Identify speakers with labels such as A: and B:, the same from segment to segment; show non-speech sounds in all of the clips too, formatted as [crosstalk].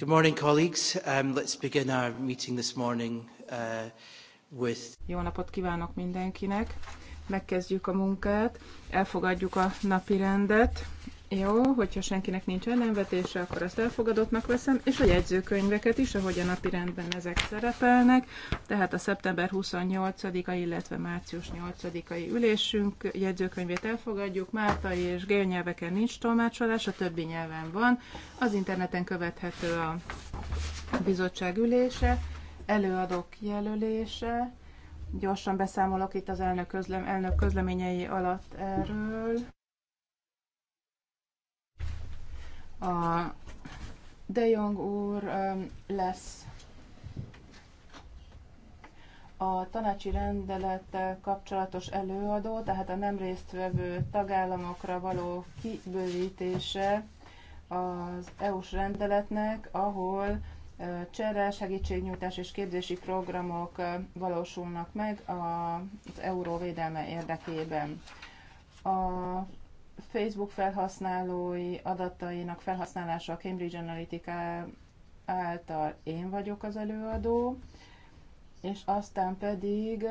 A: Good morning, colleagues. Um, let's begin our meeting this morning uh, with...
B: Jó napot kívánok mindenkinek! Megkezdjük a munkát, elfogadjuk a napi rendet. Jó, hogyha senkinek nincs ellenvetése, akkor azt elfogadottnak veszem, és a jegyzőkönyveket is, ahogy a napi rendben ezek szerepelnek, tehát a szeptember 28-a, illetve március 8-ai ülésünk jegyzőkönyvét elfogadjuk, máltai és gél nyelveken nincs tolmácsolás, a többi nyelven van, az interneten követhető a bizottság ülése, előadók jelölése, gyorsan beszámolok itt az elnök, közlem, elnök közleményei alatt erről. A De Jong úr lesz a tanácsi rendelettel kapcsolatos előadó, tehát a nem résztvevő tagállamokra való kibővítése az EU-s rendeletnek, ahol csere, segítségnyújtás és képzési programok valósulnak meg az euró védelme érdekében. A Facebook felhasználói adatainak felhasználása a Cambridge Analytica által én vagyok az előadó, és aztán pedig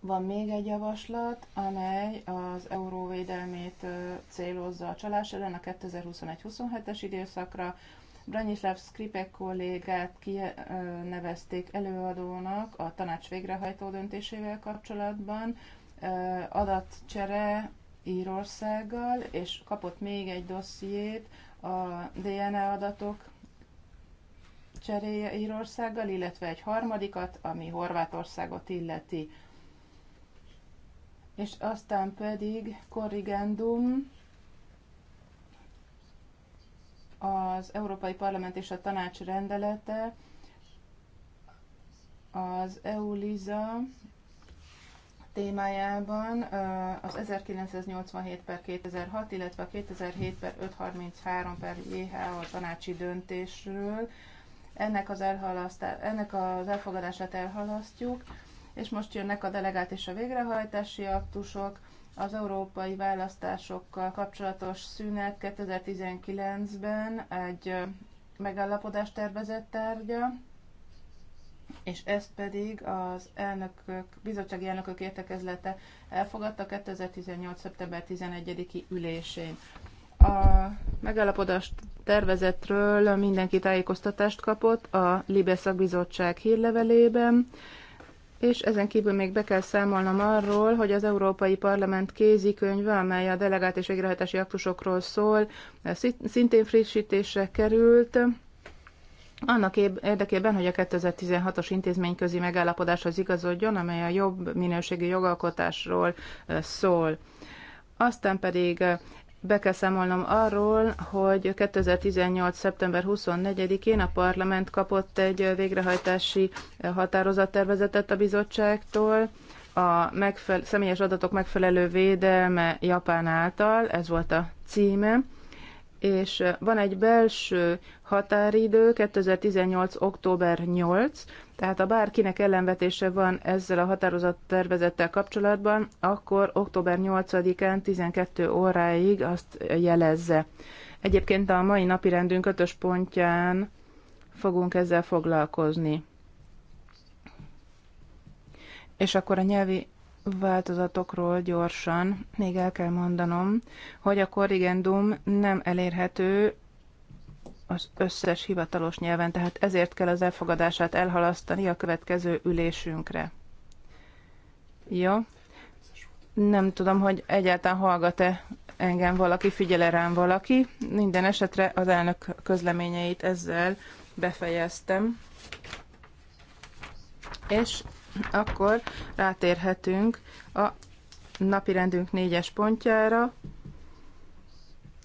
B: van még egy javaslat, amely az euróvédelmét célozza a csalás ellen a 2021-27-es időszakra. Branislav Skripek kollégát kinevezték előadónak a tanács végrehajtó döntésével kapcsolatban. Adatcsere Írországgal, és kapott még egy dossziét a DNA adatok cseréje Írországgal, illetve egy harmadikat, ami Horvátországot illeti. És aztán pedig korrigendum az Európai Parlament és a Tanács rendelete, az EULISA témájában az 1987 per 2006, illetve a 2007 per 533 per JH tanácsi döntésről. Ennek az, ennek az elfogadását elhalasztjuk, és most jönnek a delegált és a végrehajtási aktusok, az európai választásokkal kapcsolatos szünet 2019-ben egy megállapodás tervezett tárgya, és ezt pedig az elnökök, bizottsági elnökök értekezlete elfogadta 2018. szeptember 11-i ülésén. A megállapodás tervezetről mindenki tájékoztatást kapott a Libe szakbizottság hírlevelében, és ezen kívül még be kell számolnom arról, hogy az Európai Parlament kézikönyve, amely a delegált és végrehajtási aktusokról szól, szintén frissítésre került, annak érdekében, hogy a 2016-os intézményközi megállapodáshoz igazodjon, amely a jobb minőségű jogalkotásról szól. Aztán pedig be kell számolnom arról, hogy 2018. szeptember 24-én a parlament kapott egy végrehajtási határozattervezetet a bizottságtól, a megfele- személyes adatok megfelelő védelme Japán által, ez volt a címe és van egy belső határidő, 2018. október 8, tehát ha bárkinek ellenvetése van ezzel a határozat tervezettel kapcsolatban, akkor október 8-án 12 óráig azt jelezze. Egyébként a mai napi rendünk ötös pontján fogunk ezzel foglalkozni. És akkor a nyelvi változatokról gyorsan még el kell mondanom, hogy a korrigendum nem elérhető az összes hivatalos nyelven, tehát ezért kell az elfogadását elhalasztani a következő ülésünkre. Jó? Nem tudom, hogy egyáltalán hallgat-e engem valaki, figyele rám valaki. Minden esetre az elnök közleményeit ezzel befejeztem. És akkor rátérhetünk a napirendünk négyes pontjára,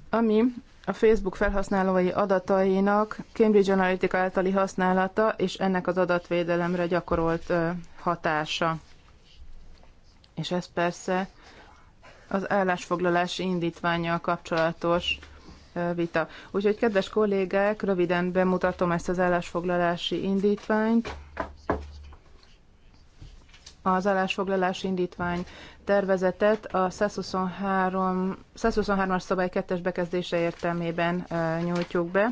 B: ami a Facebook felhasználói adatainak Cambridge Analytica általi használata és ennek az adatvédelemre gyakorolt hatása. És ez persze az állásfoglalási indítványjal kapcsolatos vita. Úgyhogy, kedves kollégák, röviden bemutatom ezt az állásfoglalási indítványt az állásfoglalás indítvány tervezetet a 123, 123-as szabály 2 bekezdése értelmében nyújtjuk be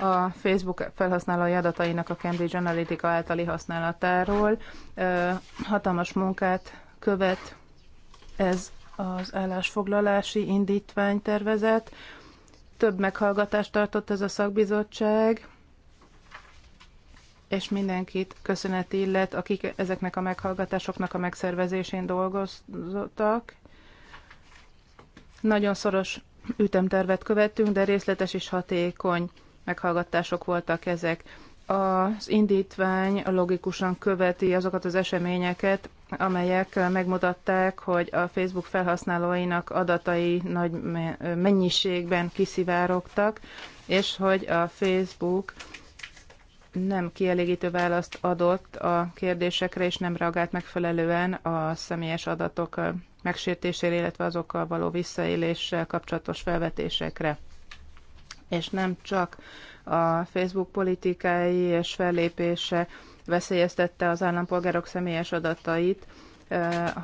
B: a Facebook felhasználói adatainak a Cambridge Analytica általi használatáról. Hatalmas munkát követ ez az állásfoglalási indítvány tervezet. Több meghallgatást tartott ez a szakbizottság, és mindenkit köszönet illet, akik ezeknek a meghallgatásoknak a megszervezésén dolgoztak. Nagyon szoros ütemtervet követtünk, de részletes és hatékony meghallgatások voltak ezek. Az indítvány logikusan követi azokat az eseményeket, amelyek megmutatták, hogy a Facebook felhasználóinak adatai nagy mennyiségben kiszivárogtak, és hogy a Facebook nem kielégítő választ adott a kérdésekre, és nem reagált megfelelően a személyes adatok megsértésére, illetve azokkal való visszaéléssel kapcsolatos felvetésekre. És nem csak a Facebook politikái és fellépése veszélyeztette az állampolgárok személyes adatait,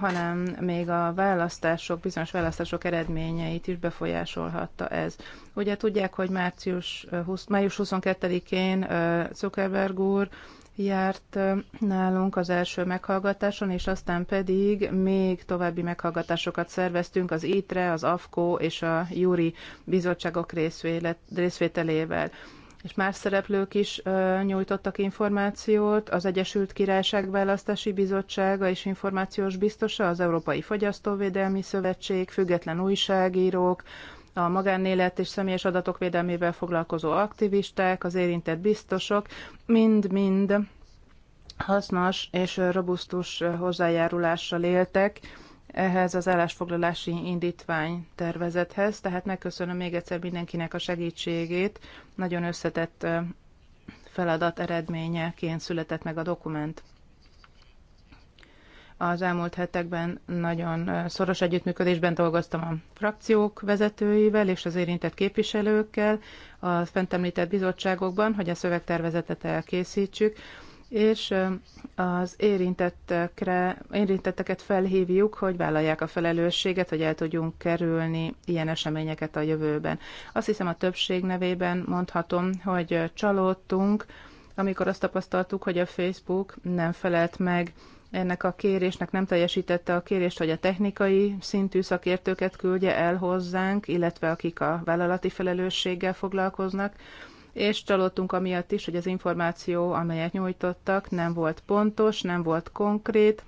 B: hanem még a választások, bizonyos választások eredményeit is befolyásolhatta ez. Ugye tudják, hogy március 20, május 22-én Zuckerberg úr járt nálunk az első meghallgatáson, és aztán pedig még további meghallgatásokat szerveztünk az ITRE, az AFKO és a Juri bizottságok részvételével és más szereplők is nyújtottak információt, az Egyesült Királyság Választási Bizottsága és Információs Biztosa, az Európai Fogyasztóvédelmi Szövetség, független újságírók, a magánélet és személyes adatok védelmével foglalkozó aktivisták, az érintett biztosok, mind-mind hasznos és robusztus hozzájárulással éltek ehhez az állásfoglalási indítvány tervezethez, tehát megköszönöm még egyszer mindenkinek a segítségét. Nagyon összetett feladat eredményeként született meg a dokument. Az elmúlt hetekben nagyon szoros együttműködésben dolgoztam a frakciók vezetőivel és az érintett képviselőkkel a fentemlített bizottságokban, hogy a szövegtervezetet elkészítsük és az érintettekre, érintetteket felhívjuk, hogy vállalják a felelősséget, hogy el tudjunk kerülni ilyen eseményeket a jövőben. Azt hiszem a többség nevében mondhatom, hogy csalódtunk, amikor azt tapasztaltuk, hogy a Facebook nem felelt meg ennek a kérésnek, nem teljesítette a kérést, hogy a technikai szintű szakértőket küldje el hozzánk, illetve akik a vállalati felelősséggel foglalkoznak, és csalódtunk amiatt is, hogy az információ, amelyet nyújtottak, nem volt pontos, nem volt konkrét,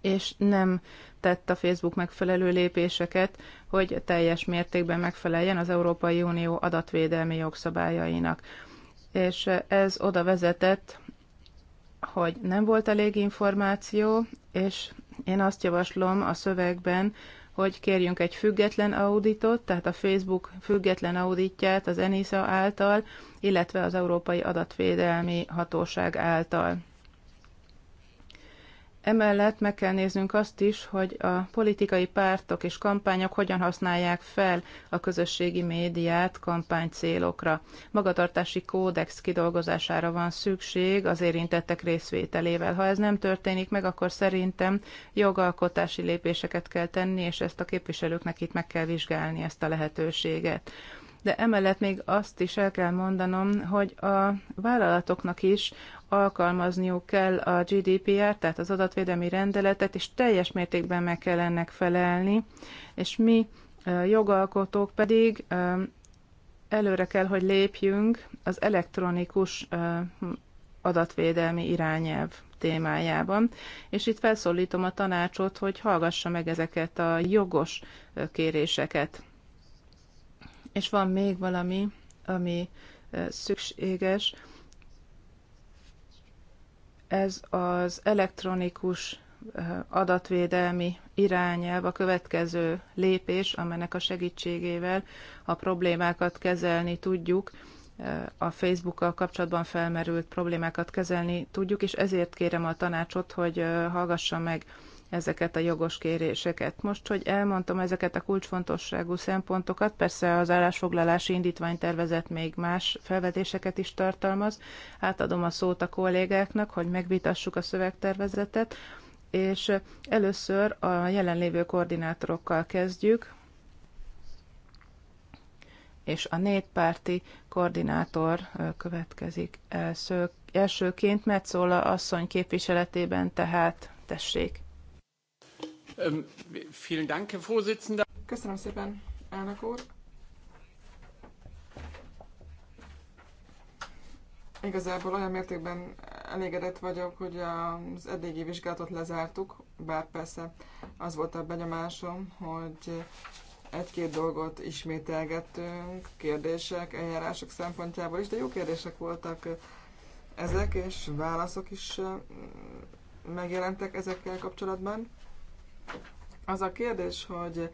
B: és nem tett a Facebook megfelelő lépéseket, hogy teljes mértékben megfeleljen az Európai Unió adatvédelmi jogszabályainak. És ez oda vezetett, hogy nem volt elég információ, és én azt javaslom a szövegben, hogy kérjünk egy független auditot, tehát a Facebook független auditját az ENISA által, illetve az Európai Adatvédelmi Hatóság által. Emellett meg kell néznünk azt is, hogy a politikai pártok és kampányok hogyan használják fel a közösségi médiát célokra. Magatartási kódex kidolgozására van szükség az érintettek részvételével. Ha ez nem történik meg, akkor szerintem jogalkotási lépéseket kell tenni, és ezt a képviselőknek itt meg kell vizsgálni ezt a lehetőséget de emellett még azt is el kell mondanom, hogy a vállalatoknak is alkalmazniuk kell a gdpr tehát az adatvédelmi rendeletet, és teljes mértékben meg kell ennek felelni, és mi jogalkotók pedig előre kell, hogy lépjünk az elektronikus adatvédelmi irányelv témájában, és itt felszólítom a tanácsot, hogy hallgassa meg ezeket a jogos kéréseket. És van még valami, ami szükséges, ez az elektronikus eh, adatvédelmi irányelv a következő lépés, amelynek a segítségével a problémákat kezelni tudjuk, eh, a Facebookkal kapcsolatban felmerült problémákat kezelni tudjuk, és ezért kérem a tanácsot, hogy eh, hallgassa meg ezeket a jogos kéréseket. Most, hogy elmondtam ezeket a kulcsfontosságú szempontokat, persze az állásfoglalási indítványtervezet még más felvetéseket is tartalmaz, átadom a szót a kollégáknak, hogy megvitassuk a szövegtervezetet, és először a jelenlévő koordinátorokkal kezdjük, és a négypárti koordinátor következik elsőként, mert szól a asszony képviseletében, tehát tessék.
C: Ähm, vielen Dank, Herr Vorsitzender. Köszönöm szépen, elnök úr. Igazából olyan mértékben elégedett vagyok, hogy az eddigi vizsgálatot lezártuk, bár persze az volt a benyomásom, hogy egy-két dolgot ismételgettünk, kérdések, eljárások szempontjából is, de jó kérdések voltak ezek, és válaszok is megjelentek ezekkel kapcsolatban. Az a kérdés, hogy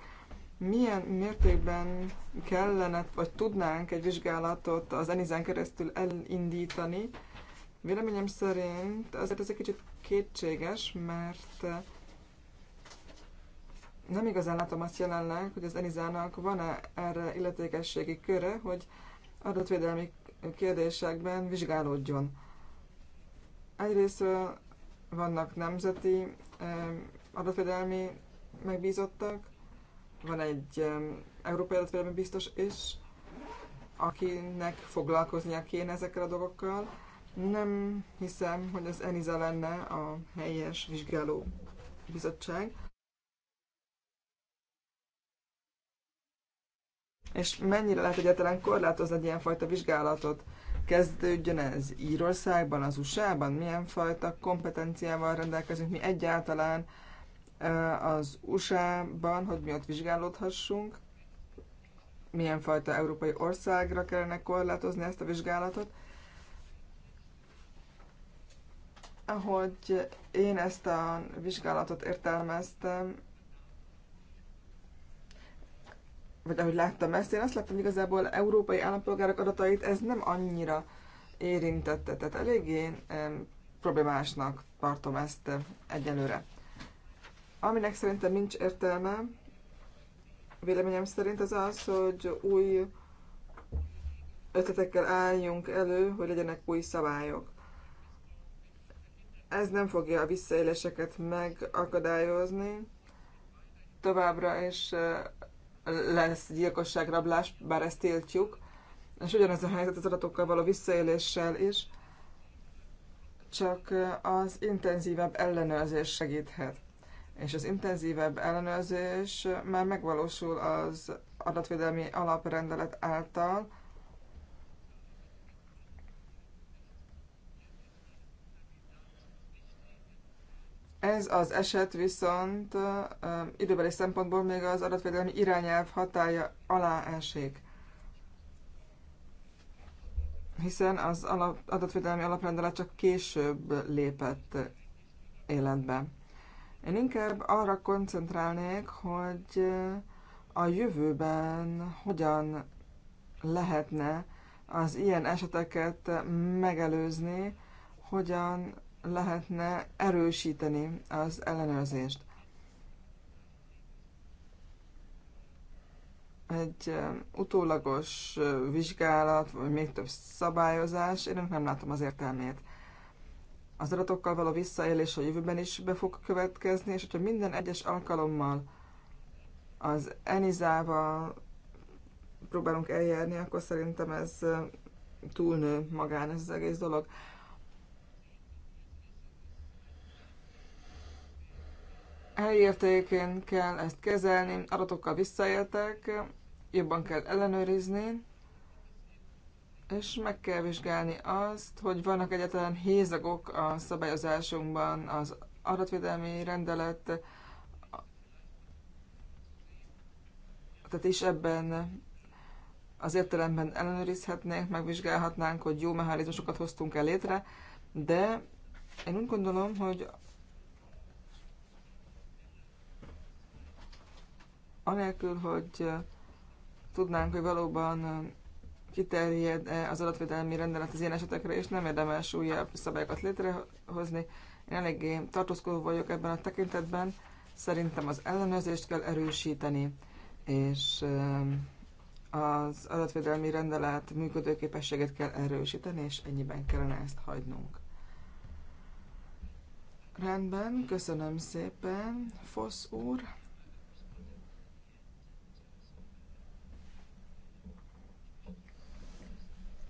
C: milyen mértékben kellene, vagy tudnánk egy vizsgálatot az Enizen keresztül elindítani. Véleményem szerint azért ez egy kicsit kétséges, mert nem igazán látom azt jelenleg, hogy az Enizának van-e erre illetékességi köre, hogy adatvédelmi kérdésekben vizsgálódjon. Egyrészt vannak nemzeti adatvédelmi megbízottak, van egy európai adatvédelmi biztos is, akinek foglalkoznia kéne ezekkel a dolgokkal. Nem hiszem, hogy az ENISA lenne a helyes vizsgáló bizottság. És mennyire lehet egyáltalán korlátozni egy ilyenfajta vizsgálatot? Kezdődjön ez Írországban, az USA-ban? Milyen fajta kompetenciával rendelkezünk mi egyáltalán? Eh, az USA-ban, hogy mi ott vizsgálódhassunk, milyen fajta európai országra kellene korlátozni ezt a vizsgálatot. Ahogy én ezt a vizsgálatot értelmeztem, vagy ahogy láttam ezt, én azt láttam igazából európai állampolgárok adatait, ez nem annyira érintette, tehát eléggé problémásnak tartom ezt egyelőre. Aminek szerintem nincs értelme, véleményem szerint az az, hogy új ötletekkel álljunk elő, hogy legyenek új szabályok. Ez nem fogja a visszaéléseket megakadályozni. Továbbra is lesz gyilkosságrablás, bár ezt tiltjuk. És ugyanez a helyzet az adatokkal való visszaéléssel is, csak az intenzívebb ellenőrzés segíthet és az intenzívebb ellenőrzés már megvalósul az adatvédelmi alaprendelet által, Ez az eset viszont időbeli szempontból még az adatvédelmi irányelv hatája alá esik. Hiszen az alap, adatvédelmi alaprendelet csak később lépett életbe. Én inkább arra koncentrálnék, hogy eh, a jövőben hogyan lehetne az ilyen eseteket megelőzni, hogyan lehetne erősíteni az ellenőrzést. Egy eh, utólagos eh, vizsgálat, vagy még több szabályozás, én nem látom az értelmét az adatokkal való visszaélés a jövőben is be fog következni, és hogyha minden egyes alkalommal az Enizával próbálunk eljárni, akkor szerintem ez túlnő magán ez az egész dolog. Helyértékén kell ezt kezelni, adatokkal visszaéltek, jobban kell ellenőrizni, és meg kell vizsgálni azt, hogy vannak egyetlen hézagok a szabályozásunkban, az adatvédelmi rendelet, tehát is ebben az értelemben ellenőrizhetnénk, megvizsgálhatnánk, hogy jó mechanizmusokat hoztunk el létre, de én úgy gondolom, hogy anélkül, hogy tudnánk, hogy valóban kiterjed az adatvédelmi rendelet az ilyen esetekre, és nem érdemes újabb szabályokat létrehozni. Én eléggé tartózkodó vagyok ebben a tekintetben. Szerintem az ellenőrzést kell erősíteni, és az adatvédelmi rendelet működőképességét kell erősíteni, és ennyiben kellene ezt hagynunk. Rendben, köszönöm szépen, Fosz úr.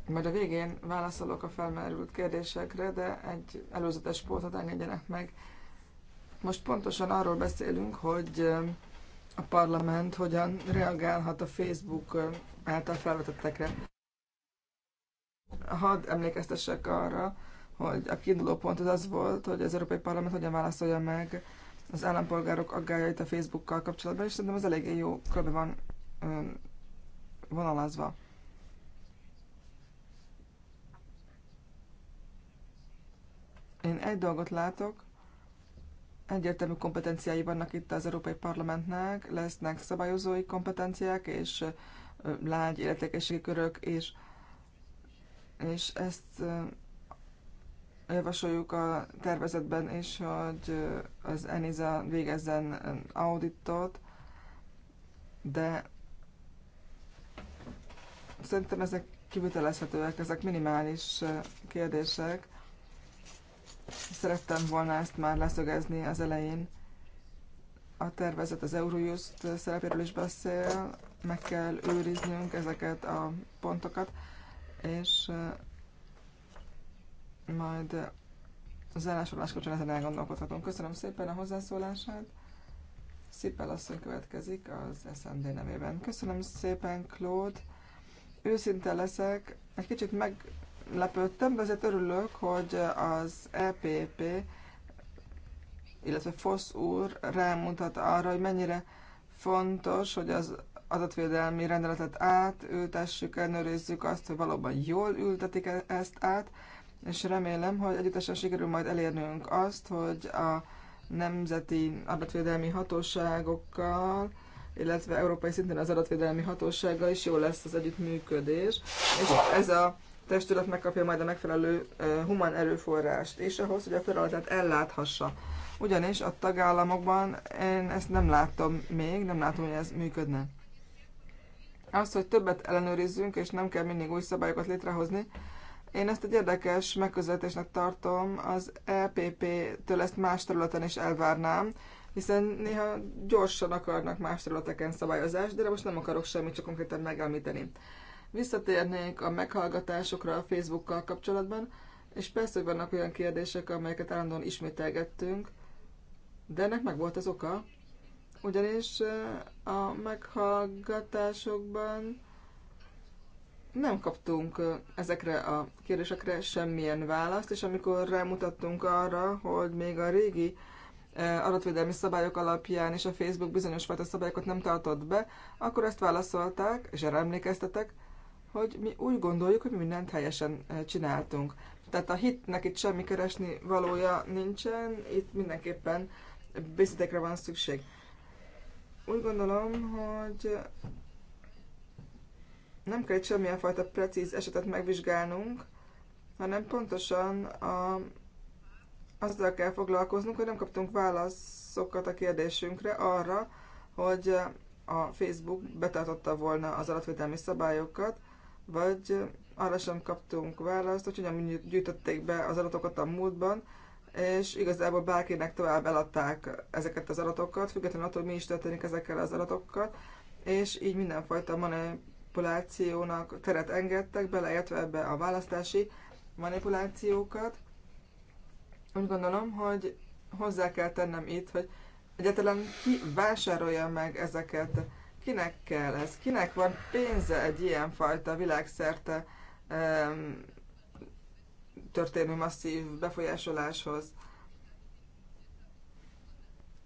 C: Majd a végén válaszolok a felmerült kérdésekre, de egy előzetes pótot engedjenek meg. Most pontosan arról beszélünk, hogy um, a parlament hogyan reagálhat a Facebook um, által felvetettekre. Hadd emlékeztessek arra, hogy a kiinduló pont az az volt, hogy az Európai Parlament hogyan válaszolja meg az állampolgárok aggájait a Facebookkal kapcsolatban, és szerintem ez eléggé jó körbe van um, vonalazva. Én egy dolgot látok, egyértelmű kompetenciái vannak itt az Európai Parlamentnek, lesznek szabályozói kompetenciák és lágy életékességi körök, és, és ezt javasoljuk a tervezetben is, hogy az ENISA végezzen auditot, de szerintem ezek kivitelezhetőek, ezek minimális kérdések, Szerettem volna ezt már leszögezni az elején. A tervezet az Eurojust szerepéről is beszél, meg kell őriznünk ezeket a pontokat, és majd az állásolás kapcsolatban elgondolkodhatunk. Köszönöm szépen a hozzászólását. Szipel asszony következik az SMD nevében. Köszönöm szépen, Claude. Őszinte leszek, egy kicsit meg lepődtem, azért örülök, hogy az EPP, illetve FOSZ úr rámutat arra, hogy mennyire fontos, hogy az adatvédelmi rendeletet átültessük, ellenőrizzük azt, hogy valóban jól ültetik ezt át, és remélem, hogy együttesen sikerül majd elérnünk azt, hogy a nemzeti adatvédelmi hatóságokkal, illetve európai szinten az adatvédelmi hatósággal is jó lesz az együttműködés, és ez a testület megkapja majd a megfelelő human erőforrást, és ahhoz, hogy a feladatát elláthassa. Ugyanis a tagállamokban én ezt nem láttam még, nem látom, hogy ez működne. Az, hogy többet ellenőrizzünk, és nem kell mindig új szabályokat létrehozni, én ezt egy érdekes megközelítésnek tartom, az EPP-től ezt más területen is elvárnám, hiszen néha gyorsan akarnak más területeken szabályozást, de most nem akarok semmit csak konkrétan megemlíteni. Visszatérnék a meghallgatásokra a Facebookkal kapcsolatban, és persze, hogy vannak olyan kérdések, amelyeket állandóan ismételgettünk, de ennek meg volt az oka, ugyanis eh, a meghallgatásokban nem kaptunk eh, ezekre a kérdésekre semmilyen választ, és amikor rámutattunk arra, hogy még a régi eh, adatvédelmi szabályok alapján és a Facebook bizonyos fajta szabályokat nem tartott be, akkor ezt válaszolták, és erre emlékeztetek, hogy mi úgy gondoljuk, hogy mi mindent helyesen eh, csináltunk. Tehát a hitnek itt semmi keresni valója nincsen, itt mindenképpen beszédekre van szükség. Úgy gondolom, hogy nem kell itt semmilyen fajta precíz esetet megvizsgálnunk, hanem pontosan a, azzal kell foglalkoznunk, hogy nem kaptunk válaszokat a kérdésünkre arra, hogy a Facebook betartotta volna az adatvédelmi szabályokat, vagy arra sem kaptunk választ, hogy hogyan gyűjtötték be az adatokat a múltban, és igazából bárkinek tovább eladták ezeket az adatokat, függetlenül attól, hogy mi is történik ezekkel az adatokkal, és így mindenfajta manipulációnak teret engedtek, beleértve ebbe a választási manipulációkat. Úgy gondolom, hogy hozzá kell tennem itt, hogy egyáltalán ki vásárolja meg ezeket Kinek kell ez? Kinek van pénze egy ilyenfajta világszerte um, történő masszív befolyásoláshoz?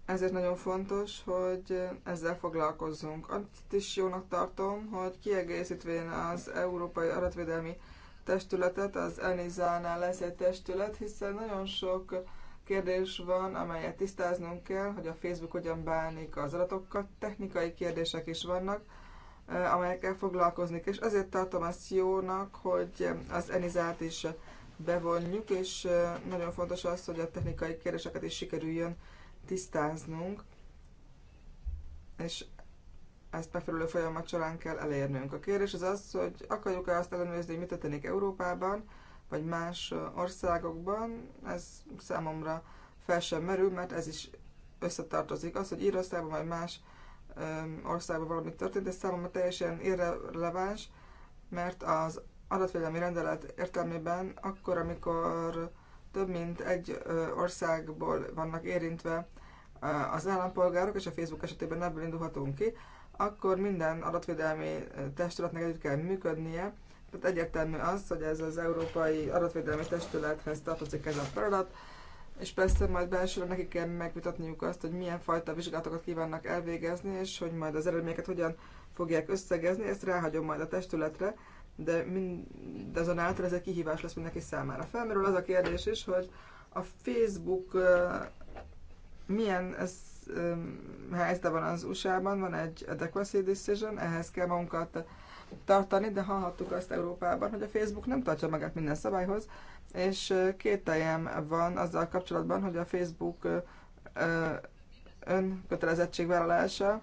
C: Ezért nagyon fontos, hogy ezzel foglalkozzunk. Azt is jónak tartom, hogy kiegészítvén az Európai Adatvédelmi Testületet, az ENISA-nál lesz egy testület, hiszen nagyon sok kérdés van, amelyet tisztáznunk kell, hogy a Facebook hogyan bánik az adatokkal. Technikai kérdések is vannak, amelyekkel foglalkozni kell. És azért tartom azt jónak, hogy az Enizát is bevonjuk, és nagyon fontos az, hogy a technikai kérdéseket is sikerüljön tisztáznunk, és ezt megfelelő folyamat során kell elérnünk. A kérdés az az, hogy akarjuk-e azt ellenőrizni, hogy mit történik Európában, vagy más országokban, ez számomra fel sem merül, mert ez is összetartozik. Az, hogy Írországban vagy más országban valami történt, ez számomra teljesen irreleváns, mert az adatvédelmi rendelet értelmében akkor, amikor több mint egy országból vannak érintve az állampolgárok, és a Facebook esetében ebből indulhatunk ki, akkor minden adatvédelmi testületnek együtt kell működnie, tehát egyértelmű az, hogy ez az Európai Adatvédelmi Testülethez tartozik ez a feladat, és persze majd belsőre nekik kell megvitatniuk azt, hogy milyen fajta vizsgálatokat kívánnak elvégezni, és hogy majd az eredményeket hogyan fogják összegezni, ezt ráhagyom majd a testületre, de mindazonáltal ez egy kihívás lesz mindenki számára. Felmerül az a kérdés is, hogy a Facebook milyen ez, um, helyzete van az USA-ban, van egy adequacy decision, ehhez kell magunkat tartani, de hallhattuk azt Európában, hogy a Facebook nem tartja magát minden szabályhoz, és kételjem van azzal kapcsolatban, hogy a Facebook önkötelezettségvállalása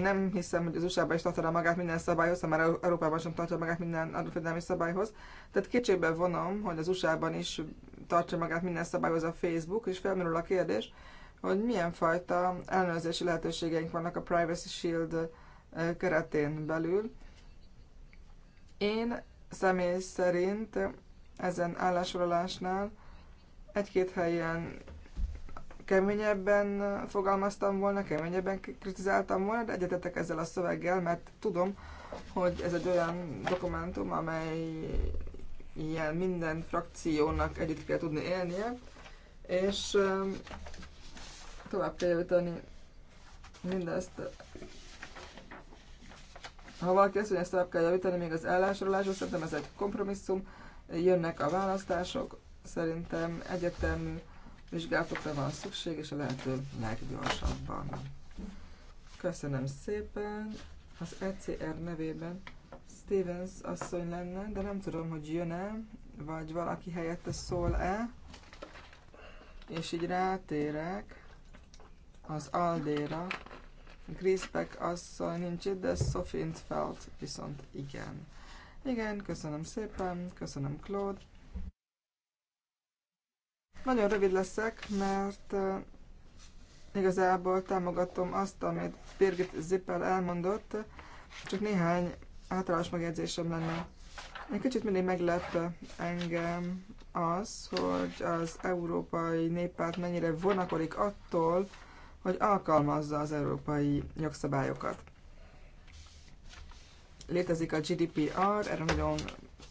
C: nem hiszem, hogy az USA-ban is tartaná magát minden szabályhoz, hanem már Európában sem tartja magát minden adófedelmi szabályhoz. Tehát kétségbe vonom, hogy az USA-ban is tartja magát minden szabályhoz a Facebook, és felmerül a kérdés, hogy milyen fajta ellenőrzési lehetőségeink vannak a Privacy Shield keretén belül. Én személy szerint ezen állásolásnál egy-két helyen keményebben fogalmaztam volna, keményebben kritizáltam volna, de egyetetek ezzel a szöveggel, mert tudom, hogy ez egy olyan dokumentum, amely ilyen minden frakciónak együtt kell tudni élnie, és tovább kell jutani mindezt ha valaki azt mondja, ezt tovább kell javítani, még az állásoláshoz, szerintem ez egy kompromisszum, jönnek a választások, szerintem egyetemű vizsgálatokra van szükség, és a lehető leggyorsabban. Köszönöm szépen. Az ECR nevében Stevens asszony lenne, de nem tudom, hogy jön-e, vagy valaki helyette szól-e. És így rátérek az Aldéra, Griesbeck asszony nincs itt, de Sofint felt viszont igen. Igen, köszönöm szépen, köszönöm Claude. Nagyon rövid leszek, mert eh, igazából támogatom azt, amit Birgit Zippel elmondott, csak néhány általános megjegyzésem lenne. Egy kicsit mindig meglep engem az, hogy az Európai Néppárt mennyire vonakolik attól, hogy alkalmazza az európai jogszabályokat. Létezik a GDPR, erre nagyon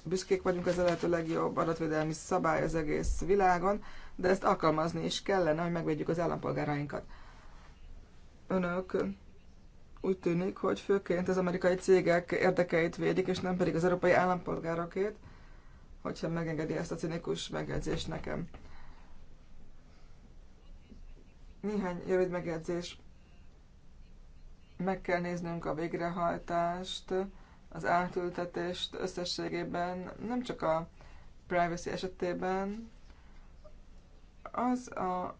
C: büszkék vagyunk, ez a lehető legjobb adatvédelmi szabály az egész világon, de ezt alkalmazni is kellene, hogy megvédjük az állampolgárainkat. Önök úgy tűnik, hogy főként az amerikai cégek érdekeit védik, és nem pedig az európai állampolgárokét, hogyha megengedi ezt a cinikus megjegyzést nekem. Néhány rövid megjegyzés. Meg kell néznünk a végrehajtást, az átültetést összességében, nem csak a privacy esetében. Az a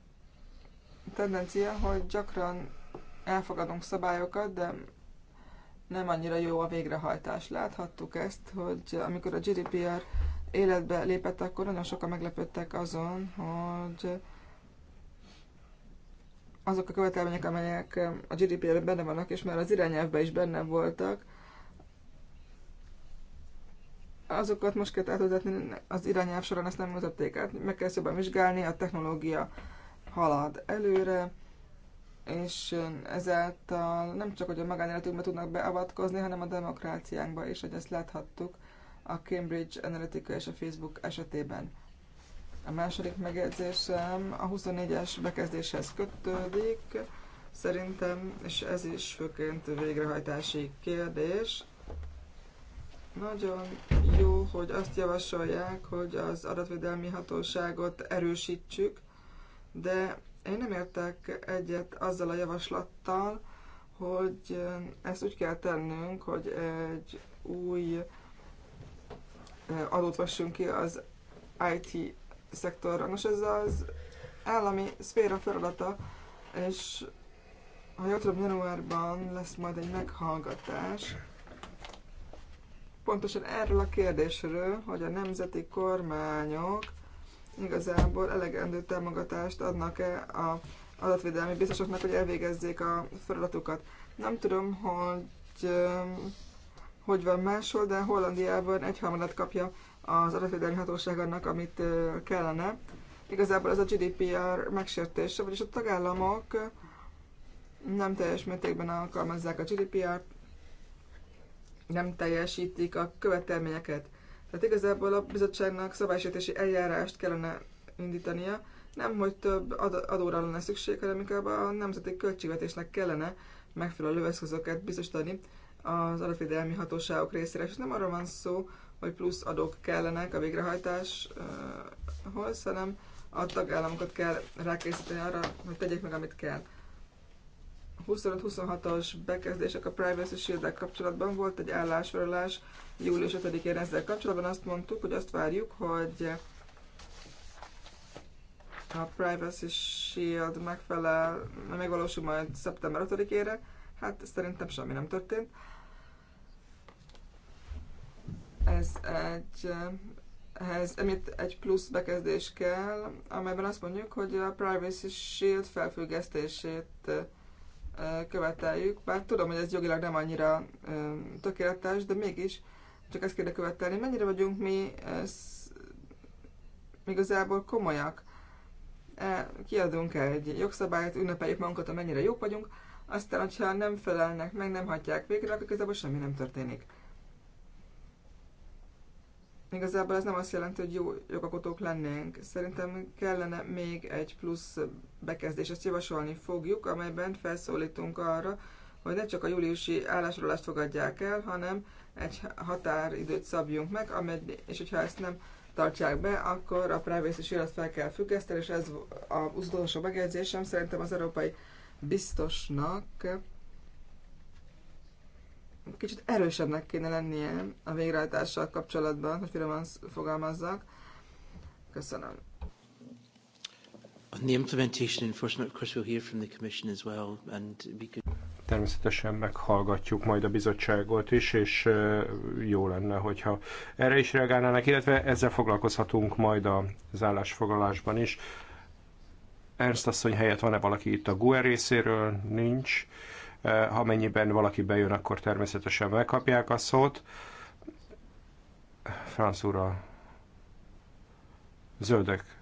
C: tendencia, hogy gyakran elfogadunk szabályokat, de nem annyira jó a végrehajtás. Láthattuk ezt, hogy amikor a GDPR életbe lépett, akkor nagyon sokan meglepődtek azon, hogy azok a követelmények, amelyek a GDP-ben benne vannak, és már az irányelvben is benne voltak, azokat most kell átültetni, az irányelv során ezt nem mutatték át, meg kell szóban vizsgálni, a technológia halad előre, és ezáltal nem csak, hogy a magánéletünkbe tudnak beavatkozni, hanem a demokráciánkba is, hogy ezt láthattuk a Cambridge Analytica és a Facebook esetében. A második megjegyzésem a 24-es bekezdéshez kötődik. Szerintem, és ez is főként végrehajtási kérdés, nagyon jó, hogy azt javasolják, hogy az adatvédelmi hatóságot erősítsük, de én nem értek egyet azzal a javaslattal, hogy ezt úgy kell tennünk, hogy egy új eh, adót vessünk ki az IT szektorra. Nos, ez az állami szféra feladata, és ha jól tudom, januárban lesz majd egy meghallgatás, pontosan erről a kérdésről, hogy a nemzeti kormányok igazából elegendő támogatást adnak-e a adatvédelmi biztosoknak, hogy elvégezzék a feladatukat. Nem tudom, hogy hogy van máshol, de Hollandiában egyharmadat kapja az adatvédelmi annak, amit kellene. Igazából ez a GDPR megsértése, vagyis a tagállamok nem teljes mértékben alkalmazzák a GDPR-t, nem teljesítik a követelményeket. Tehát igazából a bizottságnak szabálysértési eljárást kellene indítania, nem hogy több adóra lenne szükség, hanem inkább a nemzeti költségvetésnek kellene megfelelő eszközöket biztosítani az adatvédelmi hatóságok részére. És nem arról van szó, hogy plusz adók kellenek a végrehajtáshoz, hanem a tagállamokat kell rákészíteni arra, hogy tegyék meg, amit kell. 25-26-os bekezdések a Privacy shield kapcsolatban volt egy állásfoglalás július 5-én ezzel kapcsolatban. Azt mondtuk, hogy azt várjuk, hogy a Privacy Shield megfelel, megvalósul majd szeptember 5-ére. Hát szerintem semmi nem történt ez egy, ez, amit egy plusz bekezdés kell, amelyben azt mondjuk, hogy a Privacy Shield felfüggesztését eh, követeljük, bár tudom, hogy ez jogilag nem annyira eh, tökéletes, de mégis csak ezt kéne követelni. Mennyire vagyunk mi eh, igazából komolyak? E, kiadunk -e egy jogszabályt, ünnepeljük magunkat, amennyire jók vagyunk, aztán, hogyha nem felelnek meg, nem hagyják végre, akkor igazából semmi nem történik. Igazából ez nem azt jelenti, hogy jó jogakotók lennénk. Szerintem kellene még egy plusz bekezdés, ezt javasolni fogjuk, amelyben felszólítunk arra, hogy ne csak a júliusi állásrólást fogadják el, hanem egy határidőt szabjunk meg, amely, és hogyha ezt nem tartják be, akkor a privacy shield fel kell függeszteni, és ez az utolsó megjegyzésem szerintem az európai biztosnak kicsit erősebbnek kéne lennie a végrehajtással kapcsolatban, hogy azt fogalmazzak. Köszönöm.
A: On the implementation enforcement, of course, we'll hear from the Commission as well, and we could...
D: Természetesen meghallgatjuk majd a bizottságot is, és jó lenne, hogyha erre is reagálnának, illetve ezzel foglalkozhatunk majd az állásfoglalásban is. Ernst asszony helyett van-e valaki itt a GUE részéről? Nincs. Eh, ha mennyiben valaki bejön, akkor természetesen megkapják a szót. Franz úr a zöldek.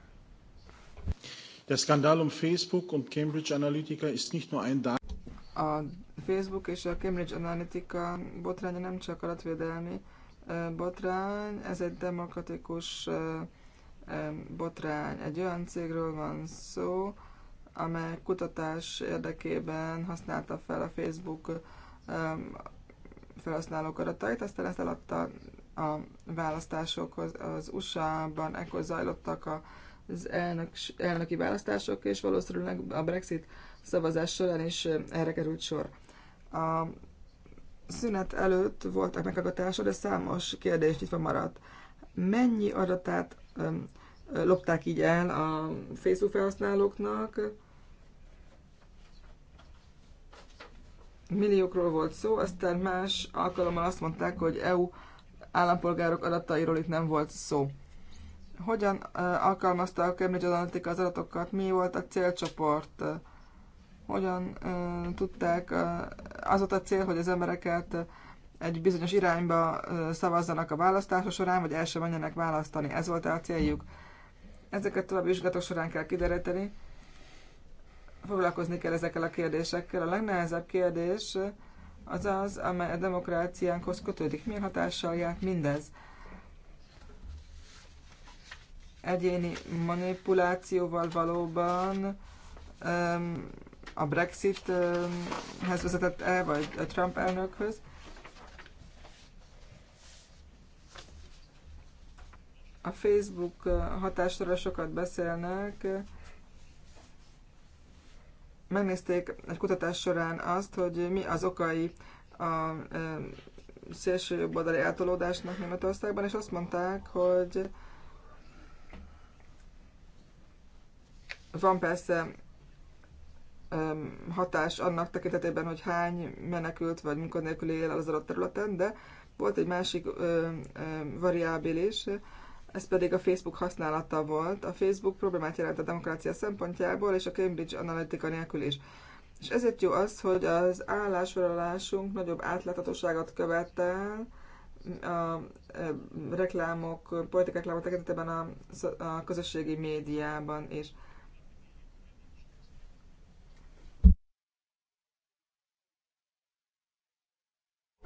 D: Der Skandal um Facebook
C: und Cambridge Analytica ist nicht nur ein A Facebook és a Cambridge Analytica botránya nem csak adatvédelmi botrány, ez egy demokratikus botrány. Egy olyan cégről van szó, amely kutatás érdekében használta fel a Facebook um, felhasználók adatait, aztán ezt eladta a választásokhoz. Az USA-ban ekkor zajlottak az elnök, elnöki választások, és valószínűleg a Brexit szavazás során is erre került sor. A szünet előtt voltak meghallgatások, de számos kérdés nyitva maradt. Mennyi adatát um, lopták így el a Facebook felhasználóknak. Milliókról volt szó, aztán más alkalommal azt mondták, hogy EU állampolgárok adatairól itt nem volt szó. Hogyan alkalmazta a Cambridge Analytica az adatokat, mi volt a célcsoport, hogyan tudták, az volt a cél, hogy az embereket egy bizonyos irányba szavazzanak a választása során, vagy el sem menjenek választani. Ez volt a céljuk. Ezeket további vizsgálatok során kell kideríteni. Foglalkozni kell ezekkel a kérdésekkel. A legnehezebb kérdés az az, amely a demokráciánkhoz kötődik. Milyen hatással jár mindez? Egyéni manipulációval valóban a Brexithez vezetett el, vagy a Trump elnökhöz, A Facebook hatásról sokat beszélnek. Megnézték egy kutatás során azt, hogy mi az okai a szélső jobboldali eltolódásnak Németországban, és azt mondták, hogy van persze hatás annak tekintetében, hogy hány menekült vagy munkanélkül él az adott területen, de volt egy másik variábilis, ez pedig a Facebook használata volt. A Facebook problémát jelent a demokrácia szempontjából, és a Cambridge Analytica nélkül is. És ezért jó az, hogy az állásfoglalásunk nagyobb átláthatóságot követel a e, reklámok, politikai reklámok tekintetében a, a közösségi médiában is.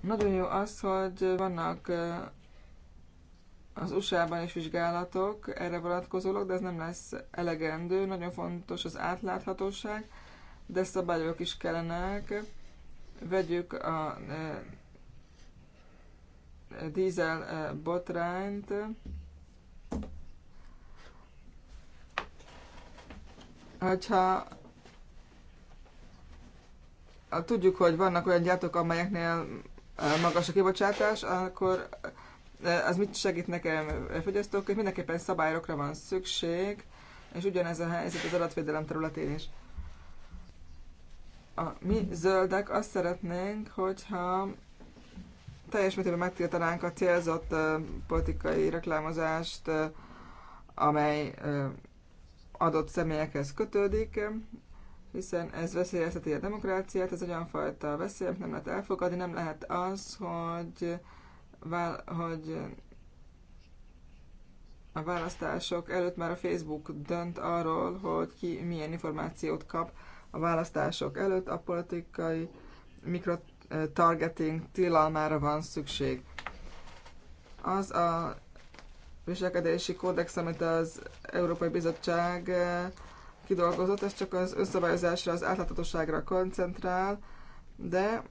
C: Nagyon jó az, hogy vannak e, az USA-ban is vizsgálatok erre vonatkozólag, de ez nem lesz elegendő. Nagyon fontos az átláthatóság, de szabályok is kellenek. Vegyük a e, e dízel e, botrányt. Hogyha tudjuk, hogy vannak olyan gyártók, amelyeknél e, magas a kibocsátás, akkor az mit segít nekem eh, hogy Mindenképpen szabályokra van szükség, és ugyanez a helyzet az adatvédelem területén is. A mi zöldek azt szeretnénk, hogyha teljes mértékben megtiltanánk a célzott uh, politikai reklámozást, uh, amely uh, adott személyekhez kötődik, hiszen ez veszélyezteti a demokráciát, ez egy olyan fajta veszély, nem lehet elfogadni, nem lehet az, hogy uh, hogy a választások előtt már a Facebook dönt arról, hogy ki milyen információt kap a választások előtt, a politikai mikrotargeting tilalmára van szükség. Az a viselkedési kódex, amit az Európai Bizottság eh, kidolgozott, ez csak az összabályozásra, az átláthatóságra koncentrál, de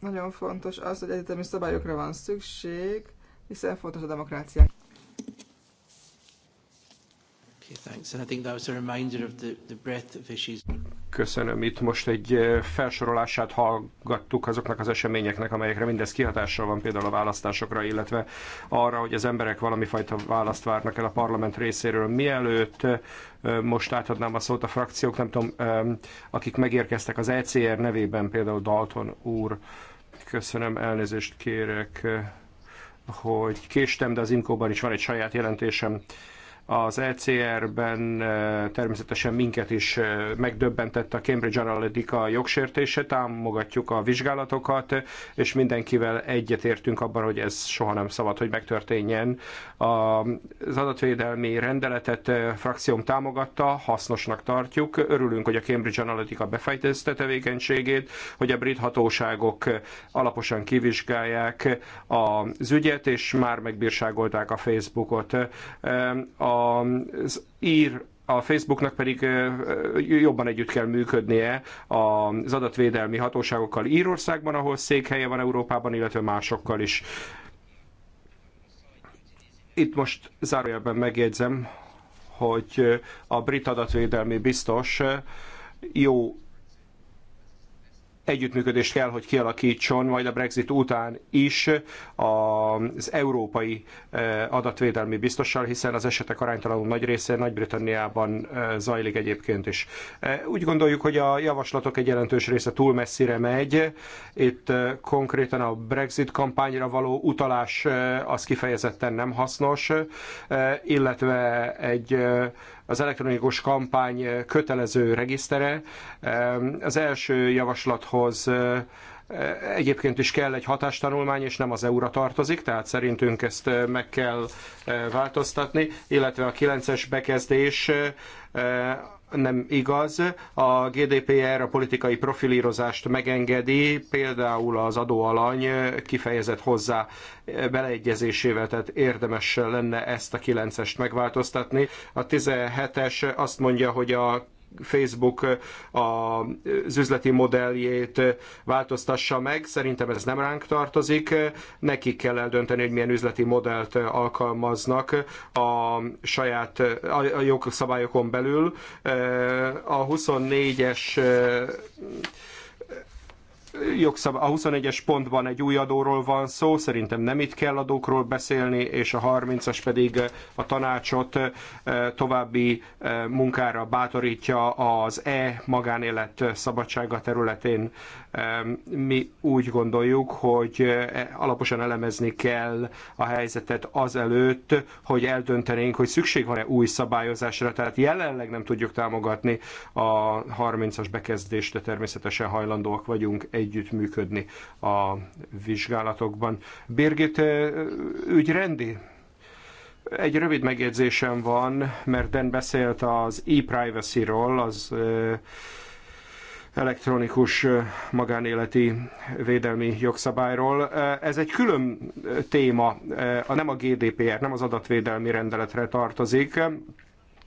C: Nagyon fontos az, hogy egyetemi szabályokra van szükség, hiszen fontos a demokrácia.
D: Köszönöm. Itt most egy eh, felsorolását hallgattuk azoknak az eseményeknek, amelyekre mindez kihatással van például a választásokra, illetve arra, hogy az emberek valami fajta választ várnak el a parlament részéről. Mielőtt eh, most átadnám a szót a frakciók, nem tudom, eh, akik megérkeztek az ECR nevében, például Dalton úr, Köszönöm, elnézést kérek, hogy késtem, de az Imkóban is van egy saját jelentésem. Az ECR-ben természetesen minket is megdöbbentett a Cambridge Analytica jogsértése, támogatjuk a vizsgálatokat, és mindenkivel egyetértünk abban, hogy ez soha nem szabad, hogy megtörténjen. Az adatvédelmi rendeletet frakcióm támogatta, hasznosnak tartjuk. Örülünk, hogy a Cambridge Analytica befejtezte tevékenységét, hogy a brit hatóságok alaposan kivizsgálják az ügyet, és már megbírságolták a Facebookot. A az ír a Facebooknak pedig jobban együtt kell működnie az adatvédelmi hatóságokkal Írországban, ahol székhelye van Európában, illetve másokkal is. Itt most zárójelben megjegyzem, hogy a brit adatvédelmi biztos jó együttműködést kell, hogy kialakítson majd a Brexit után is az európai adatvédelmi biztossal, hiszen az esetek aránytalanul nagy része Nagy-Britanniában zajlik egyébként is. Úgy gondoljuk, hogy a javaslatok egy jelentős része túl messzire megy. Itt konkrétan a Brexit kampányra való utalás az kifejezetten nem hasznos, illetve egy az elektronikus kampány kötelező regisztere. Az első javaslathoz Egyébként is kell egy hatástanulmány, és nem az EU-ra tartozik, tehát szerintünk ezt meg kell változtatni, illetve a 9-es bekezdés nem igaz. A GDPR a politikai profilírozást megengedi, például az adóalany kifejezett hozzá beleegyezésével, tehát érdemes lenne ezt a 9-est megváltoztatni. A 17-es azt mondja, hogy a Facebook az üzleti modelljét változtassa meg. Szerintem ez nem ránk tartozik. Nekik kell eldönteni, hogy milyen üzleti modellt alkalmaznak a saját a jogszabályokon belül. A 24-es jogszab, a 21-es pontban egy új adóról van szó, szerintem nem itt kell adókról beszélni, és a 30-as pedig a tanácsot további munkára bátorítja az e magánélet szabadsága területén. Mi úgy gondoljuk, hogy e, alaposan elemezni kell a helyzetet azelőtt, hogy eldöntenénk, hogy szükség van-e új szabályozásra. Tehát jelenleg nem tudjuk támogatni a 30-as bekezdést, de természetesen hajlandóak vagyunk együttműködni a vizsgálatokban. Birgit, e, ügy rendi? Egy rövid megjegyzésem van, mert Dan beszélt az e-privacy-ról, az e, elektronikus magánéleti védelmi jogszabályról. Ez egy külön téma, nem a GDPR, nem az adatvédelmi rendeletre tartozik,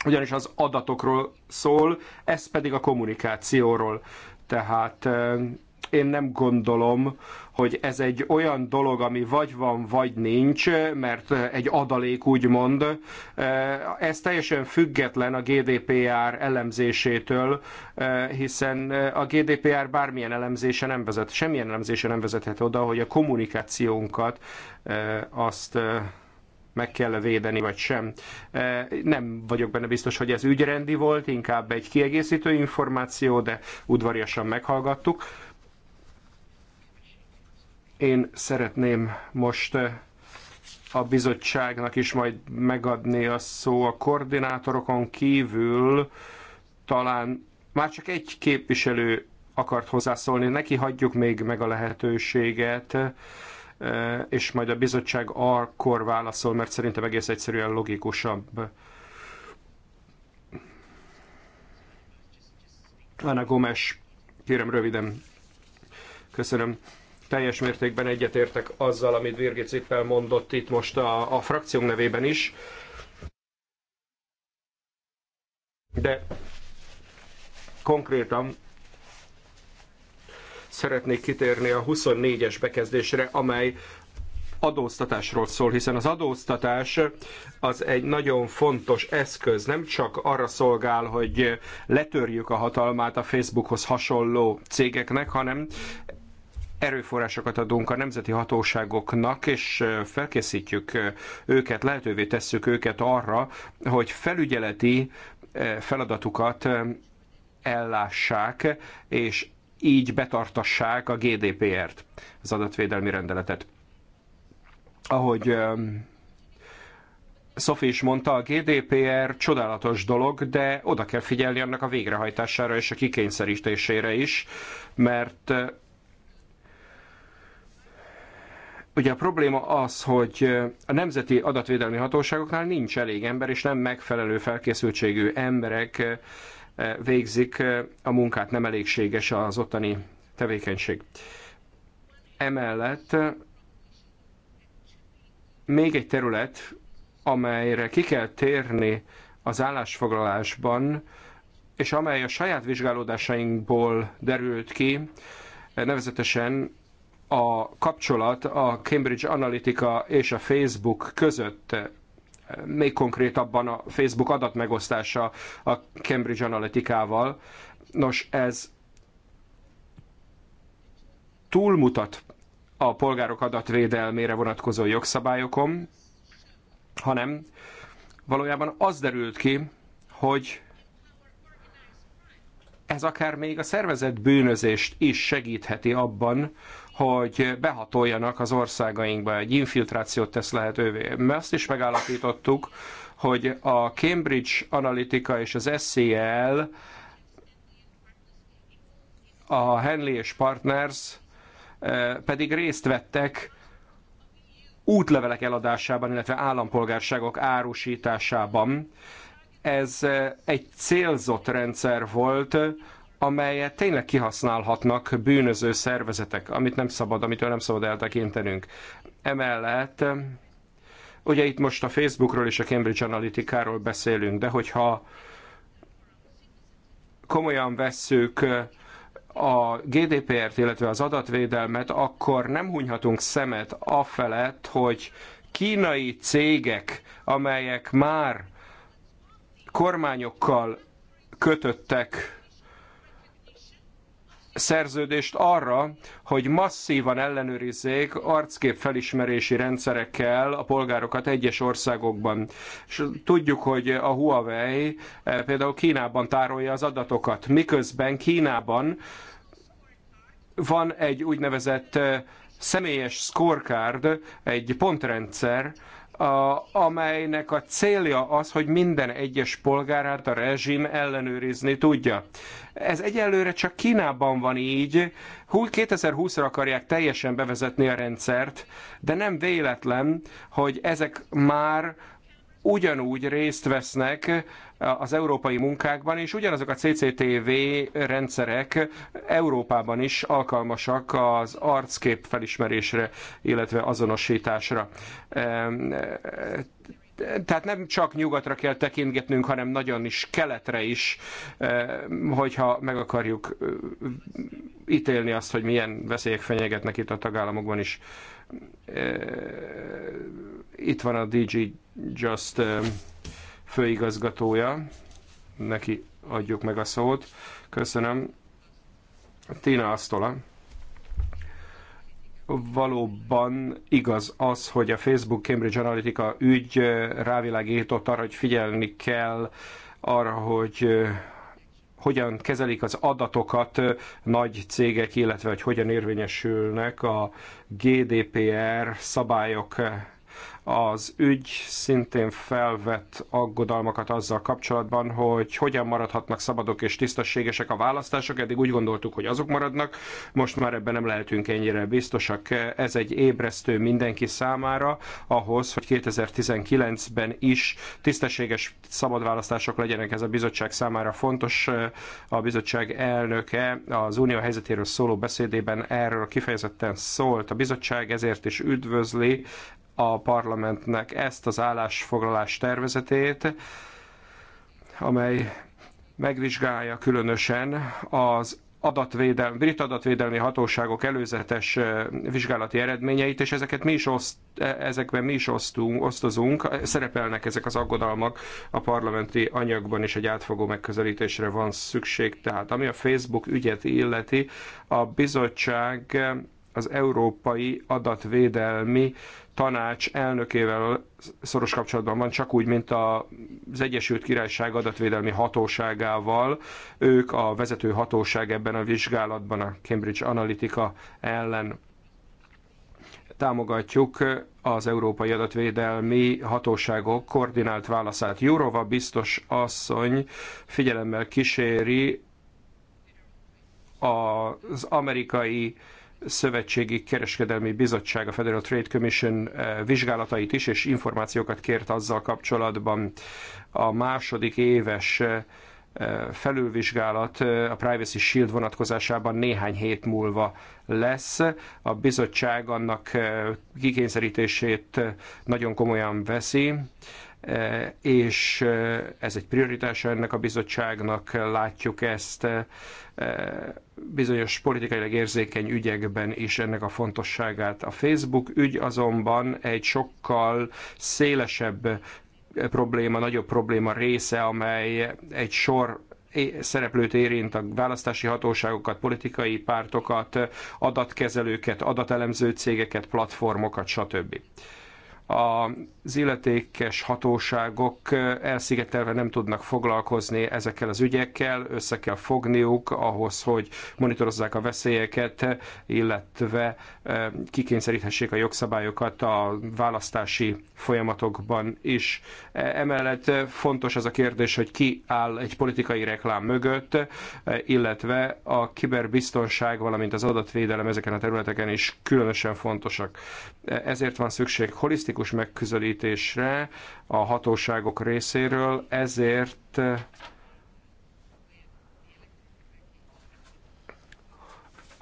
D: ugyanis az adatokról szól, ez pedig a kommunikációról. Tehát én nem gondolom, hogy ez egy olyan dolog, ami vagy van, vagy nincs, mert egy adalék úgy mond, eh, Ez teljesen független a GDPR elemzésétől, eh, hiszen a GDPR bármilyen elemzése nem vezet, semmilyen elemzése nem vezethet oda, hogy a kommunikációnkat eh, azt meg kell védeni, vagy sem. Nem vagyok benne biztos, hogy ez ügyrendi volt, inkább egy kiegészítő információ, de udvariasan meghallgattuk. Én szeretném most eh, a bizottságnak is majd megadni a szó a koordinátorokon kívül talán már csak egy képviselő akart hozzászólni, neki hagyjuk még meg a lehetőséget, eh, és majd a bizottság akkor válaszol, mert szerintem egész egyszerűen logikusabb. Ana Gomes, kérem röviden. Köszönöm teljes mértékben egyetértek azzal, amit Virgit Zippel mondott itt most a, a frakcióm nevében is. De konkrétan szeretnék kitérni a 24-es bekezdésre, amely adóztatásról szól, hiszen az adóztatás az egy nagyon fontos eszköz, nem csak arra szolgál, hogy letörjük a hatalmát a Facebookhoz hasonló cégeknek, hanem erőforrásokat adunk a nemzeti hatóságoknak, és felkészítjük őket, lehetővé tesszük őket arra, hogy felügyeleti feladatukat ellássák, és így betartassák a GDPR-t, az adatvédelmi rendeletet. Ahogy Sophie is mondta, a GDPR csodálatos dolog, de oda kell figyelni annak a végrehajtására és a kikényszerítésére is, mert Ugye a probléma az, hogy a nemzeti adatvédelmi hatóságoknál nincs elég ember, és nem megfelelő felkészültségű emberek végzik a munkát, nem elégséges az ottani tevékenység. Emellett még egy terület, amelyre ki kell térni az állásfoglalásban, és amely a saját vizsgálódásainkból derült ki, nevezetesen a kapcsolat a Cambridge Analytica és a Facebook között, eh, még konkrétabban a Facebook adatmegosztása a Cambridge Analytica-val. Nos, ez túlmutat a polgárok adatvédelmére vonatkozó jogszabályokon, hanem valójában az derült ki, hogy ez akár még a szervezet bűnözést is segítheti abban, hogy behatoljanak az országainkba, egy infiltrációt tesz lehetővé. Mert azt is megállapítottuk, hogy a Cambridge Analytica és az SCL, a Henley és Partners eh, pedig részt vettek útlevelek eladásában, illetve állampolgárságok árusításában. Ez eh, egy célzott rendszer volt, amelyet tényleg kihasználhatnak bűnöző szervezetek, amit nem szabad, amitől nem szabad eltekintenünk. Emellett, ugye itt most a Facebookról és a Cambridge Analytica-ról beszélünk, de hogyha komolyan vesszük a GDPR-t, illetve az adatvédelmet, akkor nem hunyhatunk szemet afelett, hogy kínai cégek, amelyek már kormányokkal kötöttek szerződést arra, hogy masszívan ellenőrizzék arckép felismerési rendszerekkel a polgárokat egyes országokban. És tudjuk, hogy a Huawei eh, például Kínában tárolja az adatokat, miközben Kínában van egy úgynevezett eh, személyes scorecard, egy pontrendszer, amelynek a célja az, hogy minden egyes polgárát a rezsim ellenőrizni tudja. Ez egyelőre csak Kínában van így, 2020-ra akarják teljesen bevezetni a rendszert, de nem véletlen, hogy ezek már ugyanúgy részt vesznek az európai munkákban, és ugyanazok a CCTV rendszerek Európában is alkalmasak az arckép felismerésre, illetve azonosításra. Tehát nem csak nyugatra kell tekintgetnünk, hanem nagyon is keletre is, hogyha meg akarjuk ítélni azt, hogy milyen veszélyek fenyegetnek itt a tagállamokban is. Itt van a DG Just eh, főigazgatója. Neki adjuk meg a szót. Köszönöm. Tina Asztola valóban igaz az, hogy a Facebook Cambridge Analytica ügy eh, rávilágított arra, hogy figyelni kell arra, hogy eh, hogyan kezelik az adatokat nagy cégek, illetve hogy hogyan érvényesülnek a GDPR szabályok az ügy szintén felvett aggodalmakat azzal kapcsolatban, hogy hogyan maradhatnak szabadok és tisztességesek a választások. Eddig úgy gondoltuk, hogy azok maradnak, most már ebben nem lehetünk ennyire biztosak. Ez egy ébresztő mindenki számára ahhoz, hogy 2019-ben is tisztességes szabad választások legyenek. Ez a bizottság számára fontos. A bizottság elnöke az unió helyzetéről szóló beszédében erről kifejezetten szólt. A bizottság ezért is üdvözli a parlamentnek ezt az állásfoglalás tervezetét, amely megvizsgálja különösen az adatvédelmi, brit adatvédelmi hatóságok előzetes vizsgálati eredményeit, és ezeket mi is oszt, e, ezekben mi is osztunk, osztozunk, szerepelnek ezek az aggodalmak a parlamenti anyagban, is egy átfogó megközelítésre van szükség. Tehát ami a Facebook ügyet illeti, a bizottság az Európai Adatvédelmi Tanács elnökével szoros kapcsolatban van, csak úgy, mint az Egyesült Királyság adatvédelmi hatóságával. Ők a vezető hatóság ebben a vizsgálatban a Cambridge Analytica ellen támogatjuk az Európai Adatvédelmi Hatóságok koordinált válaszát. Jurova biztos asszony figyelemmel kíséri az amerikai Szövetségi Kereskedelmi Bizottság, a Federal Trade Commission eh, vizsgálatait is, és információkat kért azzal kapcsolatban a második éves eh, felülvizsgálat eh, a Privacy Shield vonatkozásában néhány hét múlva lesz. A bizottság annak kikényszerítését nagyon komolyan veszi, és ez egy prioritása ennek a bizottságnak, látjuk ezt bizonyos politikailag érzékeny ügyekben is ennek a fontosságát. A Facebook ügy azonban egy sokkal szélesebb probléma, nagyobb probléma része, amely egy sor szereplőt érint, a választási hatóságokat, politikai pártokat, adatkezelőket, adatelemző cégeket, platformokat, stb. A az illetékes hatóságok elszigetelve nem tudnak foglalkozni ezekkel az ügyekkel, össze kell fogniuk ahhoz, hogy monitorozzák a veszélyeket, illetve kikényszeríthessék a jogszabályokat a választási folyamatokban is. E, emellett fontos az a kérdés, hogy ki áll egy politikai reklám mögött, illetve a kiberbiztonság, valamint az adatvédelem ezeken a területeken is különösen fontosak. E, ezért van szükség holisztikus megközelítésre, megközelítésre a hatóságok részéről, ezért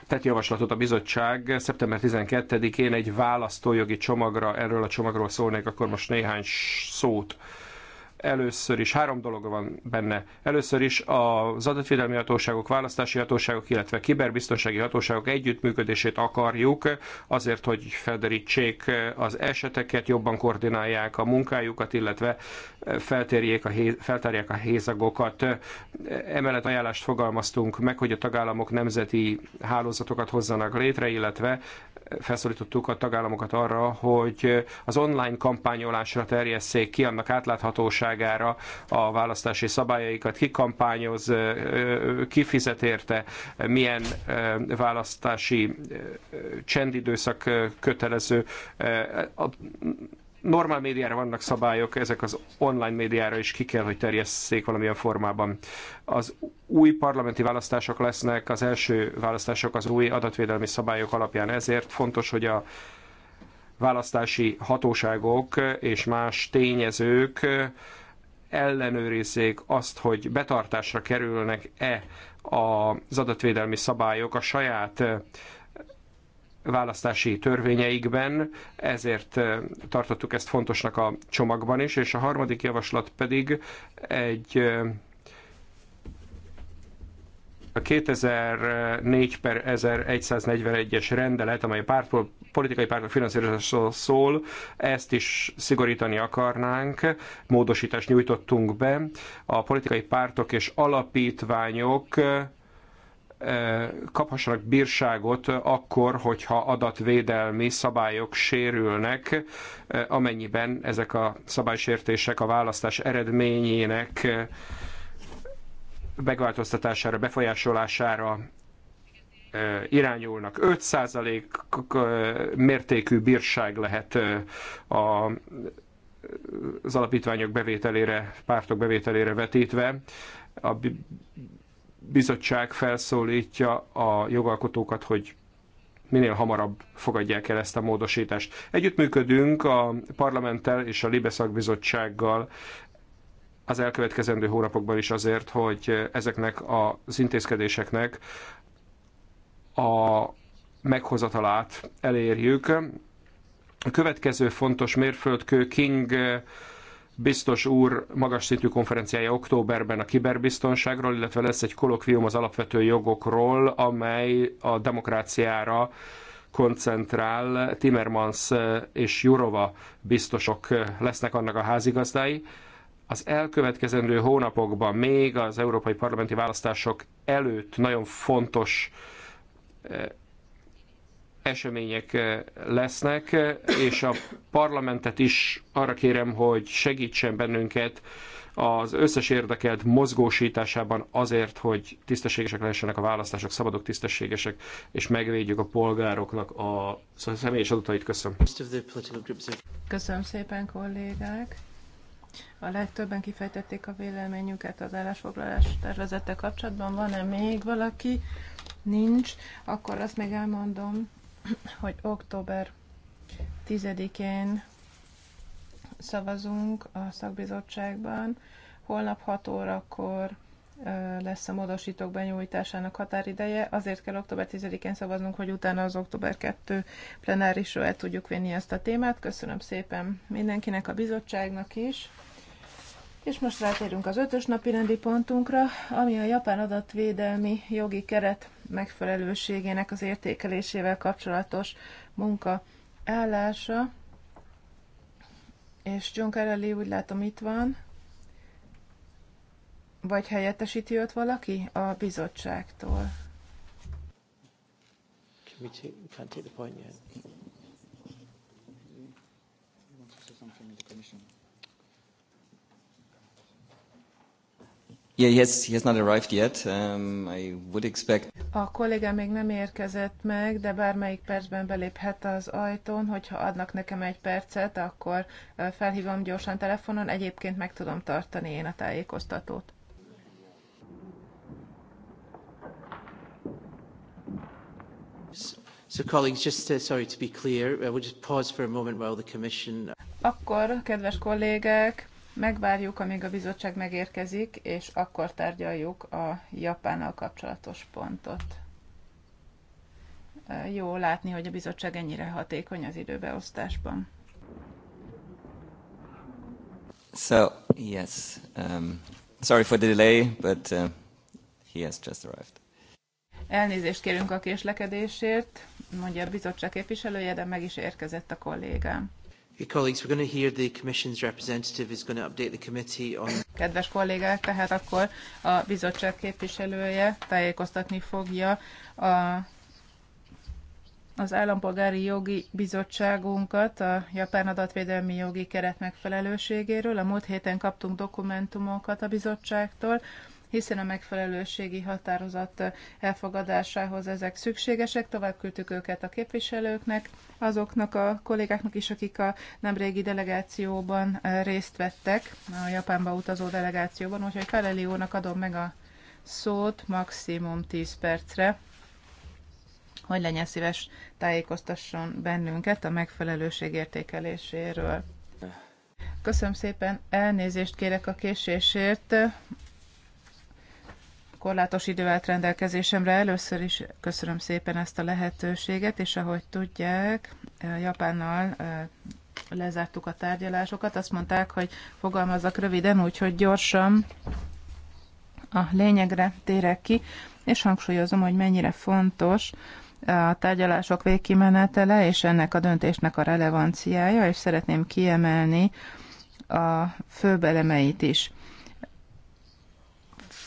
D: tett javaslatot a bizottság szeptember 12-én egy választójogi csomagra, erről a csomagról szólnék akkor most néhány szót. Először is három dolog van benne. Először is az adatvédelmi hatóságok, választási hatóságok, illetve kiberbiztonsági hatóságok együttműködését akarjuk, azért, hogy felderítsék az eseteket, jobban koordinálják a munkájukat, illetve feltérjék a héz, feltárják a hézagokat. Emellett ajánlást fogalmaztunk meg, hogy a tagállamok nemzeti hálózatokat hozzanak létre, illetve felszólítottuk a tagállamokat arra, hogy az online kampányolásra terjesszék ki annak átláthatóságát, hatékonyságára, a választási szabályaikat ki fizet érte, milyen választási csendidőszak kötelező. A normál médiára vannak szabályok, ezek az online médiára is ki kell, hogy terjesszék valamilyen formában. Az új parlamenti választások lesznek, az első választások az új adatvédelmi szabályok alapján. Ezért fontos, hogy a választási hatóságok és más tényezők ellenőrizzék azt, hogy betartásra kerülnek-e az adatvédelmi szabályok a saját választási törvényeikben, ezért tartottuk ezt fontosnak a csomagban is, és a harmadik javaslat pedig egy a 2004 per 1141-es rendelet, amely a politikai pártok finanszírozásról szól, ezt is szigorítani akarnánk, módosítást nyújtottunk be. A politikai pártok és alapítványok kaphassanak bírságot akkor, hogyha adatvédelmi szabályok sérülnek, amennyiben ezek a szabálysértések a választás eredményének megváltoztatására, befolyásolására irányulnak. 5% mértékű bírság lehet a az alapítványok bevételére, pártok bevételére vetítve. A bizottság felszólítja a jogalkotókat, hogy minél hamarabb fogadják el ezt a módosítást. Együttműködünk a parlamenttel és a Libeszak bizottsággal az elkövetkezendő hónapokban is azért, hogy ezeknek az intézkedéseknek a meghozatalát elérjük. A következő fontos mérföldkő King biztos úr magas szintű konferenciája októberben a kiberbiztonságról, illetve lesz egy kolokvium az alapvető jogokról, amely a demokráciára koncentrál. Timmermans és Jurova biztosok lesznek annak a házigazdái az elkövetkezendő hónapokban, még az európai parlamenti választások előtt nagyon fontos eh, események eh, lesznek, eh, és a parlamentet is arra kérem, hogy segítsen bennünket az összes érdekelt mozgósításában azért, hogy tisztességesek lehessenek a választások, szabadok, tisztességesek, és megvédjük a polgároknak a, a személyes adatait. Köszönöm.
B: Köszönöm szépen, kollégák! A legtöbben kifejtették a véleményüket az állásfoglalás tervezete kapcsolatban. Van-e még valaki? Nincs. Akkor azt még elmondom, hogy október 10-én szavazunk a szakbizottságban. Holnap 6 órakor lesz a módosítók benyújtásának határideje. Azért kell október 10-én szavaznunk, hogy utána az október 2 plenárisról el tudjuk vinni ezt a témát. Köszönöm szépen mindenkinek, a bizottságnak is. És most rátérünk az ötös napi rendi pontunkra, ami a japán adatvédelmi jogi keret megfelelőségének az értékelésével kapcsolatos munka állása. És John Carelli úgy látom itt van. Vagy helyettesíti őt valaki a bizottságtól?
C: Yeah, he has, he has not arrived yet. Um, I
B: would expect... A kollega még nem érkezett meg, de bármelyik percben beléphet az ajtón, hogyha adnak nekem egy percet, akkor felhívom gyorsan telefonon, egyébként meg tudom tartani én a tájékoztatót.
A: So colleagues, just to, sorry to be clear, uh, we'll just pause for a moment while the commission... Uh,
B: akkor, kedves kollégák, megvárjuk, amíg a bizottság megérkezik, és akkor tárgyaljuk a Japánnal kapcsolatos pontot. Uh, jó látni, hogy a bizottság ennyire hatékony az időbeosztásban.
C: So, yes, um, sorry for the delay, but uh, he has just arrived.
B: Elnézést kérünk a késlekedésért mondja a bizottság képviselője, de meg is érkezett a kollégám. Kedves kollégák, tehát akkor a bizottság képviselője tájékoztatni fogja a, az Állampolgári Jogi Bizottságunkat a Japán Adatvédelmi Jogi Keret megfelelőségéről. A múlt héten kaptunk dokumentumokat a bizottságtól, hiszen a megfelelőségi határozat elfogadásához ezek szükségesek. Tovább küldtük őket a képviselőknek, azoknak a kollégáknak is, akik a nemrégi delegációban eh, részt vettek, a Japánba utazó delegációban, úgyhogy úrnak adom meg a szót maximum 10 percre hogy legyen szíves tájékoztasson bennünket a megfelelőség értékeléséről. Köszönöm szépen, elnézést kérek a késésért korlátos idő állt rendelkezésemre. Először is köszönöm szépen ezt a lehetőséget, és ahogy tudják, Japánnal lezártuk a tárgyalásokat. Azt mondták, hogy fogalmazzak röviden, úgyhogy gyorsan a lényegre térek ki, és hangsúlyozom, hogy mennyire fontos a tárgyalások végkimenetele és ennek a döntésnek a relevanciája, és szeretném kiemelni a főbelemeit is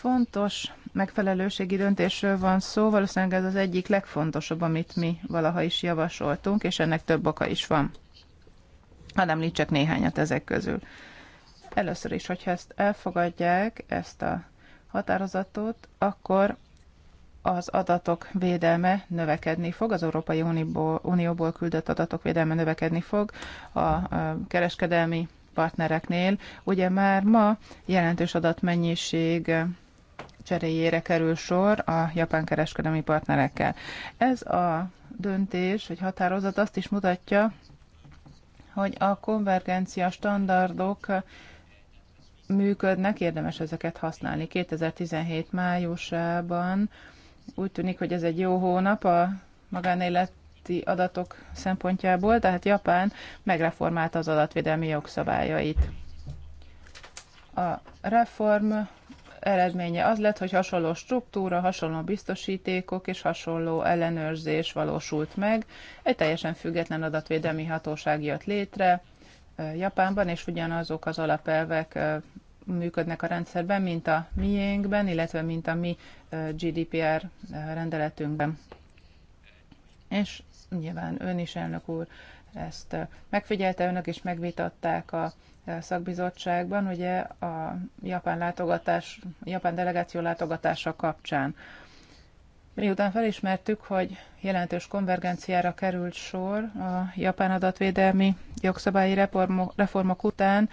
B: fontos megfelelőségi döntésről van szó, valószínűleg ez az egyik legfontosabb, amit mi valaha is javasoltunk, és ennek több oka is van. Hanem említsek néhányat ezek közül. Először is, hogyha ezt elfogadják, ezt a határozatot, akkor az adatok védelme növekedni fog, az Európai Unióból, Unióból küldött adatok védelme növekedni fog a kereskedelmi partnereknél. Ugye már ma jelentős adatmennyiség cseréjére kerül sor a japán kereskedelmi partnerekkel. Ez a döntés, vagy határozat azt is mutatja, hogy a konvergencia standardok működnek, érdemes ezeket használni. 2017 májusában úgy tűnik, hogy ez egy jó hónap a magánéleti adatok szempontjából, tehát Japán megreformálta az adatvédelmi jogszabályait. A reform eredménye az lett, hogy hasonló struktúra, hasonló biztosítékok és hasonló ellenőrzés valósult meg. Egy teljesen független adatvédelmi hatóság jött létre Japánban, és ugyanazok az alapelvek működnek a rendszerben, mint a miénkben, illetve mint a mi GDPR rendeletünkben. És nyilván ön is, elnök úr, ezt megfigyelte, önök is megvitatták a szakbizottságban, ugye a japán látogatás, japán delegáció látogatása kapcsán. Miután felismertük, hogy jelentős konvergenciára került sor a japán adatvédelmi jogszabályi reformok, reformok után,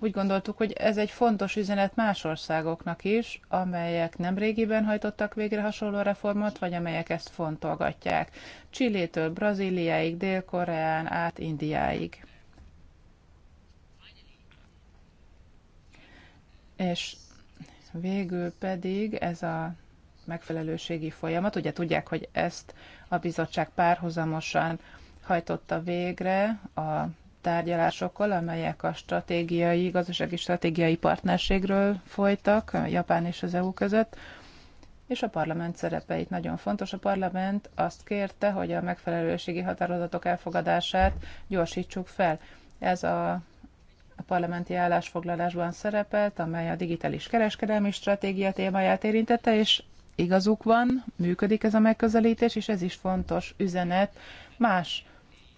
B: úgy gondoltuk, hogy ez egy fontos üzenet más országoknak is, amelyek nem régiben hajtottak végre hasonló reformot, vagy amelyek ezt fontolgatják. Csillétől Brazíliáig, Dél-Koreán át Indiáig. És végül pedig ez a megfelelőségi folyamat, ugye tudják, hogy ezt a bizottság párhuzamosan hajtotta végre a tárgyalásokkal, amelyek a stratégiai, gazdasági stratégiai partnerségről folytak Japán és az EU között, és a parlament szerepe itt nagyon fontos. A parlament azt kérte, hogy a megfelelőségi határozatok elfogadását gyorsítsuk fel. Ez a parlamenti állásfoglalásban szerepelt, amely a digitális kereskedelmi stratégia témáját érintette, és igazuk van, működik ez a megközelítés, és ez is fontos üzenet más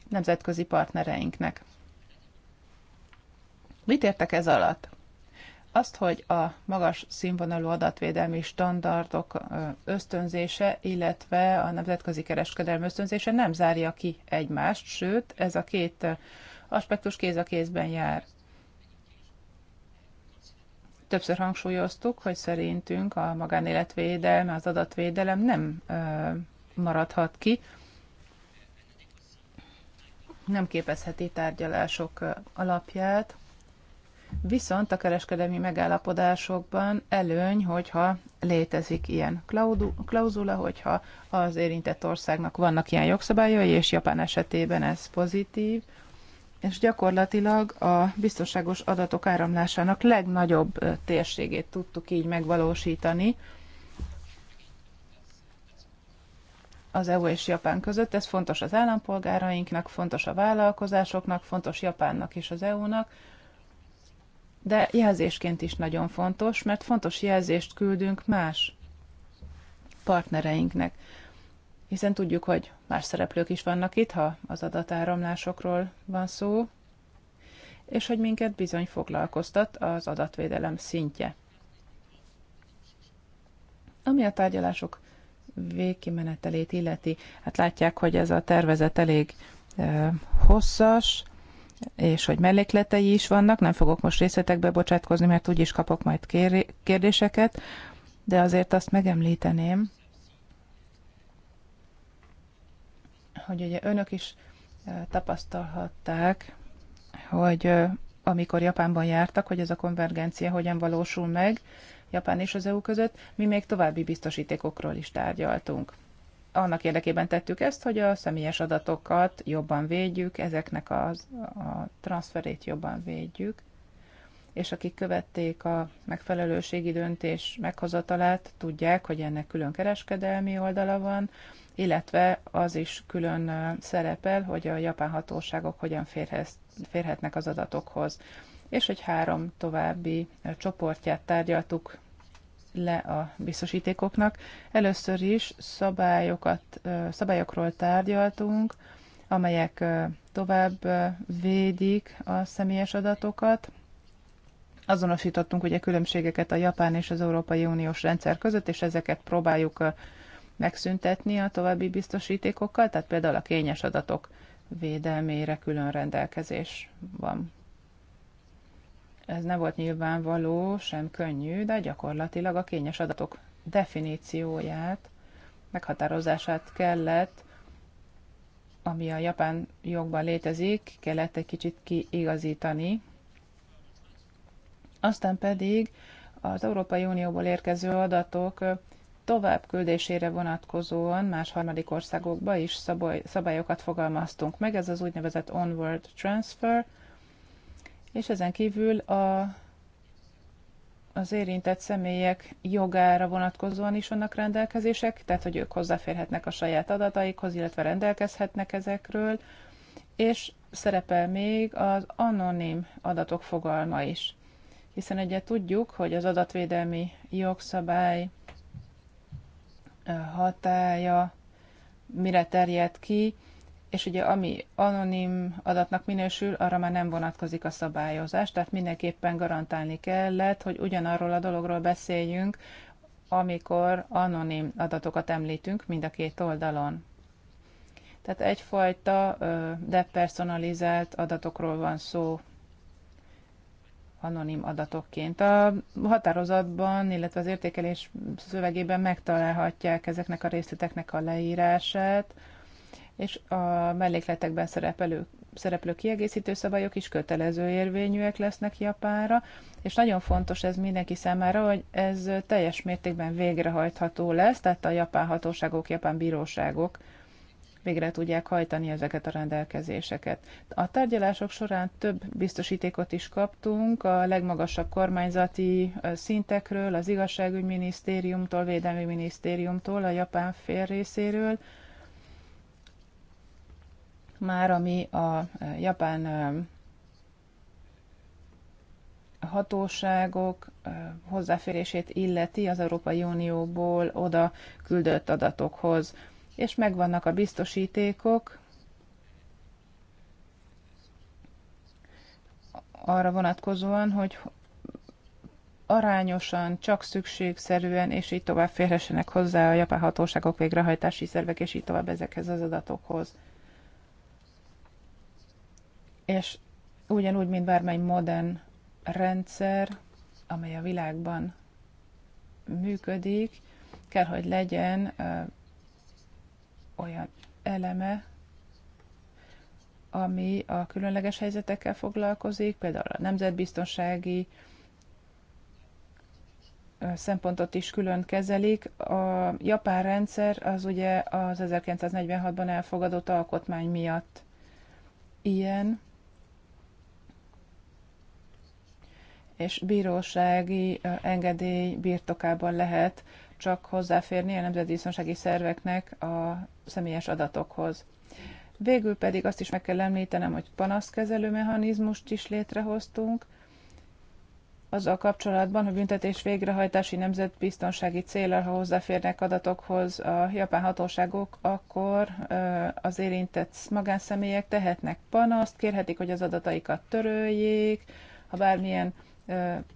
B: nemzetközi partnereinknek. Mit értek ez alatt? Azt, hogy a magas színvonalú adatvédelmi standardok ösztönzése, illetve a nemzetközi kereskedelmi ösztönzése nem zárja ki egymást, sőt, ez a két aspektus kéz a kézben jár. Többször hangsúlyoztuk, hogy szerintünk a magánéletvédelme, az adatvédelem nem maradhat ki, nem képezheti tárgyalások alapját. Viszont a kereskedelmi megállapodásokban előny, hogyha létezik ilyen klauzula, hogyha az érintett országnak vannak ilyen jogszabályai, és Japán esetében ez pozitív, és gyakorlatilag a biztonságos adatok áramlásának legnagyobb térségét tudtuk így megvalósítani az EU és Japán között. Ez fontos az állampolgárainknak, fontos a vállalkozásoknak, fontos Japánnak és az EU-nak, de jelzésként is nagyon fontos, mert fontos jelzést küldünk más partnereinknek, hiszen tudjuk, hogy más szereplők is vannak itt, ha az adatáramlásokról van szó, és hogy minket bizony foglalkoztat az adatvédelem szintje. Ami a tárgyalások végkimenetelét illeti, hát látják, hogy ez a tervezet elég e, hosszas, és hogy mellékletei is vannak, nem fogok most részletekbe bocsátkozni, mert úgyis kapok majd kérdéseket, de azért azt megemlíteném, hogy ugye önök is e, tapasztalhatták, hogy e, amikor Japánban jártak, hogy ez a konvergencia hogyan valósul meg Japán és az EU között, mi még további biztosítékokról is tárgyaltunk. Annak érdekében tettük ezt, hogy a személyes adatokat jobban védjük, ezeknek a, a transferét jobban védjük, és akik követték a megfelelőségi döntés meghozatalát, tudják, hogy ennek külön kereskedelmi oldala van, illetve az is külön szerepel, hogy a japán hatóságok hogyan férhez, férhetnek az adatokhoz. És egy három további csoportját tárgyaltuk le a biztosítékoknak. Először is szabályokat, szabályokról tárgyaltunk, amelyek tovább védik a személyes adatokat. Azonosítottunk ugye különbségeket a japán és az Európai Uniós rendszer között, és ezeket próbáljuk megszüntetni a további biztosítékokkal, tehát például a kényes adatok védelmére külön rendelkezés van. Ez nem volt nyilvánvaló, sem könnyű, de gyakorlatilag a kényes adatok definícióját, meghatározását kellett, ami a japán jogban létezik, kellett egy kicsit kiigazítani. Aztán pedig az Európai Unióból érkező adatok küldésére vonatkozóan más harmadik országokba is szabályokat fogalmaztunk meg, ez az úgynevezett onward transfer, és ezen kívül a, az érintett személyek jogára vonatkozóan is vannak rendelkezések, tehát hogy ők hozzáférhetnek a saját adataikhoz, illetve rendelkezhetnek ezekről, és szerepel még az anonim adatok fogalma is. Hiszen egyet tudjuk, hogy az adatvédelmi jogszabály hatája mire terjed ki, és ugye ami anonim adatnak minősül, arra már nem vonatkozik a szabályozás, tehát mindenképpen garantálni kellett, hogy ugyanarról a dologról beszéljünk, amikor anonim adatokat említünk mind a két oldalon. Tehát egyfajta depersonalizált adatokról van szó anonim adatokként. A határozatban, illetve az értékelés szövegében megtalálhatják ezeknek a részleteknek a leírását, és a mellékletekben szerepelő, szereplő kiegészítő szabályok is kötelező érvényűek lesznek Japánra, és nagyon fontos ez mindenki számára, hogy ez teljes mértékben végrehajtható lesz, tehát a japán hatóságok, japán bíróságok végre tudják hajtani ezeket a rendelkezéseket. A tárgyalások során több biztosítékot is kaptunk a legmagasabb kormányzati szintekről, az igazságügyminisztériumtól, védelmi minisztériumtól, a japán fél részéről, már ami a japán hatóságok hozzáférését illeti az Európai Unióból oda küldött adatokhoz és megvannak a biztosítékok arra vonatkozóan, hogy arányosan, csak szükségszerűen, és így tovább férhessenek hozzá a japán hatóságok, végrehajtási szervek, és így tovább ezekhez az adatokhoz. És ugyanúgy, mint bármely modern rendszer, amely a világban működik, kell, hogy legyen olyan eleme, ami a különleges helyzetekkel foglalkozik, például a nemzetbiztonsági szempontot is külön kezelik. A japán rendszer az ugye az 1946-ban elfogadott alkotmány miatt ilyen, és bírósági engedély birtokában lehet csak hozzáférni a nemzetbiztonsági szerveknek a személyes adatokhoz. Végül pedig azt is meg kell említenem, hogy panaszkezelő mechanizmust is létrehoztunk, azzal kapcsolatban, hogy büntetés végrehajtási nemzetbiztonsági célra, ha hozzáférnek adatokhoz a japán hatóságok, akkor az érintett magánszemélyek tehetnek panaszt, kérhetik, hogy az adataikat töröljék, ha bármilyen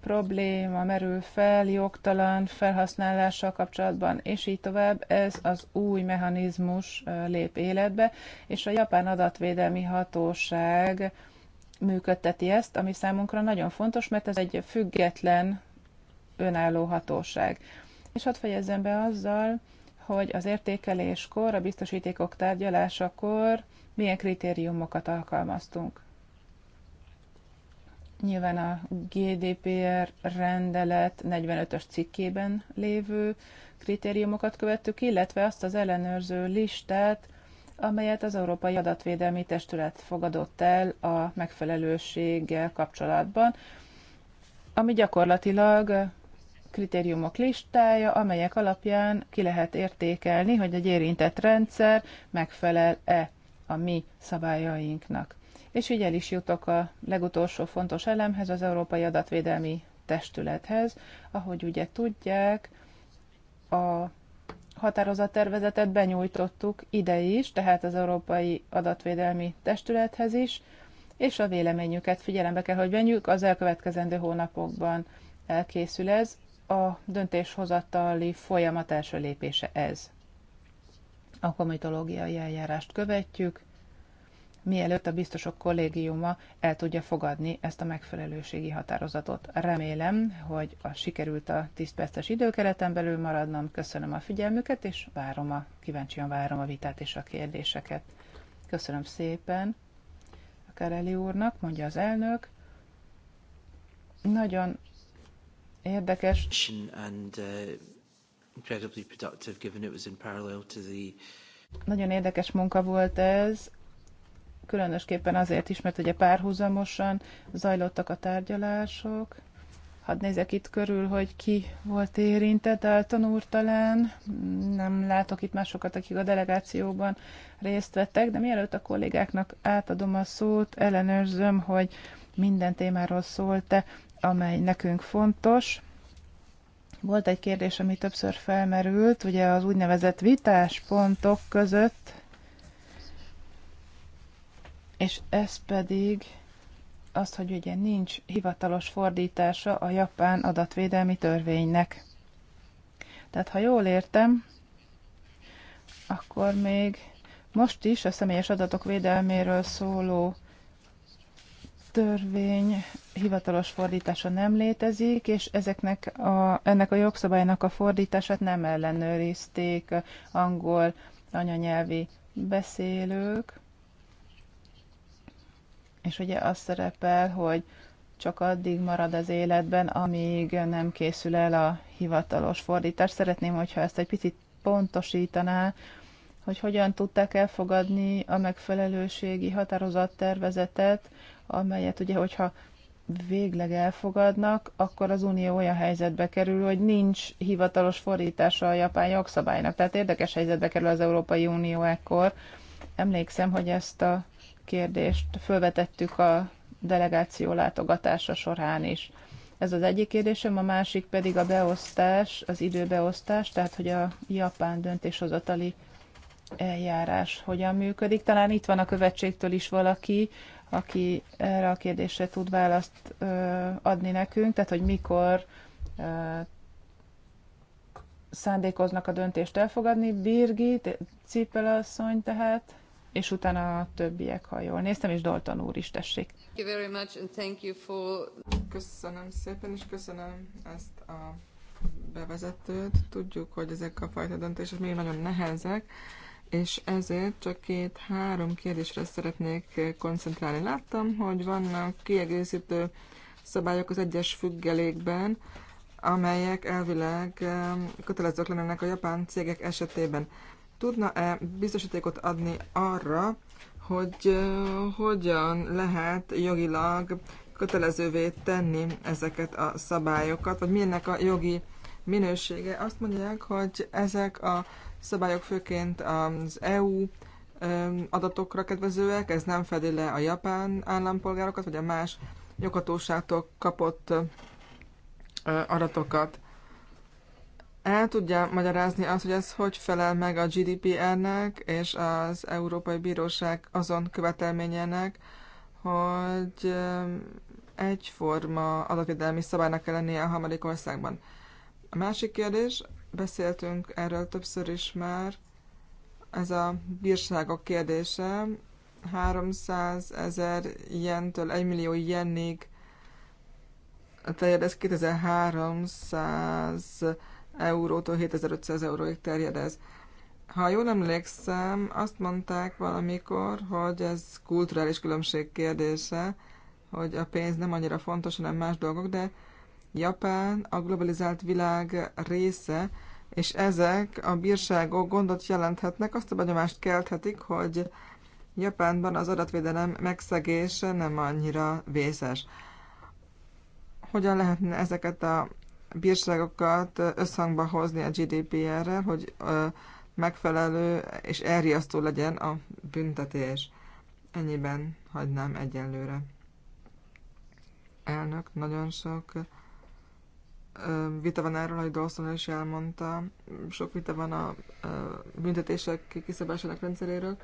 B: probléma merül fel, jogtalan felhasználással kapcsolatban, és így tovább, ez az új mechanizmus lép életbe, és a Japán Adatvédelmi Hatóság működteti ezt, ami számunkra nagyon fontos, mert ez egy független, önálló hatóság. És hadd fejezzem be azzal, hogy az értékeléskor, a biztosítékok tárgyalásakor milyen kritériumokat alkalmaztunk nyilván a GDPR rendelet 45-ös cikkében lévő kritériumokat követtük, illetve azt az ellenőrző listát, amelyet az Európai Adatvédelmi Testület fogadott el a megfelelőséggel kapcsolatban, ami gyakorlatilag kritériumok listája, amelyek alapján ki lehet értékelni, hogy egy érintett rendszer megfelel-e a mi szabályainknak. És így el is jutok a legutolsó fontos elemhez, az Európai Adatvédelmi Testülethez. Ahogy ugye tudják, a határozattervezetet benyújtottuk ide is, tehát az Európai Adatvédelmi Testülethez is, és a véleményüket figyelembe kell, hogy venjük, az elkövetkezendő hónapokban elkészül ez, a döntéshozatali folyamat első lépése ez. A komitológiai eljárást követjük, mielőtt a biztosok kollégiuma el tudja fogadni ezt a megfelelőségi határozatot. Remélem, hogy a sikerült a 10 perces időkereten belül maradnom. Köszönöm a figyelmüket, és várom a, kíváncsian várom a vitát és a kérdéseket. Köszönöm szépen a Kareli úrnak, mondja az elnök. Nagyon érdekes.
A: And, uh, given it was in to the...
B: Nagyon érdekes munka volt ez, különösképpen azért is, mert ugye párhuzamosan zajlottak a tárgyalások. Hadd nézek itt körül, hogy ki volt érintett, Dalton úr talán. Nem látok itt másokat, akik a delegációban részt vettek, de mielőtt a kollégáknak átadom a szót, ellenőrzöm, hogy minden témáról szólt-e, amely nekünk fontos. Volt egy kérdés, ami többször felmerült, ugye az úgynevezett vitáspontok között és ez pedig az, hogy ugye nincs hivatalos fordítása a japán adatvédelmi törvénynek. Tehát ha jól értem, akkor még most is a személyes adatok védelméről szóló törvény hivatalos fordítása nem létezik, és ezeknek a, ennek a jogszabálynak a fordítását nem ellenőrizték angol anyanyelvi beszélők, és ugye az szerepel, hogy csak addig marad az életben, amíg nem készül el a hivatalos fordítás. Szeretném, hogyha ezt egy picit pontosítaná, hogy hogyan tudták elfogadni a megfelelőségi határozattervezetet, amelyet ugye, hogyha végleg elfogadnak, akkor az Unió olyan helyzetbe kerül, hogy nincs hivatalos fordítása a japán jogszabálynak. Tehát érdekes helyzetbe kerül az Európai Unió ekkor. Emlékszem, hogy ezt a kérdést fölvetettük a delegáció látogatása során is. Ez az egyik kérdésem, a másik pedig a beosztás, az időbeosztás, tehát hogy a japán döntéshozatali eljárás hogyan működik. Talán itt van a követségtől is valaki, aki erre a kérdésre tud választ adni nekünk, tehát hogy mikor szándékoznak a döntést elfogadni. Birgit, Cipel asszony tehát és utána a többiek, ha jól néztem, és Dalton úr is tessék.
C: Köszönöm szépen, és köszönöm ezt a bevezetőt. Tudjuk, hogy ezek a fajta döntések még nagyon nehezek, és ezért csak két-három kérdésre szeretnék koncentrálni. Láttam, hogy vannak kiegészítő szabályok az egyes függelékben, amelyek elvileg um, kötelezők lennének a japán cégek esetében. Tudna-e biztosítékot adni arra, hogy hogyan lehet jogilag kötelezővé tenni ezeket a szabályokat, vagy milyennek a jogi minősége. Azt mondják, hogy ezek a szabályok főként az EU adatokra kedvezőek, ez nem fedi le a japán állampolgárokat, vagy a más joghatóságtól kapott adatokat el tudja magyarázni azt, hogy ez hogy felel meg a GDPR-nek és az Európai Bíróság azon követelményének, hogy egyforma adatvédelmi szabálynak kell lennie a harmadik országban. A másik kérdés, beszéltünk erről többször is már, ez a bírságok kérdése. 300 ezer jentől 1 millió jennig tehát ez 2300 eurótól 7500 euróig terjed ez. Ha jól emlékszem, azt mondták valamikor, hogy ez kulturális különbség kérdése, hogy a pénz nem annyira fontos, hanem más dolgok, de Japán a globalizált világ része, és ezek a bírságok gondot jelenthetnek, azt a benyomást kelthetik, hogy Japánban az adatvédelem megszegése nem annyira vészes. Hogyan lehetne ezeket a bírságokat összhangba hozni a GDPR-rel, hogy megfelelő és elriasztó legyen a büntetés. Ennyiben hagynám egyenlőre. Elnök, nagyon sok vita van erről, hogy Dawson is elmondta. Sok vita van a büntetések kiszabásának rendszeréről.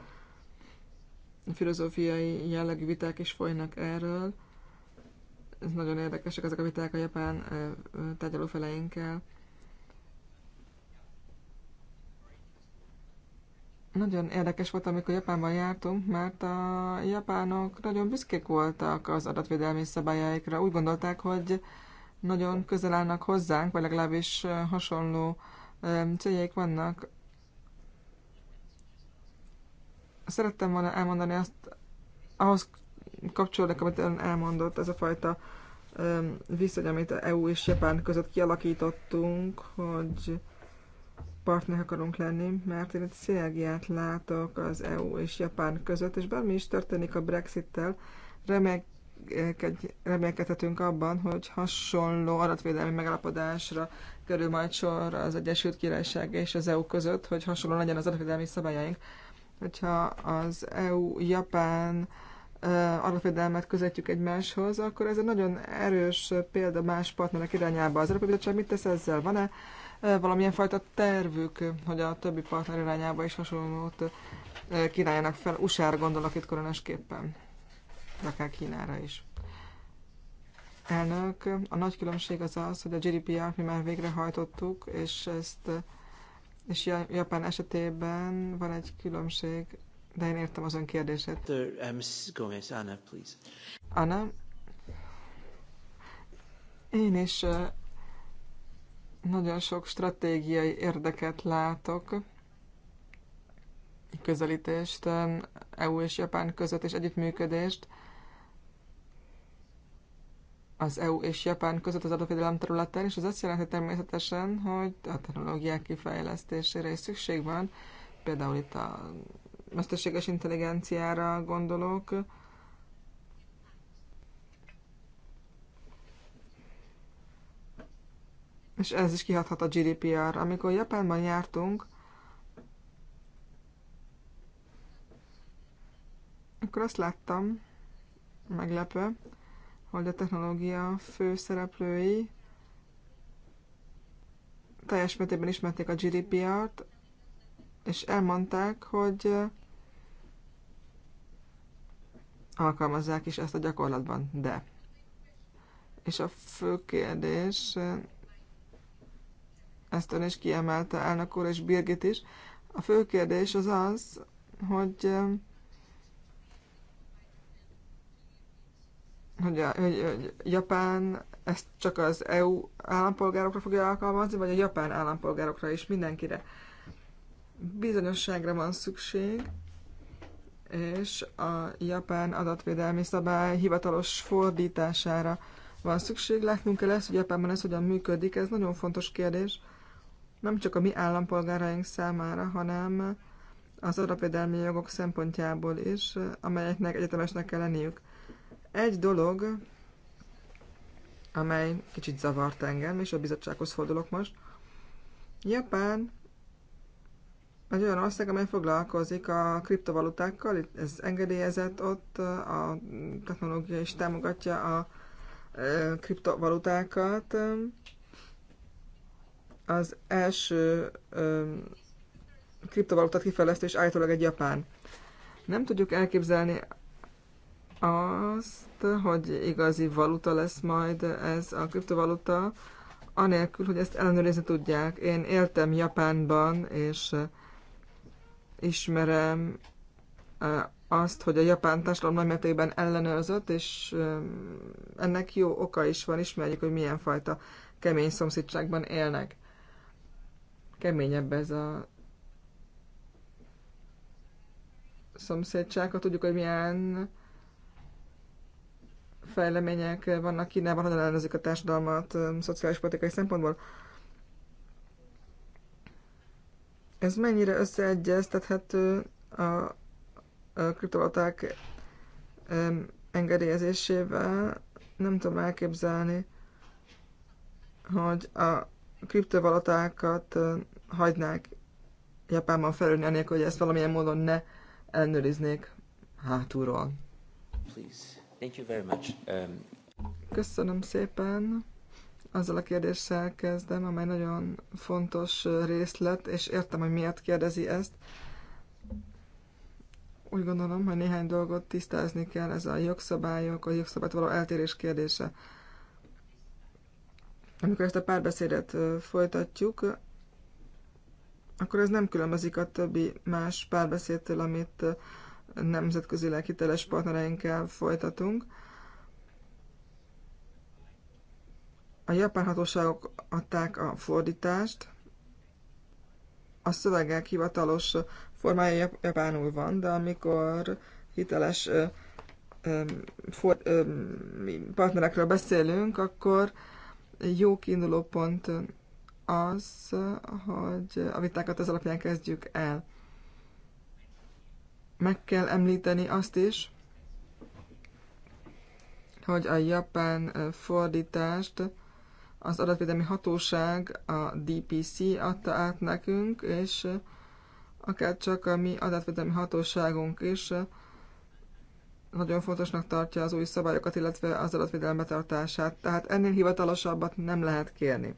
C: Filozófiai jellegű viták is folynak erről ez nagyon érdekesek ezek a viták a japán tárgyalófeleinkkel. Nagyon érdekes volt, amikor Japánban jártunk, mert a japánok nagyon büszkék voltak az adatvédelmi szabályaikra. Úgy gondolták, hogy nagyon közel állnak hozzánk, vagy legalábbis hasonló céljaik vannak. Szerettem volna elmondani azt, ahhoz kapcsolódik, amit ön elmondott, ez a fajta viszony, amit EU és Japán között kialakítottunk, hogy partner akarunk lenni, mert én egy szélgiát látok az EU és Japán között, és bármi is történik a Brexit-tel, remélkedhetünk abban, hogy hasonló adatvédelmi megállapodásra kerül majd sor az Egyesült Királyság és az EU között, hogy hasonló legyen az adatvédelmi szabályaink. Hogyha az EU-Japán alapvédelmet közvetjük egymáshoz, akkor ez egy nagyon erős példa más partnerek irányába. Az Európai Bizottság mit tesz ezzel? Van-e valamilyen fajta tervük, hogy a többi partner irányába is hasonlót kínáljanak fel? usa gondolok itt koronásképpen, de akár Kínára is. Elnök, a nagy különbség az az, hogy a GDPR-t mi már végrehajtottuk, és ezt és Japán esetében van egy különbség de én értem azon kérdését.
A: Uh, Gomez, Anna, please.
C: Anna, én is uh, nagyon sok stratégiai érdeket látok, közelítést um, EU és Japán között, és együttműködést az EU és Japán között az adóvédelem területén, és ez azt jelenti természetesen, hogy a technológiák kifejlesztésére is szükség van, például itt a mesterséges intelligenciára gondolok. És ez is kihathat a GDPR. Amikor Japánban jártunk, akkor azt láttam, meglepő, hogy a technológia főszereplői teljes mértékben ismerték a GDPR-t, és elmondták, hogy alkalmazzák is ezt a gyakorlatban, de. És a fő kérdés, ezt ön is kiemelte, elnök úr és Birgit is, a fő kérdés az az, hogy hogy, a, hogy, hogy Japán ezt csak az EU állampolgárokra fogja alkalmazni, vagy a japán állampolgárokra is, mindenkire. Bizonyosságra van szükség, és a japán adatvédelmi szabály hivatalos fordítására van szükség. Látnunk kell ezt, hogy Japánban ez hogyan működik, ez nagyon fontos kérdés, nem csak a mi állampolgáraink számára, hanem az adatvédelmi jogok szempontjából is, amelyeknek egyetemesnek kell lenniük. Egy dolog, amely kicsit zavart engem, és a bizottsághoz fordulok most. Japán egy olyan ország, amely foglalkozik a kriptovalutákkal, ez engedélyezett ott, a technológia is támogatja a e, kriptovalutákat. Az első e, kriptovalutat kifejlesztés és állítólag egy japán. Nem tudjuk elképzelni azt, hogy igazi valuta lesz majd ez a kriptovaluta, anélkül, hogy ezt ellenőrizni tudják. Én éltem Japánban, és ismerem azt, hogy a japán társadalom nagy mértékben ellenőrzött, és ennek jó oka is van, ismerjük, hogy milyen fajta kemény szomszédságban élnek. Keményebb ez a szomszédság, ha tudjuk, hogy milyen fejlemények vannak Kínában, hogyan ellenőrzik a társadalmat szociális politikai szempontból. Ez mennyire összeegyeztethető a kriptovaluták engedélyezésével? Nem tudom elképzelni, hogy a kriptovalutákat hagynák Japánban felülni, anélkül, hogy ezt valamilyen módon ne ellenőriznék hátulról.
A: Please. Thank you very much. Um...
C: Köszönöm szépen azzal a kérdéssel kezdem, amely nagyon fontos részlet, és értem, hogy miért kérdezi ezt. Úgy gondolom, hogy néhány dolgot tisztázni kell, ez a jogszabályok, a jogszabályt való eltérés kérdése. Amikor ezt a párbeszédet folytatjuk, akkor ez nem különbözik a többi más párbeszédtől, amit nemzetközileg hiteles partnereinkkel folytatunk A japán hatóságok adták a fordítást, a szövegek hivatalos formája japánul van, de amikor hiteles ö, ö, for, ö, partnerekről beszélünk, akkor jó kiinduló pont az, hogy a vitákat az alapján kezdjük el. Meg kell említeni azt is, hogy a japán fordítást az adatvédelmi hatóság, a DPC adta át nekünk, és akár csak a mi adatvédelmi hatóságunk is nagyon fontosnak tartja az új szabályokat, illetve az adatvédelem betartását. Tehát ennél hivatalosabbat nem lehet kérni.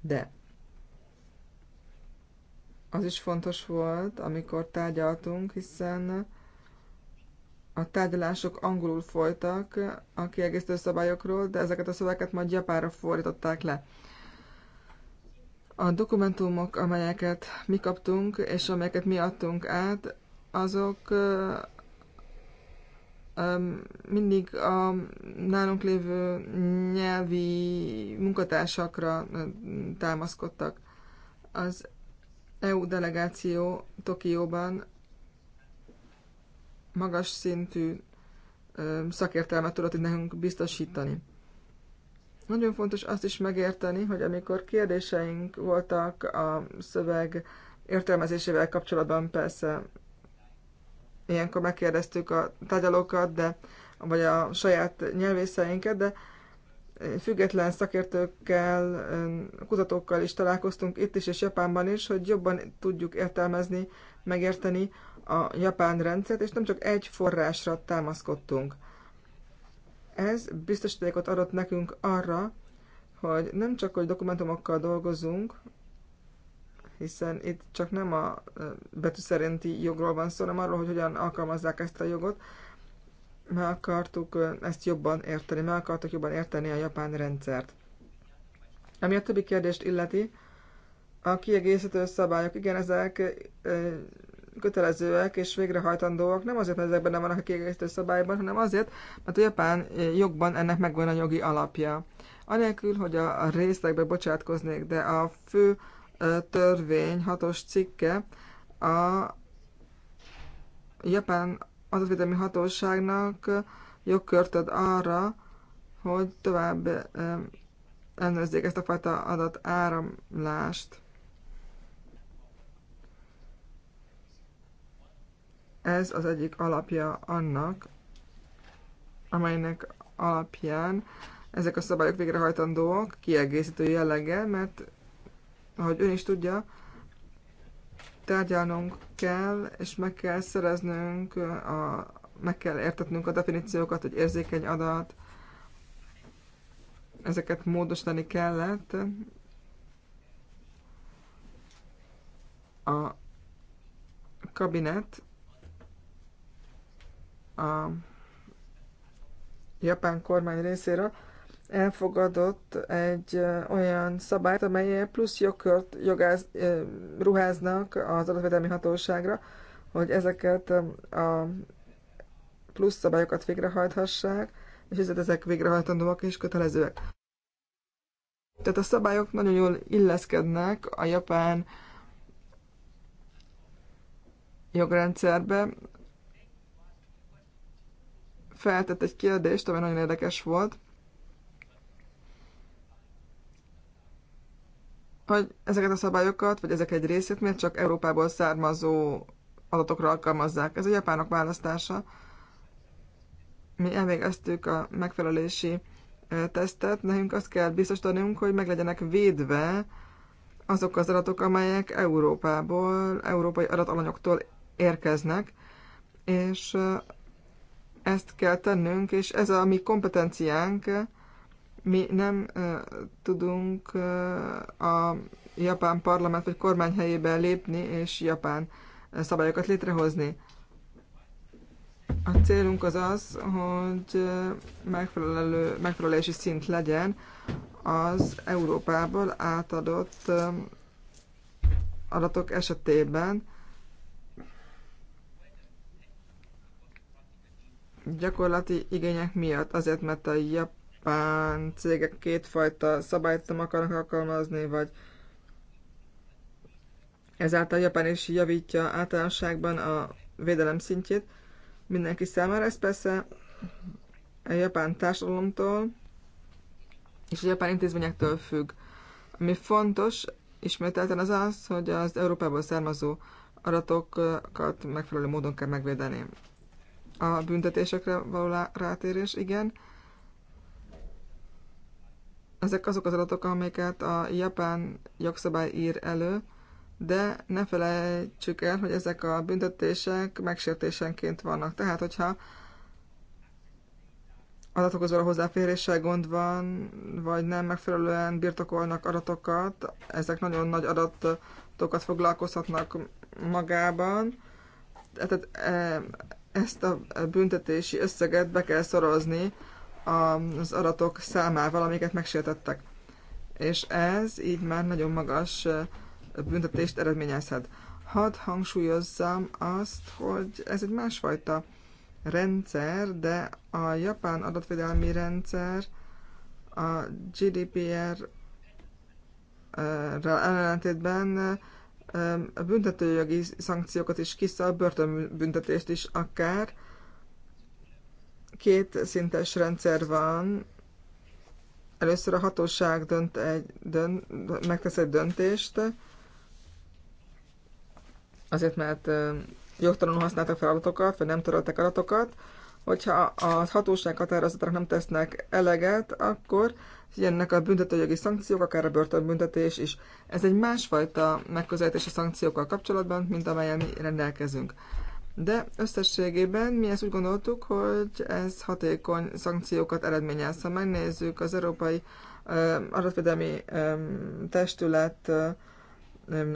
C: De az is fontos volt, amikor tárgyaltunk, hiszen a tárgyalások angolul folytak a kiegészítő szabályokról, de ezeket a szöveket majd japára fordították le. A dokumentumok, amelyeket mi kaptunk, és amelyeket mi adtunk át, azok mindig a nálunk lévő nyelvi munkatársakra támaszkodtak. Az EU delegáció Tokióban magas szintű szakértelmet tudott itt nekünk biztosítani. Nagyon fontos azt is megérteni, hogy amikor kérdéseink voltak a szöveg értelmezésével kapcsolatban, persze ilyenkor megkérdeztük a tárgyalókat, de, vagy a saját nyelvészeinket, de független szakértőkkel, kutatókkal is találkoztunk itt is és Japánban is, hogy jobban tudjuk értelmezni, megérteni a japán rendszert, és nem csak egy forrásra támaszkodtunk. Ez biztosítékot adott nekünk arra, hogy nem csak, hogy dokumentumokkal dolgozunk, hiszen itt csak nem a betű szerinti jogról van szó, hanem arról, hogy hogyan alkalmazzák ezt a jogot. Meg akartuk ezt jobban érteni, meg akartuk jobban érteni a japán rendszert. Ami a többi kérdést illeti, a kiegészítő szabályok, igen, ezek kötelezőek és végrehajtandóak, nem azért, mert ezek benne vannak a kiegészítő szabályban, hanem azért, mert a japán jogban ennek megvan a jogi alapja. Anélkül, hogy a részlegbe bocsátkoznék, de a fő törvény hatos cikke a japán adatvédelmi hatóságnak jogkört ad arra, hogy tovább ellenőrizzék ezt a fajta adatáramlást. Ez az egyik alapja annak, amelynek alapján ezek a szabályok végrehajtandóak, kiegészítő jelleggel, mert ahogy ön is tudja, tárgyalnunk kell, és meg kell szereznünk, a, meg kell értetnünk a definíciókat, hogy érzékeny adat, ezeket módosítani kellett. A kabinet a japán kormány részéről elfogadott egy olyan szabályt, amely plusz jogkört jogáz, ruháznak az adatvédelmi hatóságra, hogy ezeket a plusz szabályokat végrehajthassák, és ezek végrehajtandóak és kötelezőek. Tehát a szabályok nagyon jól illeszkednek a japán jogrendszerbe, feltett egy kérdést, ami nagyon érdekes volt, hogy ezeket a szabályokat, vagy ezek egy részét miért csak Európából származó adatokra alkalmazzák. Ez a japánok választása. Mi elvégeztük a megfelelési tesztet, nekünk azt kell biztosítanunk, hogy meg legyenek védve azok az adatok, amelyek Európából, európai adatalanyoktól érkeznek, és ezt kell tennünk, és ez a mi kompetenciánk, mi nem uh, tudunk uh, a japán parlament vagy kormány helyébe lépni és japán uh, szabályokat létrehozni. A célunk az az, hogy megfelelő, megfelelési szint legyen az Európából átadott adatok esetében, gyakorlati igények miatt, azért mert a japán cégek kétfajta szabályt nem akarnak alkalmazni, vagy ezáltal Japán is javítja általánosságban a védelem szintjét mindenki számára. Ez persze a japán társadalomtól és a japán intézményektől függ. Ami fontos, ismételten az az, hogy az Európából származó adatokat megfelelő módon kell megvédeni a büntetésekre való rátérés, igen. Ezek azok az adatok, amiket a japán jogszabály ír elő, de ne felejtsük el, hogy ezek a büntetések megsértésenként vannak. Tehát, hogyha adatokhoz való hozzáféréssel gond van, vagy nem megfelelően birtokolnak adatokat, ezek nagyon nagy adatokat foglalkozhatnak magában. Tehát e, ezt a büntetési összeget be kell szorozni az adatok számával, amiket megsértettek. És ez így már nagyon magas büntetést eredményezhet. Hadd hangsúlyozzam azt, hogy ez egy másfajta rendszer, de a japán adatvédelmi rendszer a GDPR-rel ellentétben a büntetőjogi szankciókat is a börtönbüntetést is akár. Két szintes rendszer van. Először a hatóság dönt egy, dönt, megtesz egy döntést, azért mert jogtalanul használtak fel adatokat, vagy nem töröltek adatokat. Hogyha a hatóság határozatának nem tesznek eleget, akkor ennek a büntetőjogi szankciók, akár a börtönbüntetés is. Ez egy másfajta megközelítés a szankciókkal kapcsolatban, mint amelyen mi rendelkezünk. De összességében mi ezt úgy gondoltuk, hogy ez hatékony szankciókat eredményez. Ha megnézzük az Európai Adatvédelmi Testület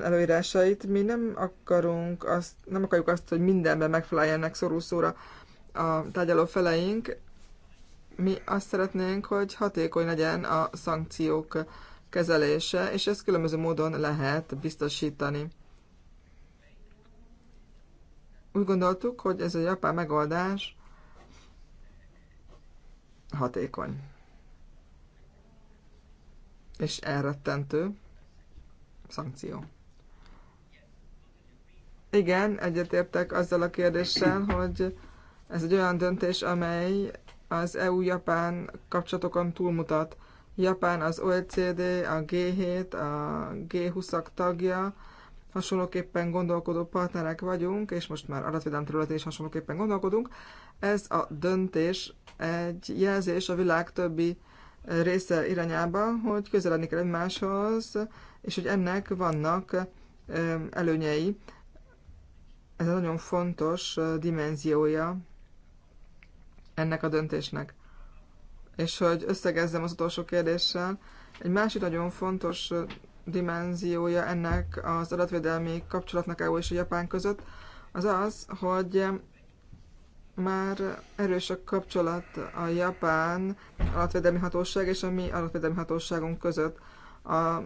C: előírásait, mi nem akarunk azt, nem akarjuk azt, hogy mindenben megfeleljenek szorúszóra a tárgyaló feleink, mi azt szeretnénk, hogy hatékony legyen a szankciók kezelése, és ezt különböző módon lehet biztosítani. Úgy gondoltuk, hogy ez a japán megoldás hatékony és elrettentő szankció. Igen, egyetértek azzal a kérdéssel, hogy ez egy olyan döntés, amely az EU-Japán kapcsolatokon túlmutat. Japán az OECD, a G7, a G20-ak tagja, hasonlóképpen gondolkodó partnerek vagyunk, és most már adatvédelem területén is hasonlóképpen gondolkodunk. Ez a döntés egy jelzés a világ többi része irányába, hogy közeledni kell egymáshoz, és hogy ennek vannak előnyei. Ez egy nagyon fontos dimenziója ennek a döntésnek. És hogy összegezzem az utolsó kérdéssel, egy másik nagyon fontos dimenziója ennek az adatvédelmi kapcsolatnak EU és a Japán között az az, hogy már erős a kapcsolat a japán adatvédelmi hatóság és a mi adatvédelmi hatóságunk között. A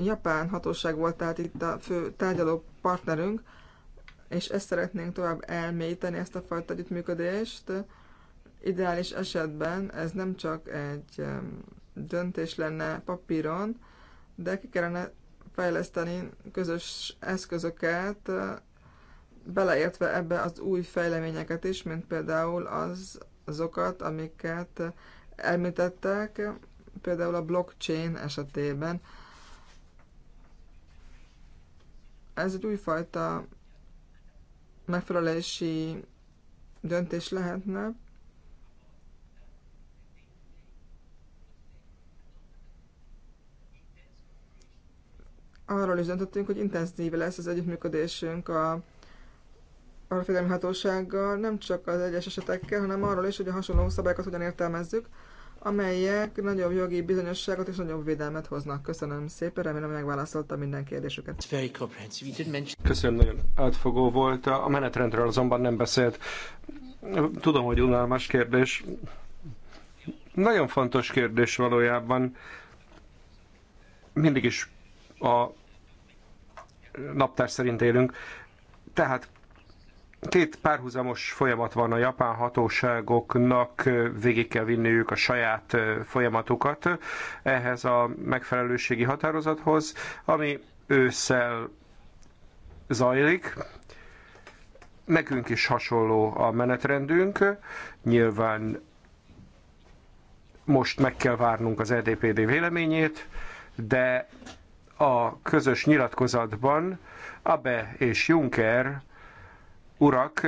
C: japán hatóság volt tehát itt a fő tárgyaló partnerünk, és ezt szeretnénk tovább elmélyíteni, ezt a fajta együttműködést Ideális esetben ez nem csak egy döntés lenne papíron, de ki kellene fejleszteni közös eszközöket, beleértve ebbe az új fejleményeket is, mint például az, azokat, amiket említettek, például a blockchain esetében. Ez egy újfajta megfelelési döntés lehetne, arról is döntöttünk, hogy intenzív lesz az együttműködésünk a alapvédelmi hatósággal, nem csak az egyes esetekkel, hanem arról is, hogy a hasonló szabályokat hogyan értelmezzük, amelyek nagyobb jogi bizonyosságot és nagyobb védelmet hoznak. Köszönöm szépen, remélem megválaszolta minden kérdésüket.
D: Köszönöm, nagyon átfogó volt. A menetrendről azonban nem beszélt. Tudom, hogy unalmas kérdés. Nagyon fontos kérdés valójában. Mindig is a naptár szerint élünk. Tehát két párhuzamos folyamat van a japán hatóságoknak, végig kell vinniük a saját folyamatukat ehhez a megfelelőségi határozathoz, ami ősszel zajlik. Nekünk is hasonló a menetrendünk, nyilván most meg kell várnunk az EDPD véleményét, de a közös nyilatkozatban Abe és Juncker urak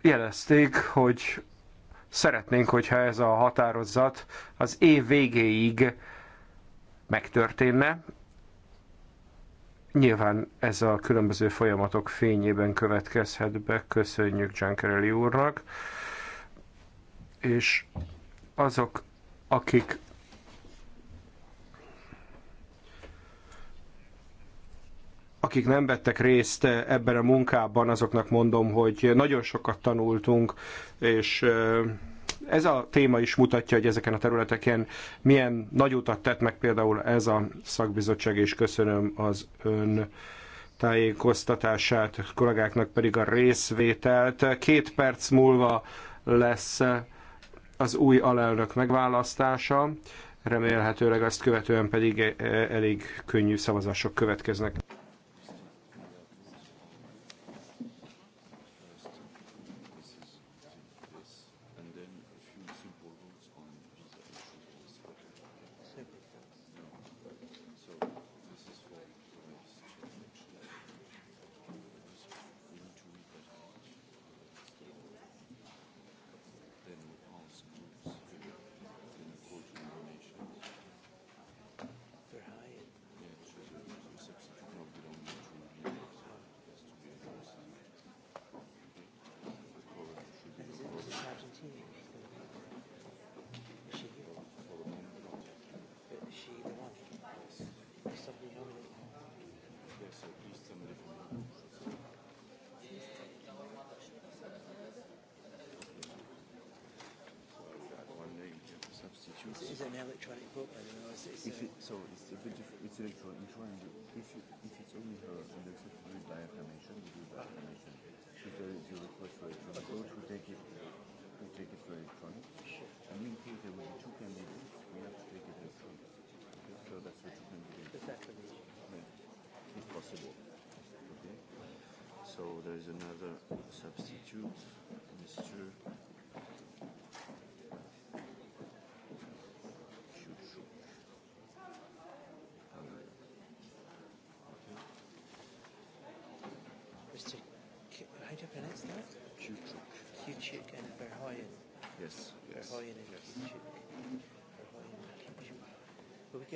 D: jelezték, hogy szeretnénk, hogyha ez a határozat az év végéig megtörténne. Nyilván ez a különböző folyamatok fényében következhet be. Köszönjük Giancarelli úrnak. És azok, akik akik nem vettek részt ebben a munkában, azoknak mondom, hogy nagyon sokat tanultunk, és ez a téma is mutatja, hogy ezeken a területeken milyen nagy utat tett meg például ez a szakbizottság, és köszönöm az ön tájékoztatását, kollégáknak pedig a részvételt. Két perc múlva lesz az új alelnök megválasztása, remélhetőleg azt követően pedig elég könnyű szavazások következnek.
E: It's, it's an
A: electronic book, I don't know. It's, it's if it, so it's a bit
E: different. It's electronic. If, you, if it's only her and they accept to by affirmation, we do by affirmation. If there is a request for electronic vote, we take it. We take it for electronic. And in case there will be two candidates, we have to take it electronic. Okay? So that's what you can do. That's Yeah. If possible. Okay. So there is another substitute, Mr.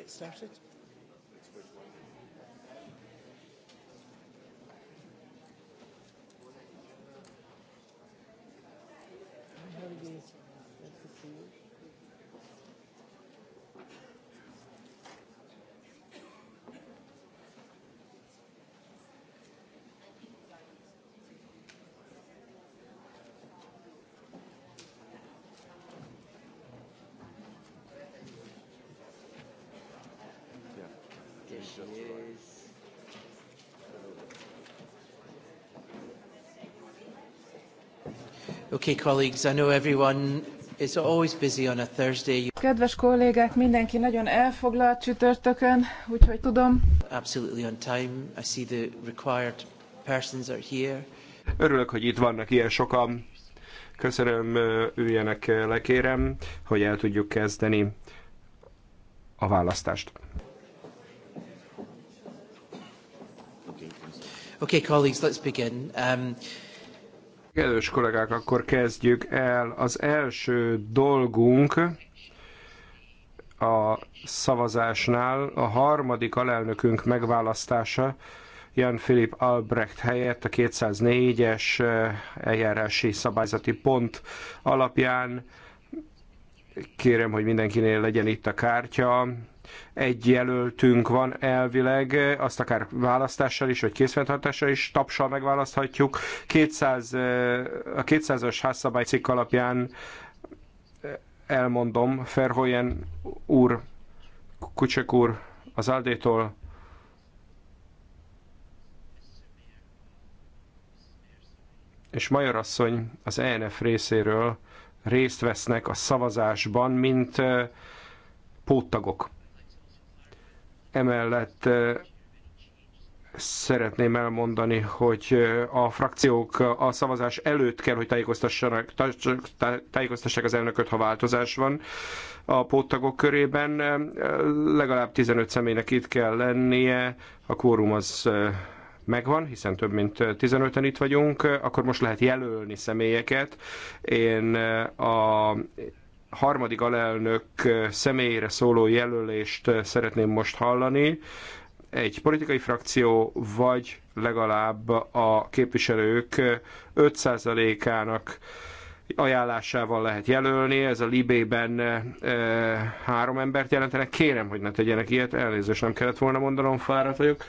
A: get started? Okay, colleagues, I know everyone is always busy on a Thursday.
B: Kedves kollégák, mindenki nagyon elfoglalt csütörtökön, úgyhogy tudom.
A: Absolutely on time. I see the
D: required persons are here. Örülök, hogy itt vannak ilyen sokan. Köszönöm, üljenek lekérem, hogy el tudjuk kezdeni a választást.
A: Okay, colleagues, let's begin. Um... Kedves kollégák, akkor
D: kezdjük el. Az első dolgunk a szavazásnál a harmadik alelnökünk megválasztása, Jan Philip Albrecht helyett a 204-es eh, eljárási szabályzati pont alapján Kérem, hogy mindenkinél legyen itt a kártya. Egy jelöltünk van elvileg, azt akár választással is, vagy készfenntartással is, tapsal megválaszthatjuk. 200, a 200-as házszabály cikk alapján elmondom, Ferhoyen úr, Kucsek úr, az Aldétól, és Major asszony az ENF részéről részt vesznek a szavazásban, mint póttagok. Emellett szeretném elmondani, hogy a frakciók a szavazás előtt kell, hogy tájékoztassanak, tájékoztassák az elnököt, ha változás van a póttagok körében. Legalább 15 személynek itt kell lennie, a kórum az megvan, hiszen több mint 15-en itt vagyunk, akkor most lehet jelölni személyeket. Én a harmadik alelnök személyére szóló jelölést szeretném most hallani. Egy politikai frakció, vagy legalább a képviselők 5%-ának ajánlásával lehet jelölni. Ez a Libében e, három embert jelentenek. Kérem, hogy ne tegyenek ilyet, elnézést nem kellett volna mondanom, fáradt vagyok.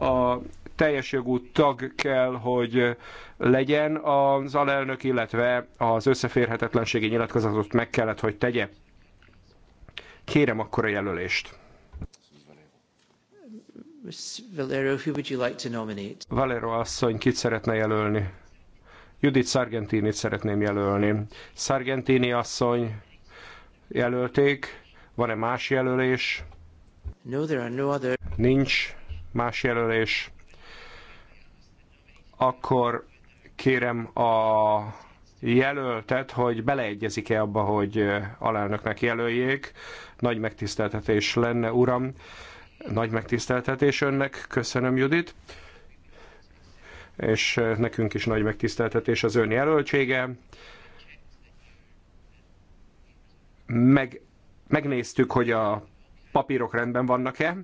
D: A teljes jogú tag kell, hogy legyen az alelnök, illetve az összeférhetetlenségi nyilatkozatot meg kellett, hogy tegye. Kérem akkor a jelölést.
A: Valero, who would you like to nominate?
D: Valero asszony, kit szeretne jelölni? Judith Sargentini szeretném jelölni. Sargentini asszony jelölték. Van-e más jelölés? No, there are no other... Nincs más jelölés akkor kérem a jelöltet, hogy beleegyezik-e abba, hogy alelnöknek jelöljék. Nagy megtiszteltetés lenne, uram. Nagy megtiszteltetés önnek. Köszönöm, Judit. És nekünk is nagy megtiszteltetés az ön jelöltsége. Meg, megnéztük, hogy a papírok rendben vannak-e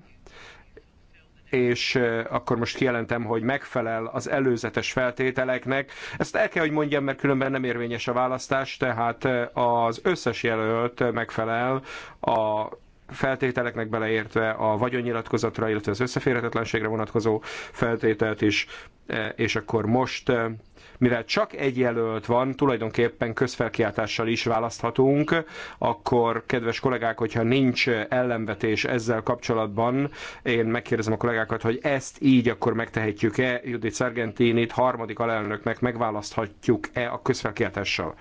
D: és akkor most kijelentem, hogy megfelel az előzetes feltételeknek. Ezt el kell, hogy mondjam, mert különben nem érvényes a választás, tehát az összes jelölt megfelel a feltételeknek beleértve a vagyonnyilatkozatra, illetve az összeférhetetlenségre vonatkozó feltételt is, és akkor most mivel csak egy jelölt van, tulajdonképpen közfelkiáltással is választhatunk, akkor kedves kollégák, hogyha nincs ellenvetés ezzel kapcsolatban, én megkérdezem a kollégákat, hogy ezt így akkor megtehetjük-e, Judit Sargentinit harmadik alelnöknek megválaszthatjuk-e a közfelkiáltással?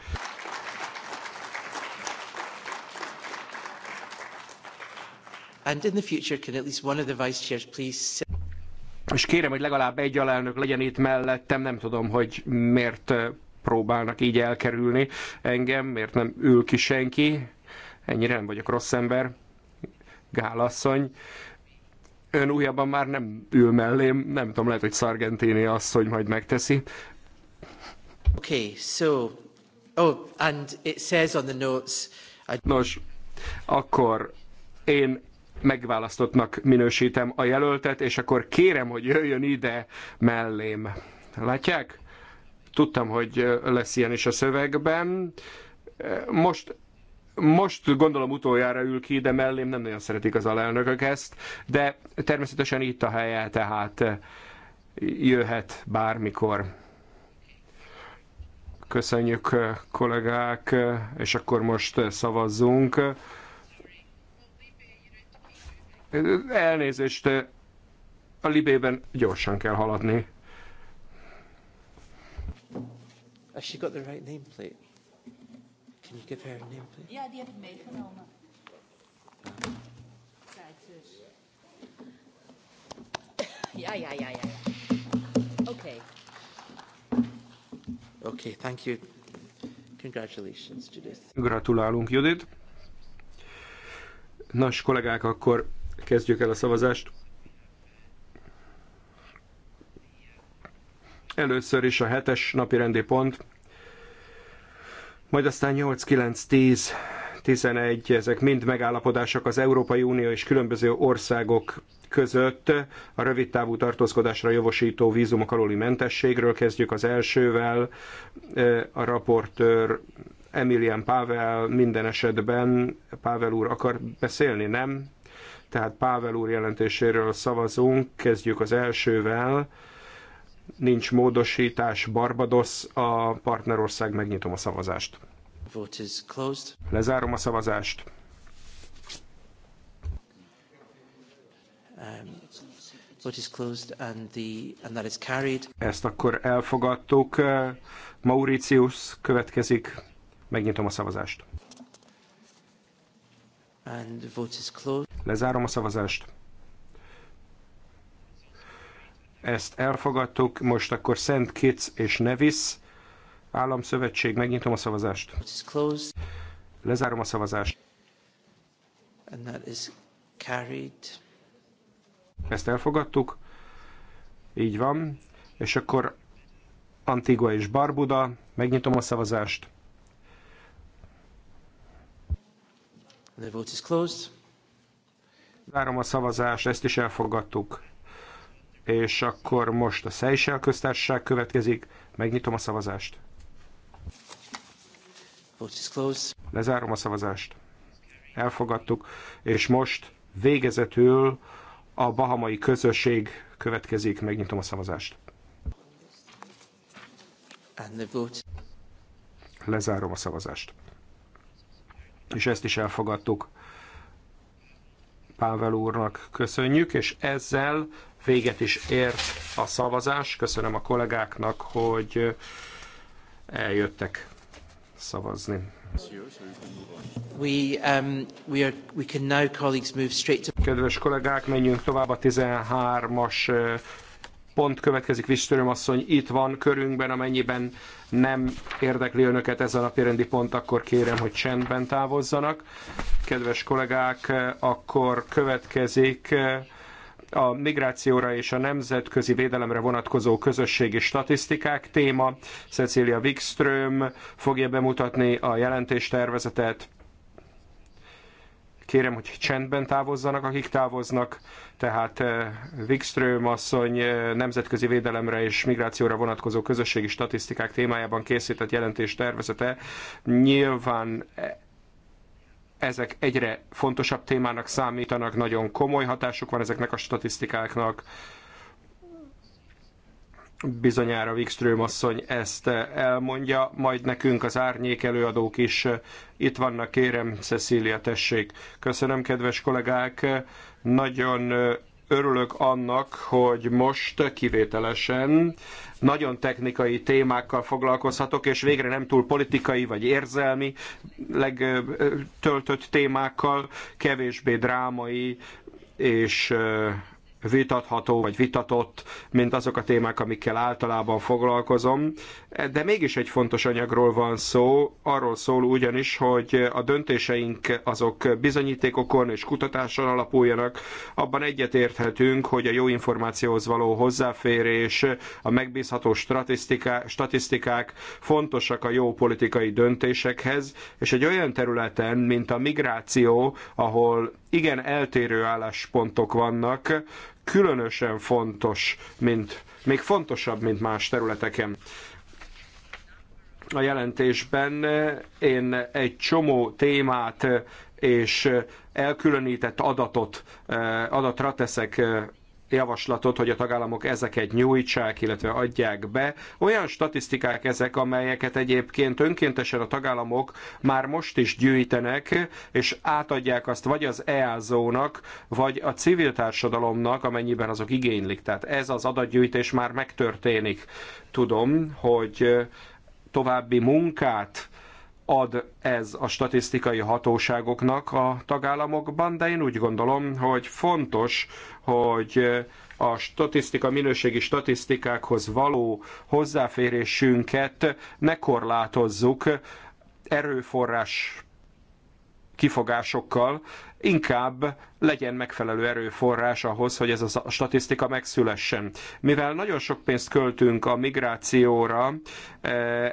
D: And in the future, can at least one of the vice chairs please és kérem, hogy legalább egy alelnök legyen itt mellettem, nem tudom, hogy miért próbálnak így elkerülni engem, miért nem ül ki senki, ennyire nem vagyok rossz ember, gálasszony. Ön újabban már nem ül mellém, nem tudom, lehet, hogy Sargentini asszony majd megteszi. Okay, so... Oh, and it says on the notes... I... Nos, akkor én megválasztottnak minősítem a jelöltet, és akkor kérem, hogy jöjjön ide mellém. Látják? Tudtam, hogy lesz ilyen is a szövegben. Most most gondolom utoljára ül ki, de mellém nem nagyon szeretik az alelnökök ezt, de természetesen itt a helye, tehát jöhet bármikor. Köszönjük kollégák, és akkor most szavazzunk. Elnézést, a libében gyorsan kell haladni.
A: Has she got the right nameplate? Can you give her a nameplate?
B: Yeah, die heb ik meegenomen. Ja, ja, ja,
E: ja. Oké.
A: Okay. okay, thank you. Congratulations, Judith.
D: Gratulálunk, Judith. Nos, kollégák, akkor Kezdjük el a szavazást. Először is a hetes napi rendi pont, majd aztán 8, 9, 10, 11, ezek mind megállapodások az Európai Unió és különböző országok között a rövid távú tartózkodásra jogosító vízumok aluli mentességről. Kezdjük az elsővel. E, a raportőr Emilian Pavel minden esetben, Pavel úr akar beszélni, nem? tehát Pável úr jelentéséről szavazunk, kezdjük az elsővel. Nincs módosítás, Barbados a partnerország, megnyitom a szavazást.
A: Vote is closed.
D: Lezárom a szavazást.
A: Um, vote is closed and, the, and that is
D: carried. Ezt akkor elfogadtuk. Mauritius következik. Megnyitom a szavazást. Lezárom a szavazást. Ezt elfogadtuk, most akkor Szent Kitts és Nevis államszövetség, megnyitom a szavazást. Lezárom a szavazást. And that is carried. Ezt elfogadtuk. Így van. És akkor Antigua és Barbuda, megnyitom a szavazást. The vote is closed. Várom a szavazást, ezt is elfogadtuk. És akkor most a Seychelles köztársaság következik. Megnyitom a szavazást. Vote is closed. Lezárom a szavazást. Elfogadtuk. És most végezetül a bahamai közösség következik. Megnyitom a szavazást.
A: And the vote.
D: Lezárom a szavazást és ezt is elfogadtuk. Pável úrnak köszönjük, és ezzel véget is ért a szavazás. Köszönöm a kollégáknak, hogy eljöttek szavazni. Um, Kedves kollégák, menjünk tovább a 13-as pont következik, Wikström asszony itt van körünkben, amennyiben nem érdekli önöket ez a napirendi pont, akkor kérem, hogy csendben távozzanak. Kedves kollégák, akkor következik eh, a migrációra és a nemzetközi védelemre vonatkozó közösségi statisztikák téma. Cecilia Wikström fogja bemutatni a jelentéstervezetet Kérem, hogy csendben távozzanak, akik távoznak. Tehát eh, Wikström asszony eh, nemzetközi védelemre és migrációra vonatkozó közösségi statisztikák témájában készített jelentés tervezete. Nyilván eh, ezek egyre fontosabb témának számítanak, nagyon komoly hatásuk van ezeknek a statisztikáknak bizonyára Wikström asszony ezt elmondja, majd nekünk az árnyék előadók is itt vannak, kérem, Cecília, tessék. Köszönöm, kedves kollégák, nagyon örülök annak, hogy most kivételesen nagyon technikai témákkal foglalkozhatok, és végre nem túl politikai vagy érzelmi legtöltött témákkal, kevésbé drámai és vitatható vagy vitatott, mint azok a témák, amikkel általában foglalkozom. De mégis egy fontos anyagról van szó, arról szól ugyanis, hogy a döntéseink azok bizonyítékokon és kutatáson alapuljanak. Abban egyetérthetünk, hogy a jó információhoz való hozzáférés, a megbízható statisztikák, statisztikák fontosak a jó politikai döntésekhez, és egy olyan területen, mint a migráció, ahol igen eltérő álláspontok vannak, különösen fontos, mint, még fontosabb, mint más területeken. A jelentésben eh, én egy csomó témát eh, és eh, elkülönített adatot, adatra teszek javaslatot, hogy a tagállamok ezeket nyújtsák, illetve adják be. Olyan statisztikák ezek, amelyeket egyébként önkéntesen a tagállamok már most is gyűjtenek, és átadják azt vagy az EASO-nak, vagy a civil társadalomnak, amennyiben azok igénylik. Tehát ez az adatgyűjtés már megtörténik. Tudom, hogy további munkát ad ez a statisztikai hatóságoknak a tagállamokban, de én úgy gondolom, hogy fontos, hogy a statisztika, minőségi statisztikákhoz való hozzáférésünket ne korlátozzuk erőforrás kifogásokkal, inkább legyen megfelelő erőforrás ahhoz, hogy ez a statisztika megszülessen. Mivel nagyon sok pénzt költünk a migrációra, e,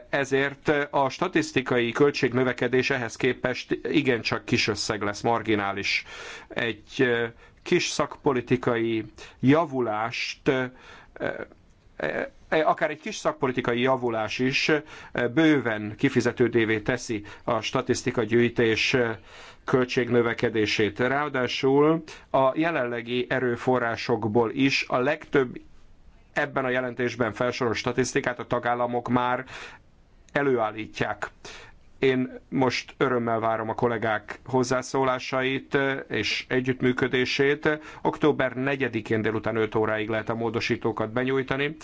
D: ezért a statisztikai költségnövekedés ehhez képest igencsak kis összeg lesz, marginális. Egy e, kis szakpolitikai javulást e, E, e, akár egy kis szakpolitikai javulás is e, bőven kifizetődévé teszi a statisztika gyűjtés költségnövekedését. Ráadásul a jelenlegi erőforrásokból is a legtöbb ebben a jelentésben felsorolt statisztikát a tagállamok már előállítják. Én most örömmel várom a kollégák hozzászólásait eh, és együttműködését. Október 4-én délután 5 óráig lehet a módosítókat benyújtani.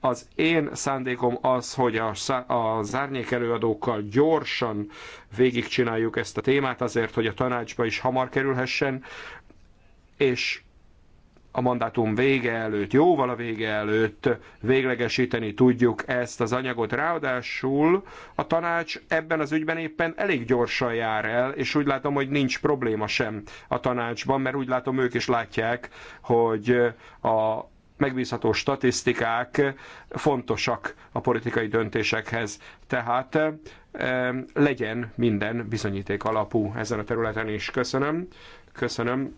D: Az én szándékom az, hogy a, az árnyék előadókkal gyorsan végigcsináljuk ezt a témát, azért, hogy a tanácsba is hamar kerülhessen, és a mandátum vége előtt, jóval a vége előtt véglegesíteni tudjuk ezt az anyagot. Ráadásul a tanács ebben az ügyben éppen elég gyorsan jár el, és úgy látom, hogy nincs probléma sem a tanácsban, mert úgy látom, ők is látják, hogy a megbízható statisztikák fontosak a politikai döntésekhez. Tehát e, legyen minden bizonyíték alapú ezen a területen is. Köszönöm. Köszönöm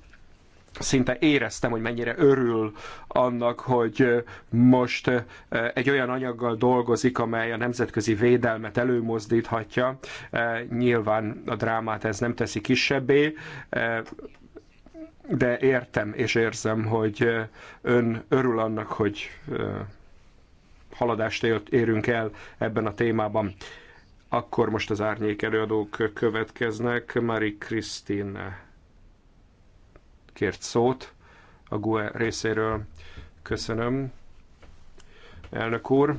D: szinte éreztem, hogy mennyire örül annak, hogy most egy olyan anyaggal dolgozik, amely a nemzetközi védelmet előmozdíthatja. Nyilván a drámát ez nem teszi kisebbé, de értem és érzem, hogy ön örül annak, hogy haladást érünk el ebben a témában. Akkor most az árnyék előadók következnek. Mari Christine kért szót a GUE részéről. Köszönöm. Elnök úr.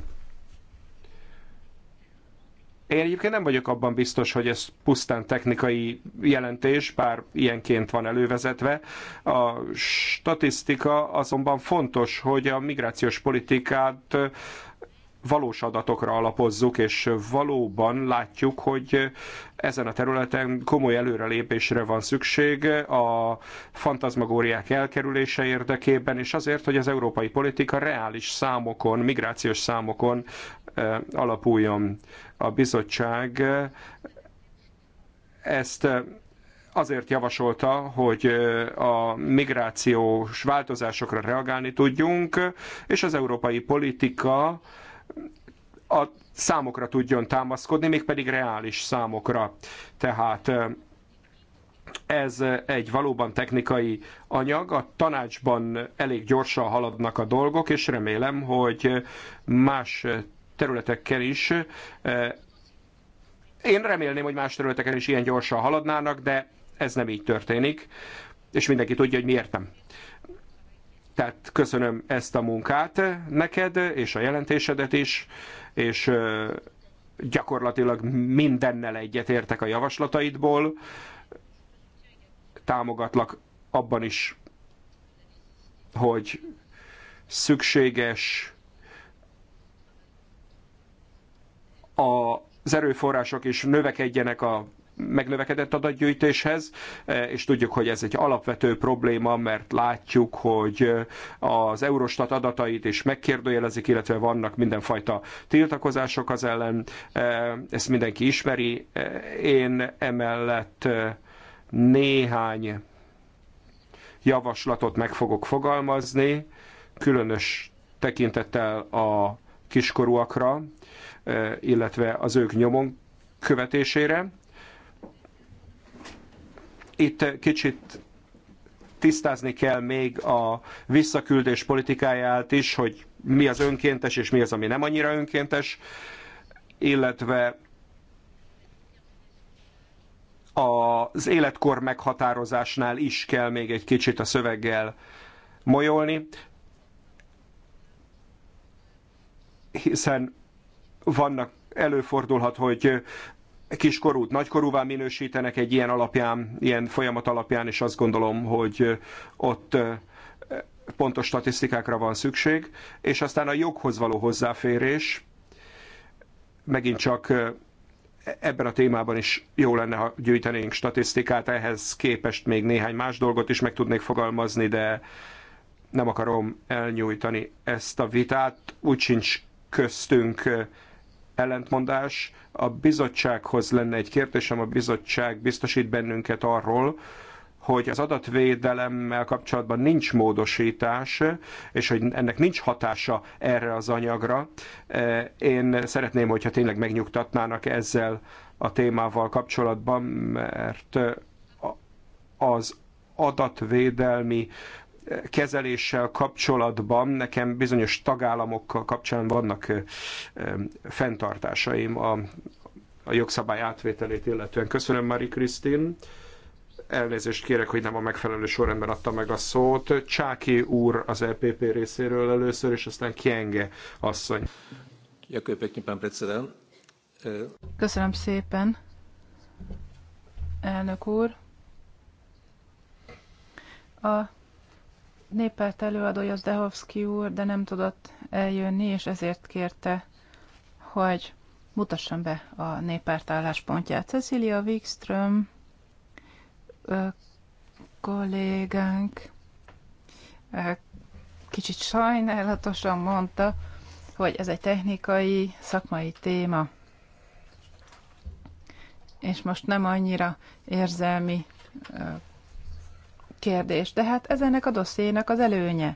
D: Én egyébként nem vagyok abban biztos, hogy ez pusztán technikai jelentés, bár ilyenként van elővezetve. A statisztika azonban fontos, hogy a migrációs politikát valós adatokra alapozzuk, és valóban látjuk, hogy ezen a területen komoly előrelépésre van szükség a fantazmagóriák elkerülése érdekében, és azért, hogy az európai politika reális számokon, migrációs számokon alapuljon. A bizottság ezt azért javasolta, hogy a migrációs változásokra reagálni tudjunk, és az európai politika a számokra tudjon támaszkodni, mégpedig reális számokra. Tehát ez egy valóban technikai anyag, a tanácsban elég gyorsan haladnak a dolgok, és remélem, hogy más területekkel is én remélném, hogy más területeken is ilyen gyorsan haladnának, de ez nem így történik, és mindenki tudja, hogy miért nem. Tehát köszönöm ezt a munkát neked, és a jelentésedet is, és gyakorlatilag mindennel egyetértek a javaslataidból. Támogatlak abban is, hogy szükséges az erőforrások is növekedjenek a megnövekedett adatgyűjtéshez, eh, és tudjuk, hogy ez egy alapvető probléma, mert látjuk, hogy eh, az Eurostat adatait is megkérdőjelezik, illetve vannak mindenfajta tiltakozások az ellen, eh, ezt mindenki ismeri. Én emellett néhány javaslatot meg fogok fogalmazni, különös tekintettel a kiskorúakra, illetve az ők nyomon követésére. Itt kicsit tisztázni kell még a visszaküldés politikáját is, hogy mi az önkéntes és mi az, ami nem annyira önkéntes, illetve az életkor meghatározásnál is kell még egy kicsit a szöveggel molyolni, hiszen vannak előfordulhat, hogy kiskorút nagykorúvá minősítenek egy ilyen alapján, ilyen folyamat alapján, és azt gondolom, hogy ott pontos statisztikákra van szükség, és aztán a joghoz való hozzáférés, megint csak ebben a témában is jó lenne, ha gyűjtenénk statisztikát, ehhez képest még néhány más dolgot is meg tudnék fogalmazni, de nem akarom elnyújtani ezt a vitát, úgy sincs köztünk ellentmondás. A bizottsághoz lenne egy kérdésem, a bizottság biztosít bennünket arról, hogy az adatvédelemmel kapcsolatban nincs módosítás, és hogy ennek nincs hatása erre az anyagra. E, én szeretném, hogyha tényleg megnyugtatnának ezzel a témával kapcsolatban, mert az adatvédelmi kezeléssel kapcsolatban nekem bizonyos tagállamokkal kapcsán vannak fenntartásaim a, a jogszabály átvételét illetően. Köszönöm, Mari Krisztin. Elnézést kérek, hogy nem a megfelelő sorrendben adta meg a szót. Csáki úr az LPP e részéről először, és aztán Kienge asszony.
B: Köszönöm szépen, elnök úr. A néppárt előadója Zdehovszki úr, de nem tudott eljönni, és ezért kérte, hogy mutassam be a néppárt álláspontját. Cecilia Wikström kollégánk kicsit sajnálatosan mondta, hogy ez egy technikai, szakmai téma, és most nem annyira érzelmi kérdés, de hát ez ennek a dossziénak az előnye.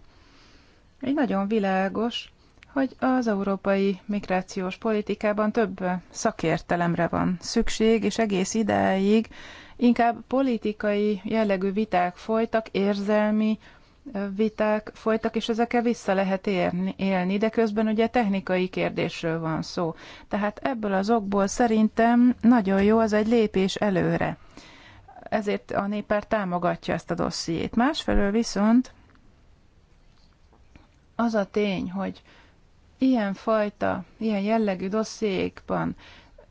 B: Így nagyon világos, hogy az európai migrációs politikában több szakértelemre van szükség, és egész idáig inkább politikai jellegű viták folytak, érzelmi viták folytak, és ezekkel vissza lehet érni, élni, de közben ugye technikai kérdésről van szó. Tehát ebből az okból szerintem nagyon jó az egy lépés előre ezért a néppárt támogatja ezt a dossziét. Másfelől viszont az a tény, hogy ilyen fajta, ilyen jellegű dossziékban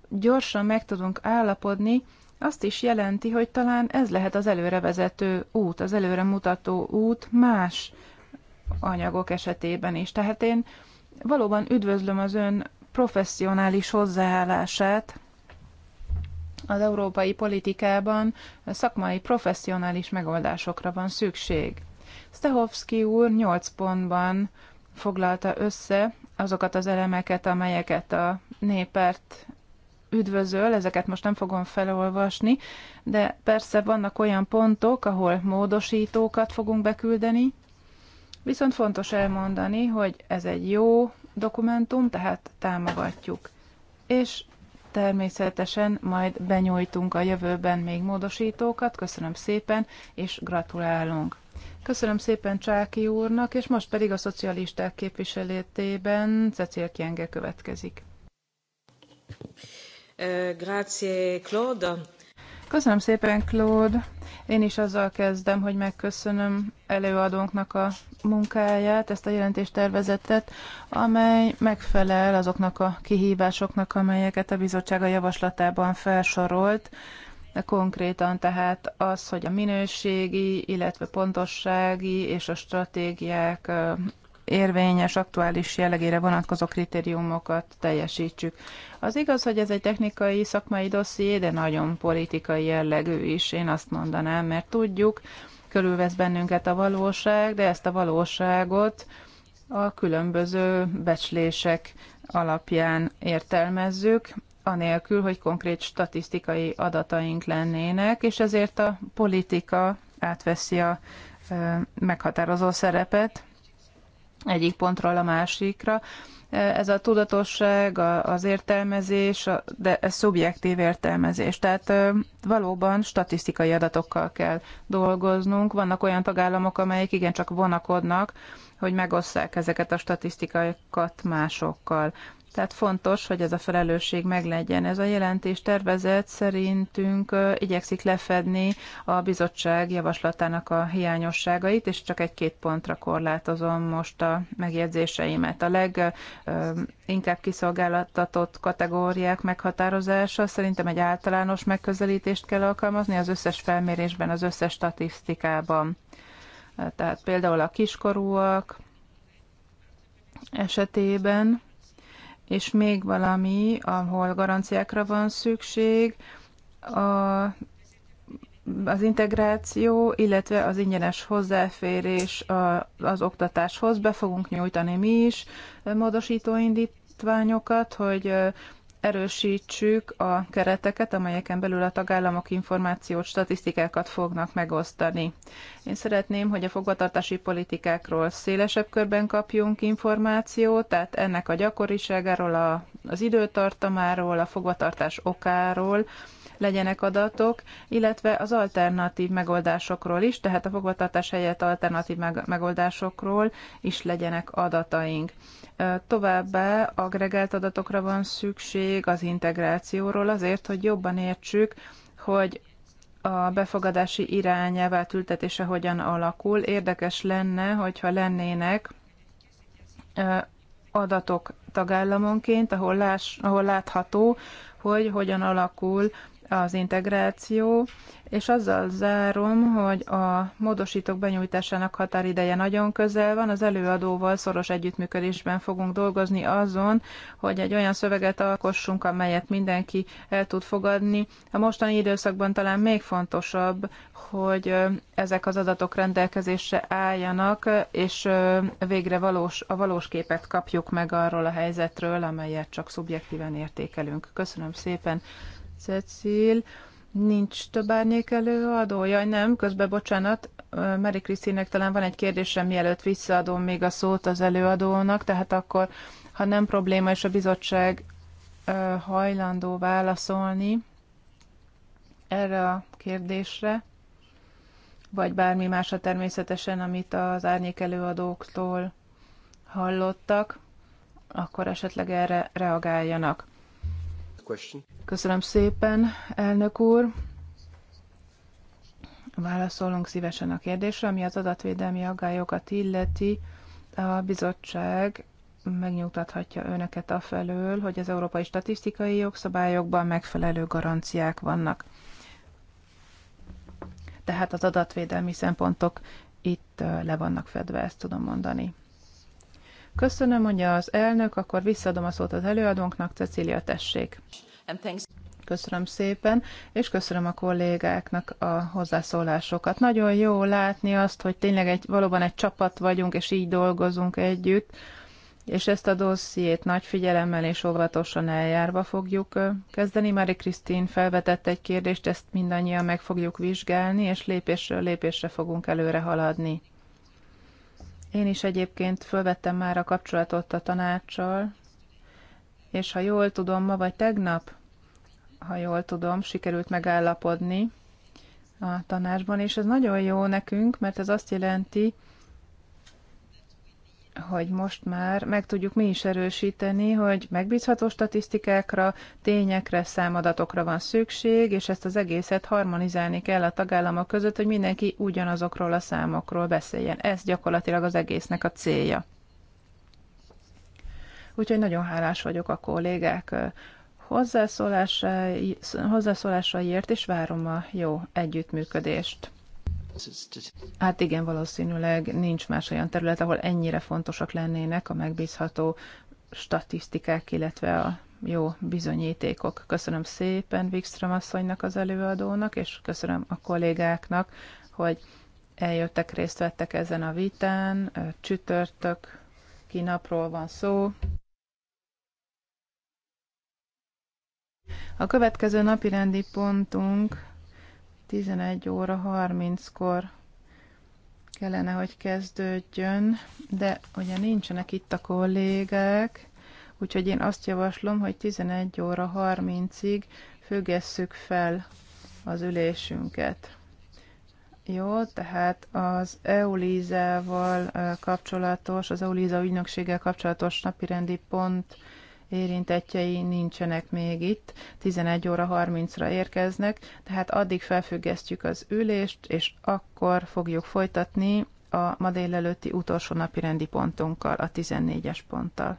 B: gyorsan meg tudunk állapodni, azt is jelenti, hogy talán ez lehet az előrevezető út, az előremutató út más anyagok esetében is. Tehát én valóban üdvözlöm az ön professzionális hozzáállását az európai politikában szakmai, professzionális megoldásokra van szükség. Stehovski úr 8 pontban foglalta össze azokat az elemeket, amelyeket a népert üdvözöl, ezeket most nem fogom felolvasni, de persze vannak olyan pontok, ahol módosítókat fogunk beküldeni, viszont fontos elmondani, hogy ez egy jó dokumentum, tehát támogatjuk. És Természetesen majd benyújtunk a jövőben még módosítókat. Köszönöm szépen, és gratulálunk. Köszönöm szépen Csáki úrnak, és most pedig a szocialisták képviselőtében Cecil Kienge következik. Grazie, Claude. Köszönöm szépen, Claude. Én is azzal kezdem, hogy megköszönöm előadónknak a munkáját, ezt a jelentéstervezetet, amely megfelel azoknak a kihívásoknak, amelyeket a bizottság a javaslatában felsorolt. Konkrétan tehát az, hogy a minőségi, illetve pontossági és a stratégiák érvényes, aktuális jellegére vonatkozó kritériumokat teljesítsük. Az igaz, hogy ez egy technikai, szakmai dosszié, de nagyon politikai jellegű is, én azt mondanám, mert tudjuk, körülvesz bennünket a valóság, de ezt a valóságot a különböző becslések alapján értelmezzük, anélkül, hogy konkrét statisztikai adataink lennének, és ezért a politika átveszi a meghatározó szerepet, egyik pontról a másikra. Ez a tudatosság, az értelmezés, de ez szubjektív értelmezés. Tehát valóban statisztikai adatokkal kell dolgoznunk. Vannak olyan tagállamok, amelyek igencsak vonakodnak, hogy megosszák ezeket a statisztikákat másokkal. Tehát fontos, hogy ez a felelősség meglegyen. Ez a jelentés tervezet szerintünk igyekszik lefedni a bizottság javaslatának a hiányosságait, és csak egy-két pontra korlátozom most a megjegyzéseimet. A leginkább kiszolgáltatott kategóriák meghatározása szerintem egy általános megközelítést kell alkalmazni az összes felmérésben, az összes statisztikában. Tehát például a kiskorúak esetében és még valami, ahol garanciákra van szükség, a, az integráció, illetve az ingyenes hozzáférés az oktatáshoz. Be fogunk nyújtani mi is módosítóindítványokat, indítványokat, hogy erősítsük a kereteket, amelyeken belül a tagállamok információt, statisztikákat fognak megosztani. Én szeretném, hogy a fogvatartási politikákról szélesebb körben kapjunk információt, tehát ennek a gyakoriságáról, a, az időtartamáról, a fogvatartás okáról, legyenek adatok, illetve az alternatív megoldásokról is, tehát a fogvatartás helyett alternatív megoldásokról is legyenek adataink. Továbbá agregált adatokra van szükség az integrációról azért, hogy jobban értsük, hogy a befogadási irányelv átültetése hogyan alakul. Érdekes lenne, hogyha lennének adatok tagállamonként, ahol, láss, ahol látható, hogy hogyan alakul az integráció, és azzal zárom, hogy a módosítók benyújtásának határideje nagyon közel van, az előadóval szoros együttműködésben fogunk dolgozni azon, hogy egy olyan szöveget alkossunk, amelyet mindenki el tud fogadni. A mostani időszakban talán még fontosabb, hogy ezek az adatok rendelkezésre álljanak, és végre valós, a valós képet kapjuk meg arról a helyzetről, amelyet csak szubjektíven értékelünk. Köszönöm szépen! Cecil, nincs több árnyék előadó? Jaj, nem, közben bocsánat, Mary Christine-nek talán van egy kérdésem, mielőtt visszaadom még a szót az előadónak, tehát akkor, ha nem probléma, és a bizottság hajlandó válaszolni erre a kérdésre, vagy bármi másra természetesen, amit az árnyék előadóktól hallottak, akkor esetleg erre reagáljanak question. Köszönöm szépen, elnök úr. Válaszolunk szívesen a kérdésre, ami az adatvédelmi aggályokat illeti. A bizottság megnyugtathatja önöket afelől, hogy az európai statisztikai jogszabályokban megfelelő garanciák vannak. Tehát az adatvédelmi szempontok itt le vannak fedve, ezt tudom mondani. Köszönöm, mondja az elnök, akkor visszadom a szót az előadónknak, Cecília, tessék. Köszönöm szépen, és köszönöm a kollégáknak a hozzászólásokat. Nagyon jó látni azt, hogy tényleg egy, valóban egy csapat vagyunk, és így dolgozunk együtt, és ezt a dossziét nagy figyelemmel és óvatosan eljárva fogjuk kezdeni. Mari Krisztin felvetett egy kérdést, ezt mindannyian meg fogjuk vizsgálni, és lépésről lépésre fogunk előre haladni. Én is egyébként fölvettem már a kapcsolatot a tanácssal, és ha jól tudom, ma vagy tegnap, ha jól tudom, sikerült megállapodni a tanácsban, és ez nagyon jó nekünk, mert ez azt jelenti, hogy most már meg tudjuk mi is erősíteni, hogy megbízható statisztikákra, tényekre, számadatokra van szükség, és ezt az egészet harmonizálni kell a tagállamok között, hogy mindenki ugyanazokról a számokról beszéljen. Ez gyakorlatilag az egésznek a célja. Úgyhogy nagyon hálás vagyok a kollégák hozzászólásaiért, és várom a jó együttműködést. Hát igen, valószínűleg nincs más olyan terület, ahol ennyire fontosak lennének a megbízható statisztikák, illetve a jó bizonyítékok. Köszönöm szépen Wikström asszonynak, az előadónak, és köszönöm a kollégáknak, hogy eljöttek, részt vettek ezen a vitán. Csütörtök kinapról van szó. A következő napi rendi pontunk 11 óra 30-kor kellene, hogy kezdődjön, de ugye nincsenek itt a kollégák, úgyhogy én azt javaslom, hogy 11 óra 30-ig függesszük fel az ülésünket. Jó, tehát az Eulízával kapcsolatos, az EULIZA ügynökséggel kapcsolatos napirendi pont érintettjei nincsenek még itt, 11 óra 30-ra érkeznek, tehát addig felfüggesztjük az ülést, és akkor fogjuk folytatni a ma délelőtti utolsó napi rendi pontunkkal, a 14-es ponttal.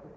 E: Thank you.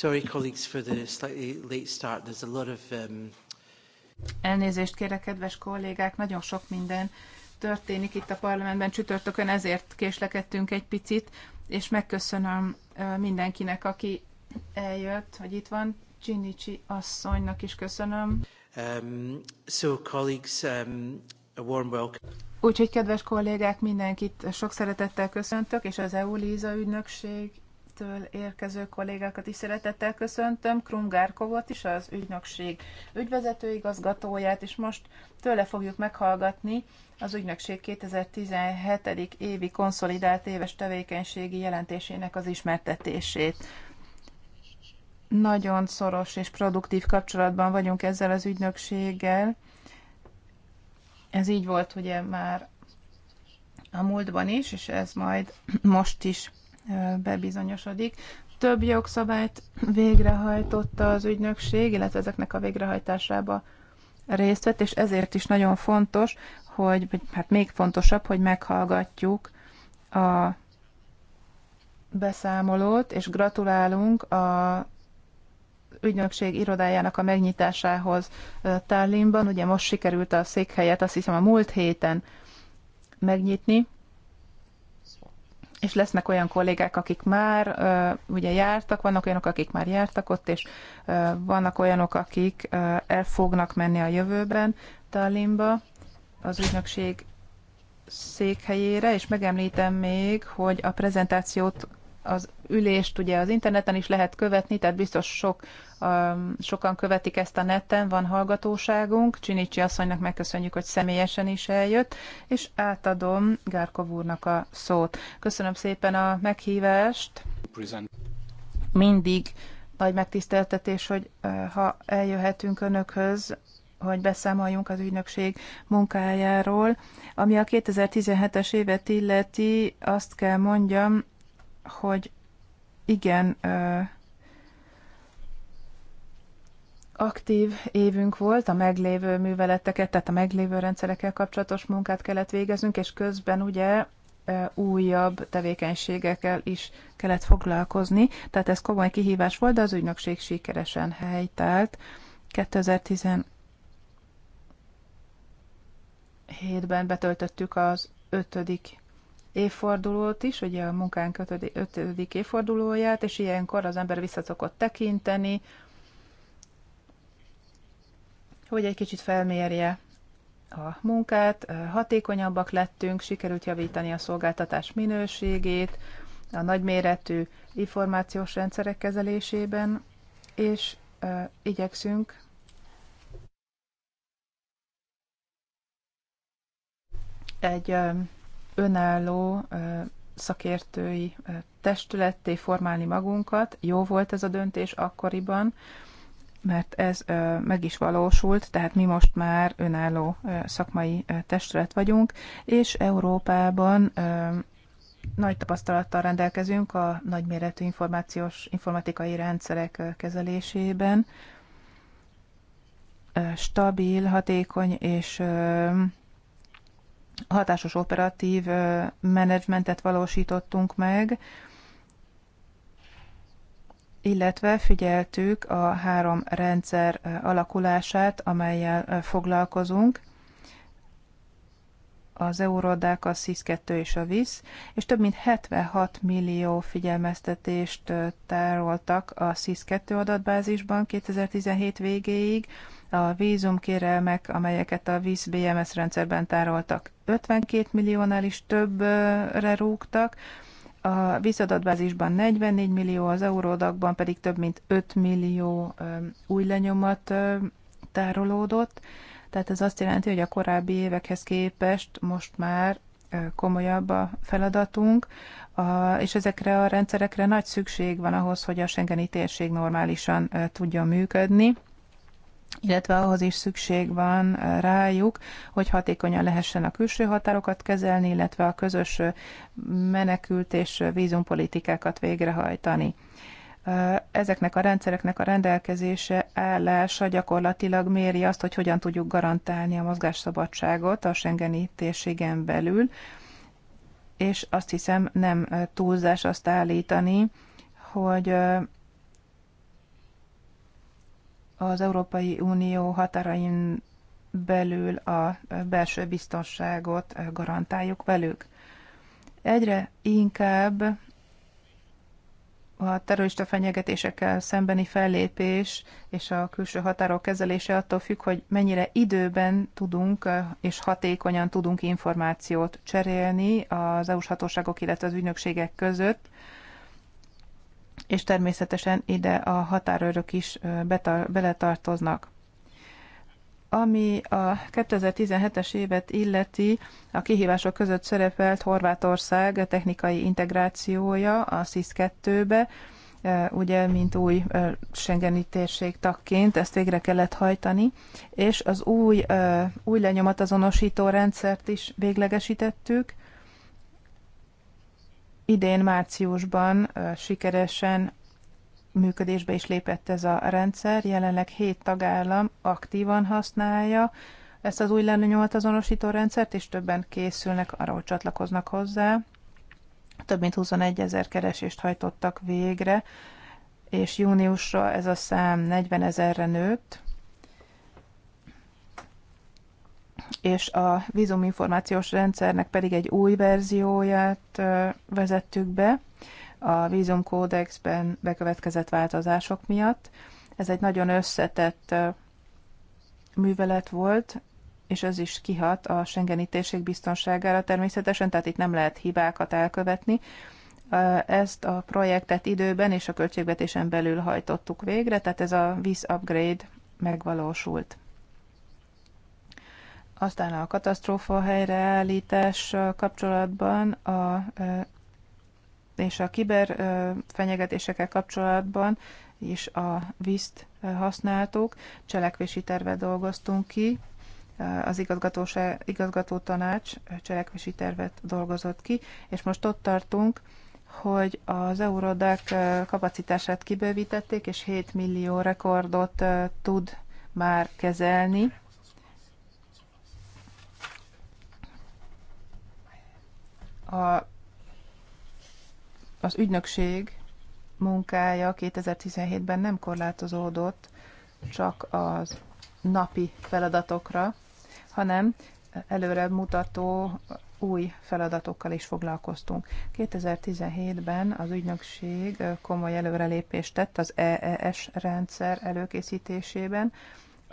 A: Sorry, colleagues, for the slightly late start. There's a lot of... Um...
B: Elnézést kérek, kedves kollégák, nagyon sok minden történik itt a parlamentben csütörtökön, ezért késlekedtünk egy picit, és megköszönöm mindenkinek, aki eljött, hogy itt van. Csinicsi asszonynak is köszönöm.
A: Um, so, colleagues, um, a warm welcome.
B: Úgyhogy, kedves kollégák, mindenkit sok szeretettel köszöntök, és az EU-Líza ügynökség től érkező kollégákat is szeretettel köszöntöm, Krungárkovot is, az ügynökség ügyvezető igazgatóját, és most tőle fogjuk meghallgatni az ügynökség 2017. évi konszolidált éves tevékenységi jelentésének az ismertetését. Nagyon szoros és produktív kapcsolatban vagyunk ezzel az ügynökséggel. Ez így volt ugye már a múltban is, és ez majd most is bebizonyosodik. Több jogszabályt végrehajtotta az ügynökség, illetve ezeknek a végrehajtásába részt vett, és ezért is nagyon fontos, hogy, hát még fontosabb, hogy meghallgatjuk a beszámolót, és gratulálunk a ügynökség irodájának a megnyitásához Tallinnban. Ugye most sikerült a székhelyet, azt hiszem a múlt héten megnyitni, és lesznek olyan kollégák, akik már uh, ugye jártak, vannak olyanok, akik már jártak ott, és uh, vannak olyanok, akik uh, el fognak menni a jövőben Tallinnba, az ügynökség székhelyére, és megemlítem még, hogy a prezentációt az ülést ugye az interneten is lehet követni, tehát biztos sok, um, sokan követik ezt a neten, van hallgatóságunk. Csinicsi asszonynak megköszönjük, hogy személyesen is eljött, és átadom Gárkov úrnak a szót. Köszönöm szépen a meghívást. Mindig nagy megtiszteltetés, hogy uh, ha eljöhetünk önökhöz, hogy beszámoljunk az ügynökség munkájáról. Ami a 2017-es évet illeti, azt kell mondjam, hogy igen, aktív évünk volt, a meglévő műveleteket, tehát a meglévő rendszerekkel kapcsolatos munkát kellett végeznünk, és közben ugye újabb tevékenységekkel is kellett foglalkozni, tehát ez komoly kihívás volt, de az ügynökség sikeresen helytált. 2017-ben betöltöttük az ötödik évfordulót is, ugye a munkánk ötödik, évfordulóját, és ilyenkor az ember visszaszokott tekinteni, hogy egy kicsit felmérje a munkát, hatékonyabbak lettünk, sikerült javítani a szolgáltatás minőségét, a nagyméretű információs rendszerek kezelésében, és igyekszünk egy önálló szakértői testületté formálni magunkat. Jó volt ez a döntés akkoriban, mert ez meg is valósult, tehát mi most már önálló szakmai testület vagyunk, és Európában nagy tapasztalattal rendelkezünk a nagyméretű információs informatikai rendszerek kezelésében. Stabil, hatékony és hatásos operatív menedzsmentet valósítottunk meg, illetve figyeltük a három rendszer alakulását, amelyel foglalkozunk, az Eurodák, a sis 2 és a VISZ, és több mint 76 millió figyelmeztetést tároltak a sis 2 adatbázisban 2017 végéig, a vízumkérelmek, amelyeket a víz BMS rendszerben tároltak, 52 milliónál is többre rúgtak, a vízadatbázisban 44 millió, az euródakban pedig több mint 5 millió új lenyomat tárolódott. Tehát ez azt jelenti, hogy a korábbi évekhez képest most már komolyabb a feladatunk, és ezekre a rendszerekre nagy szükség van ahhoz, hogy a Schengeni térség normálisan tudjon működni illetve ahhoz is szükség van eh, rájuk, hogy hatékonyan lehessen a külső határokat kezelni, illetve a közös eh, menekült és eh, vízumpolitikákat végrehajtani. Ezeknek a rendszereknek a rendelkezése állása gyakorlatilag méri azt, hogy hogyan tudjuk garantálni a mozgásszabadságot a Schengeni térségen belül, és azt hiszem nem túlzás azt állítani, hogy az Európai Unió határain belül a belső biztonságot garantáljuk velük. Egyre inkább a terrorista fenyegetésekkel szembeni fellépés és a külső határok kezelése attól függ, hogy mennyire időben tudunk és hatékonyan tudunk információt cserélni az EU-s hatóságok, illetve az ügynökségek között, és természetesen ide a határőrök is betar- beletartoznak. Ami a 2017-es évet illeti, a kihívások között szerepelt Horvátország technikai integrációja a SZIS-2-be, ugye, mint új Schengeni térség tagként, ezt végre kellett hajtani, és az új, új lenyomatazonosító rendszert is véglegesítettük, idén márciusban sikeresen működésbe is lépett ez a rendszer, jelenleg hét tagállam aktívan használja ezt az új lenyomat azonosító rendszert, és többen készülnek, arra, hogy csatlakoznak hozzá. Több mint 21 ezer keresést hajtottak végre, és júniusra ez a szám 40 ezerre nőtt, és a vízuminformációs rendszernek pedig egy új verzióját vezettük be a vízumkódexben bekövetkezett változások miatt. Ez egy nagyon összetett művelet volt, és ez is kihat a Schengeni térség biztonságára természetesen, tehát itt nem lehet hibákat elkövetni. Ezt a projektet időben és a költségvetésen belül hajtottuk végre, tehát ez a víz upgrade megvalósult. Aztán a katasztrófa helyreállítás kapcsolatban a, és a kiber fenyegetésekkel kapcsolatban is a viszt használtuk, cselekvési tervet dolgoztunk ki, az igazgató tanács cselekvési tervet dolgozott ki, és most ott tartunk, hogy az eurodák kapacitását kibővítették, és 7 millió rekordot tud már kezelni a, az ügynökség munkája 2017-ben nem korlátozódott csak az napi feladatokra, hanem előre mutató új feladatokkal is foglalkoztunk. 2017-ben az ügynökség komoly előrelépést tett az EES rendszer előkészítésében,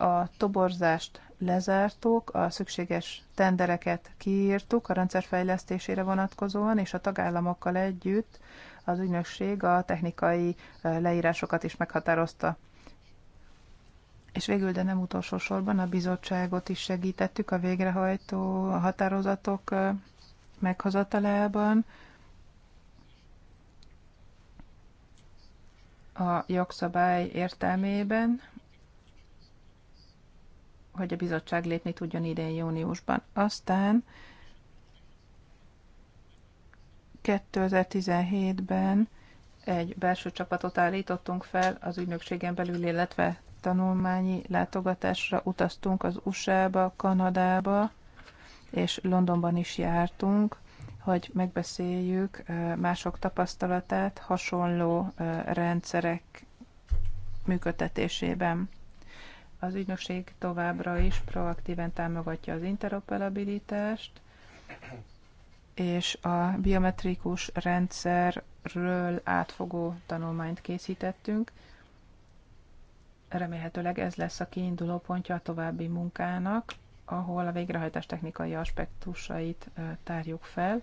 B: a toborzást lezártuk, a szükséges tendereket kiírtuk a rendszerfejlesztésére vonatkozóan, és a tagállamokkal együtt az ügynökség a technikai leírásokat is meghatározta. És végül, de nem utolsó sorban a bizottságot is segítettük a végrehajtó határozatok meghozatalában. A jogszabály értelmében hogy a bizottság lépni tudjon idén júniusban. Aztán 2017-ben egy belső csapatot állítottunk fel az ügynökségen belül, illetve tanulmányi látogatásra utaztunk az USA-ba, Kanadába, és Londonban is jártunk, hogy megbeszéljük mások tapasztalatát hasonló rendszerek működtetésében. Az ügynökség továbbra is proaktíven támogatja az interoperabilitást, és a biometrikus rendszerről átfogó tanulmányt készítettünk. Remélhetőleg ez lesz a kiinduló pontja a további munkának, ahol a végrehajtás technikai aspektusait tárjuk fel,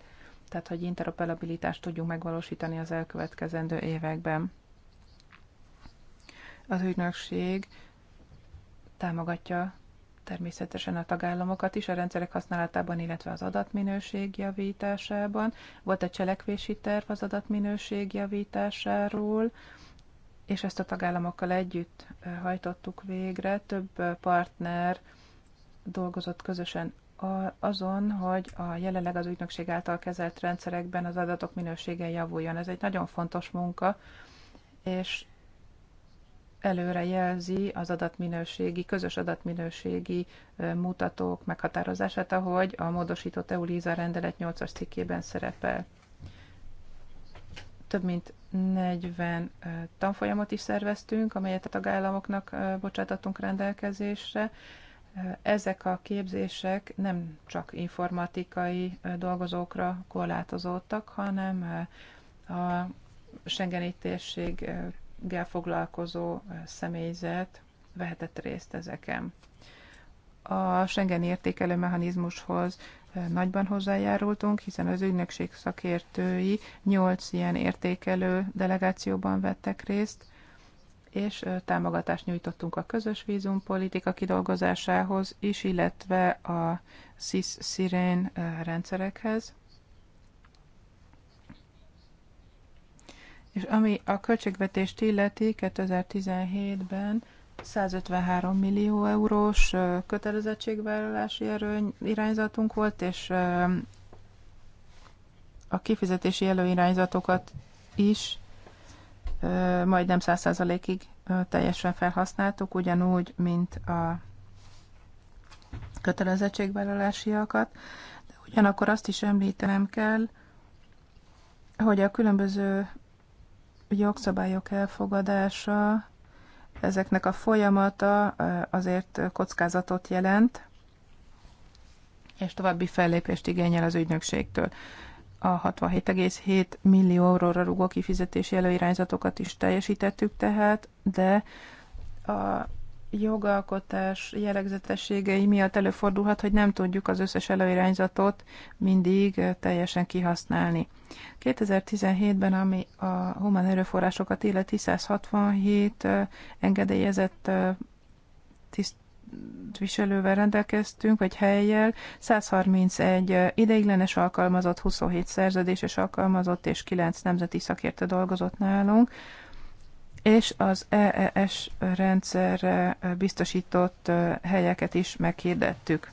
B: tehát hogy interoperabilitást tudjunk megvalósítani az elkövetkezendő években. Az ügynökség támogatja természetesen a tagállamokat is a rendszerek használatában, illetve az adatminőség javításában. Volt egy cselekvési terv az adatminőség javításáról, és ezt a tagállamokkal együtt hajtottuk végre. Több partner dolgozott közösen azon, hogy a jelenleg az ügynökség által kezelt rendszerekben az adatok minősége javuljon. Ez egy nagyon fontos munka, és előre jelzi az adatminőségi, közös adatminőségi mutatók meghatározását, ahogy a módosított EULISA rendelet 8-as cikkében szerepel. Több mint 40 tanfolyamot is szerveztünk, amelyet a tagállamoknak bocsátatunk rendelkezésre. Ezek a képzések nem csak informatikai dolgozókra korlátozódtak, hanem a Schengeni térség foglalkozó személyzet vehetett részt ezeken. A Schengen értékelő mechanizmushoz nagyban hozzájárultunk, hiszen az ügynökség szakértői nyolc ilyen értékelő delegációban vettek részt, és támogatást nyújtottunk a közös vízumpolitika kidolgozásához is, illetve a SIS-SIREN rendszerekhez. És ami a költségvetést illeti, 2017-ben 153 millió eurós kötelezettségvállalási erőny irányzatunk volt, és a kifizetési előirányzatokat is majdnem 100%-ig teljesen felhasználtuk, ugyanúgy, mint a kötelezettségvállalásiakat. De ugyanakkor azt is említenem kell, hogy a különböző jogszabályok elfogadása, ezeknek a folyamata azért kockázatot jelent, és további fellépést igényel az ügynökségtől. A 67,7 millió euróra rúgó kifizetési előirányzatokat is teljesítettük tehát, de a jogalkotás jellegzetességei miatt előfordulhat, hogy nem tudjuk az összes előirányzatot mindig eh, teljesen kihasználni. 2017-ben, ami a human erőforrásokat illeti, 167 eh, engedélyezett eh, tisztviselővel rendelkeztünk, vagy helyjel, 131 ideiglenes alkalmazott, 27 szerződéses alkalmazott és 9 nemzeti szakértő dolgozott nálunk és az EES rendszerre biztosított helyeket is meghirdettük.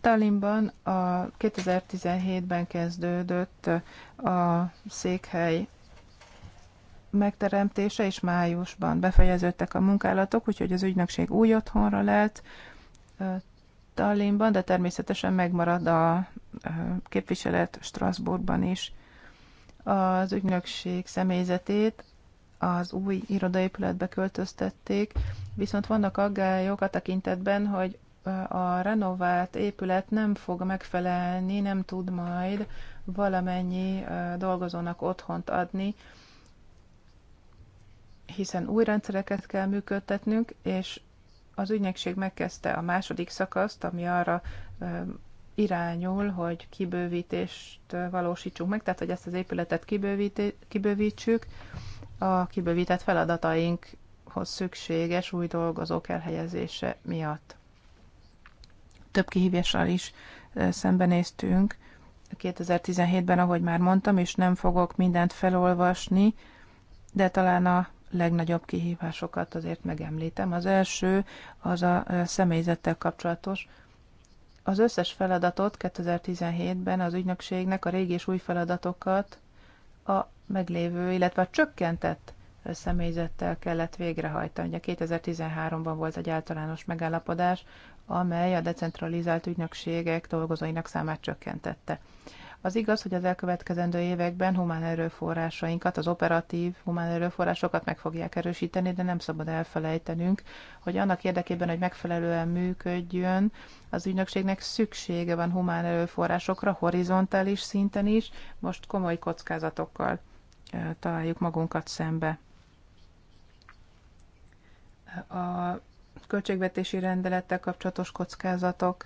B: Tallinnban a 2017-ben kezdődött a székhely megteremtése, és májusban befejeződtek a munkálatok, úgyhogy az ügynökség új otthonra lett Tallinnban, de természetesen megmarad a képviselet Strasbourgban is az ügynökség személyzetét az új irodaépületbe költöztették, viszont vannak aggályok a tekintetben, hogy a renovált épület nem fog megfelelni, nem tud majd valamennyi dolgozónak otthont adni, hiszen új rendszereket kell működtetnünk, és az ügynökség megkezdte a második szakaszt, ami arra irányul, hogy kibővítést valósítsunk meg, tehát hogy ezt az épületet kibővítsük, a kibővített feladatainkhoz szükséges új dolgozók elhelyezése miatt. Több kihívással is szembenéztünk 2017-ben, ahogy már mondtam, és nem fogok mindent felolvasni, de talán a legnagyobb kihívásokat azért megemlítem. Az első az a személyzettel kapcsolatos, az összes feladatot 2017-ben az ügynökségnek a régi és új feladatokat a meglévő, illetve a csökkentett személyzettel kellett végrehajtani. Ugye 2013-ban volt egy általános megállapodás, amely a decentralizált ügynökségek dolgozóinak számát csökkentette. Az igaz, hogy az elkövetkezendő években humán erőforrásainkat, az operatív humán erőforrásokat meg fogják erősíteni, de nem szabad elfelejtenünk, hogy annak érdekében, hogy megfelelően működjön, az ügynökségnek szüksége van humán erőforrásokra, horizontális szinten is, most komoly kockázatokkal találjuk magunkat szembe. A költségvetési rendelettel kapcsolatos kockázatok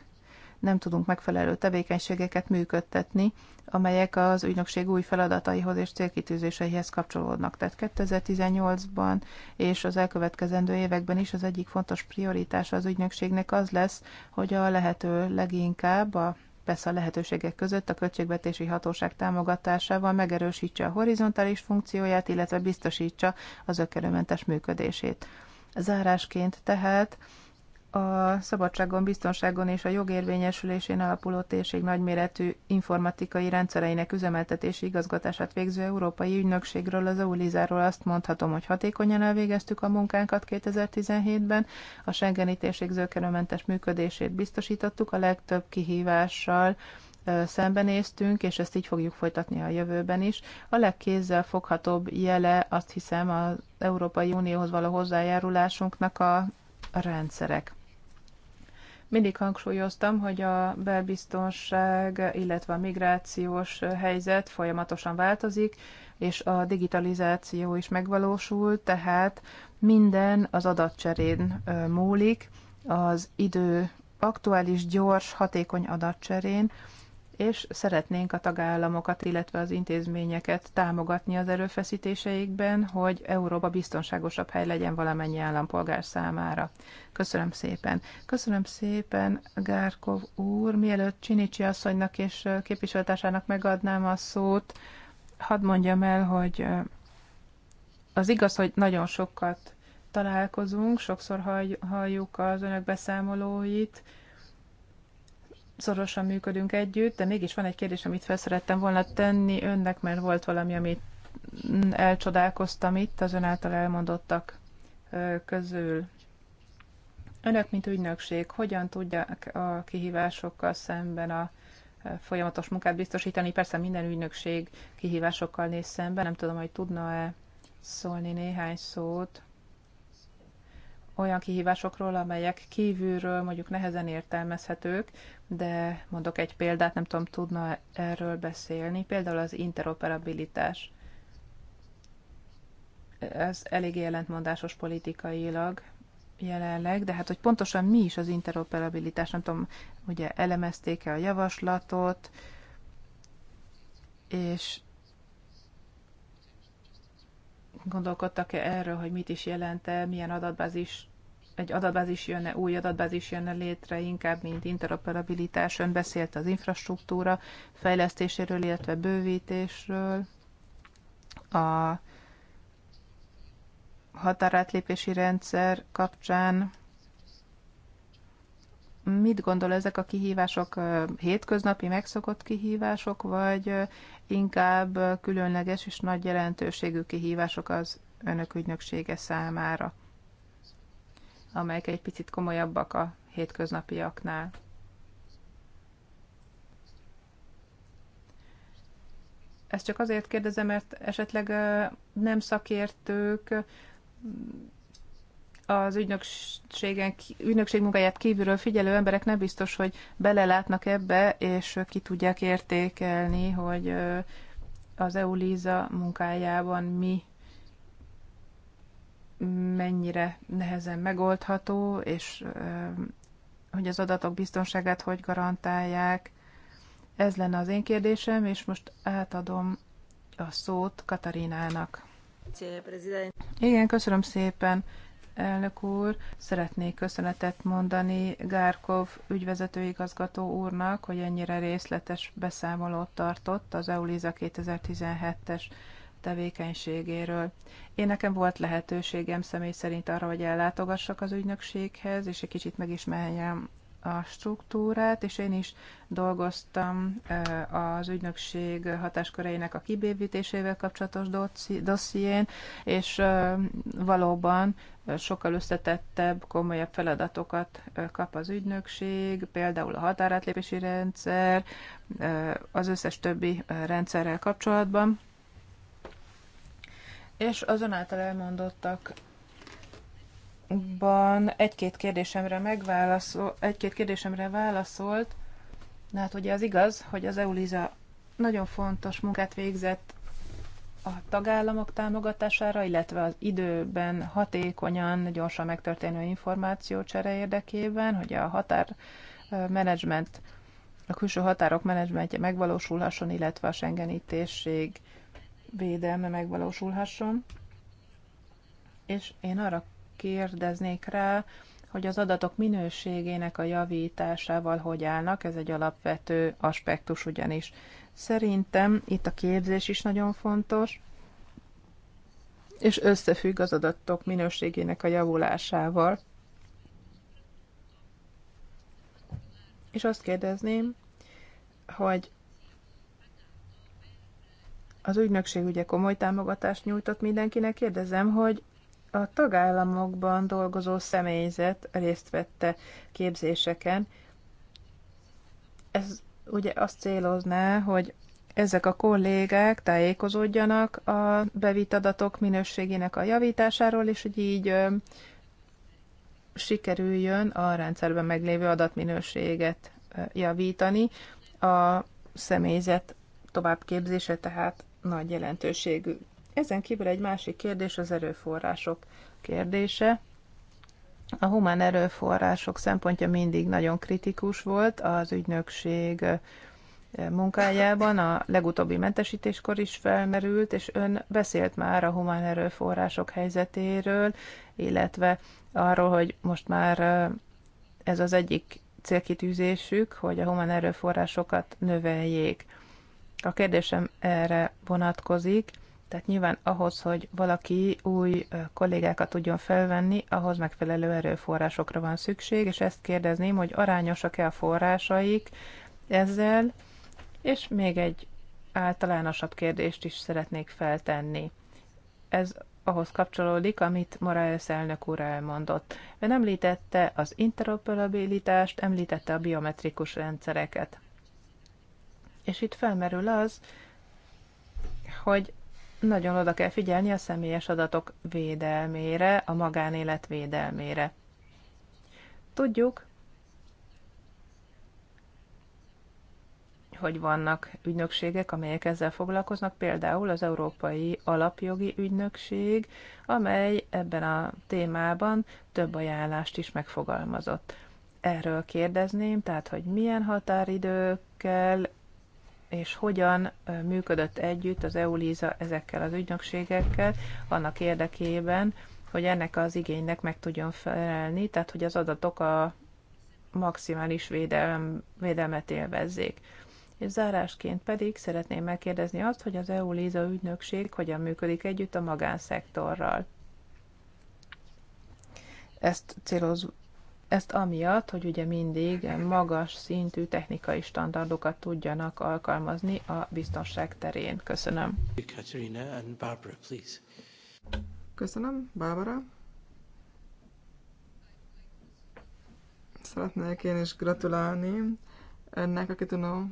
B: nem tudunk megfelelő tevékenységeket működtetni, amelyek az ügynökség új feladataihoz és célkitűzéseihez kapcsolódnak. Tehát 2018-ban és az elkövetkezendő években is az egyik fontos prioritása az ügynökségnek az lesz, hogy a lehető leginkább a persze a lehetőségek között a költségvetési hatóság támogatásával megerősítse a horizontális funkcióját, illetve biztosítsa az ökerőmentes működését. Zárásként tehát a szabadságon, biztonságon és a jogérvényesülésén alapuló térség nagyméretű informatikai rendszereinek üzemeltetési igazgatását végző Európai Ügynökségről, az EULIZÁról azt mondhatom, hogy hatékonyan elvégeztük a munkánkat 2017-ben, a Schengeni térség zökkenőmentes működését biztosítottuk, a legtöbb kihívással szembenéztünk, és ezt így fogjuk folytatni a jövőben is. A legkézzel foghatóbb jele azt hiszem az Európai Unióhoz való hozzájárulásunknak a rendszerek. Mindig hangsúlyoztam, hogy a belbiztonság, illetve a migrációs helyzet folyamatosan változik, és a digitalizáció is megvalósul, tehát minden az adatcserén múlik, az idő aktuális, gyors, hatékony adatcserén, és szeretnénk a tagállamokat, illetve az intézményeket támogatni az erőfeszítéseikben, hogy Európa biztonságosabb hely legyen valamennyi állampolgár számára. Köszönöm szépen. Köszönöm szépen, Gárkov úr. Mielőtt Csinicsi asszonynak és képviselőtársának megadnám a szót, hadd mondjam el, hogy az igaz, hogy nagyon sokat találkozunk, sokszor halljuk az önök beszámolóit, szorosan működünk együtt, de mégis van egy kérdés, amit felszerettem volna tenni önnek, mert volt valami, amit elcsodálkoztam itt az ön által elmondottak közül. Önök, mint ügynökség, hogyan tudják a kihívásokkal szemben a folyamatos munkát biztosítani? Persze minden ügynökség kihívásokkal néz szemben, nem tudom, hogy tudna-e szólni néhány szót olyan kihívásokról, amelyek kívülről mondjuk nehezen értelmezhetők, de mondok egy példát, nem tudom, tudna erről beszélni, például az interoperabilitás. Ez elég jelentmondásos politikailag jelenleg, de hát hogy pontosan mi is az interoperabilitás, nem tudom, ugye elemezték-e a javaslatot, és gondolkodtak-e erről, hogy mit is jelent-e, milyen adatbázis, egy adatbázis jönne, új adatbázis jönne létre, inkább, mint interoperabilitás. Ön beszélt az infrastruktúra fejlesztéséről, illetve bővítésről, a határátlépési rendszer kapcsán. Mit gondol ezek a kihívások hétköznapi megszokott kihívások, vagy inkább különleges és nagy jelentőségű kihívások az önök ügynöksége számára, amelyek egy picit komolyabbak a hétköznapiaknál. Ezt csak azért kérdezem, mert esetleg nem szakértők az ügynökségen, ügynökség munkáját kívülről figyelő emberek nem biztos, hogy belelátnak ebbe, és ki tudják értékelni, hogy az EU EU-Líza munkájában mi mennyire nehezen megoldható, és hogy az adatok biztonságát hogy garantálják. Ez lenne az én kérdésem, és most átadom a szót Katarinának. Igen, köszönöm szépen elnök úr. Szeretnék köszönetet mondani Gárkov ügyvezetőigazgató úrnak, hogy ennyire részletes beszámolót tartott az EULIZA 2017-es tevékenységéről. Én nekem volt lehetőségem személy szerint arra, hogy ellátogassak az ügynökséghez, és egy kicsit megismerjem a struktúrát, és én is dolgoztam az ügynökség hatásköreinek a kibővítésével kapcsolatos dosszién, és valóban sokkal összetettebb, komolyabb feladatokat kap az ügynökség, például a határátlépési rendszer, az összes többi rendszerrel kapcsolatban. És azon elmondottak Ban egy-két kérdésemre megválaszol, egy-két kérdésemre válaszolt, de hát ugye az igaz, hogy az EULIZA nagyon fontos munkát végzett a tagállamok támogatására, illetve az időben hatékonyan, gyorsan megtörténő információcsere érdekében, hogy a menedzsment, a külső határok menedzsmentje megvalósulhasson, illetve a Schengeni térség védelme megvalósulhasson. És én arra kérdeznék rá, hogy az adatok minőségének a javításával hogy állnak, ez egy alapvető aspektus ugyanis. Szerintem itt a képzés is nagyon fontos, és összefügg az adatok minőségének a javulásával. És azt kérdezném, hogy az ügynökség ugye komoly támogatást nyújtott mindenkinek, kérdezem, hogy a tagállamokban dolgozó személyzet részt vette képzéseken. Ez ugye azt célozná, hogy ezek a kollégák tájékozódjanak a bevitt adatok minőségének a javításáról, és hogy így ö, sikerüljön a rendszerben meglévő adatminőséget ö, javítani. A személyzet továbbképzése tehát nagy jelentőségű ezen kívül egy másik kérdés az erőforrások kérdése. A humán erőforrások szempontja mindig nagyon kritikus volt az ügynökség munkájában, a legutóbbi mentesítéskor is felmerült, és ön beszélt már a humán erőforrások helyzetéről, illetve arról, hogy most már ez az egyik célkitűzésük, hogy a humán erőforrásokat növeljék. A kérdésem erre vonatkozik, tehát nyilván ahhoz, hogy valaki új kollégákat tudjon felvenni, ahhoz megfelelő erőforrásokra van szükség, és ezt kérdezném, hogy arányosak-e a forrásaik ezzel, és még egy általánosabb kérdést is szeretnék feltenni. Ez ahhoz kapcsolódik, amit Morales elnök úr elmondott. Ön említette az interoperabilitást, említette a biometrikus rendszereket. És itt felmerül az, hogy nagyon oda kell figyelni a személyes adatok védelmére, a magánélet védelmére. Tudjuk, hogy vannak ügynökségek, amelyek ezzel foglalkoznak, például az Európai Alapjogi Ügynökség, amely ebben a témában több ajánlást is megfogalmazott. Erről kérdezném, tehát hogy milyen határidőkkel és hogyan működött együtt az EULISA ezekkel az ügynökségekkel annak érdekében, hogy ennek az igénynek meg tudjon felelni, tehát hogy az adatok a maximális védelem, védelmet élvezzék. És zárásként pedig szeretném megkérdezni azt, hogy az EULISA ügynökség hogyan működik együtt a magánszektorral. Ezt célozva ezt amiatt, hogy ugye mindig magas szintű technikai standardokat tudjanak alkalmazni a biztonság terén. Köszönöm.
A: Katerina and Barbara, please.
B: Köszönöm, Barbara.
C: Szeretnék én is gratulálni ennek a kitunó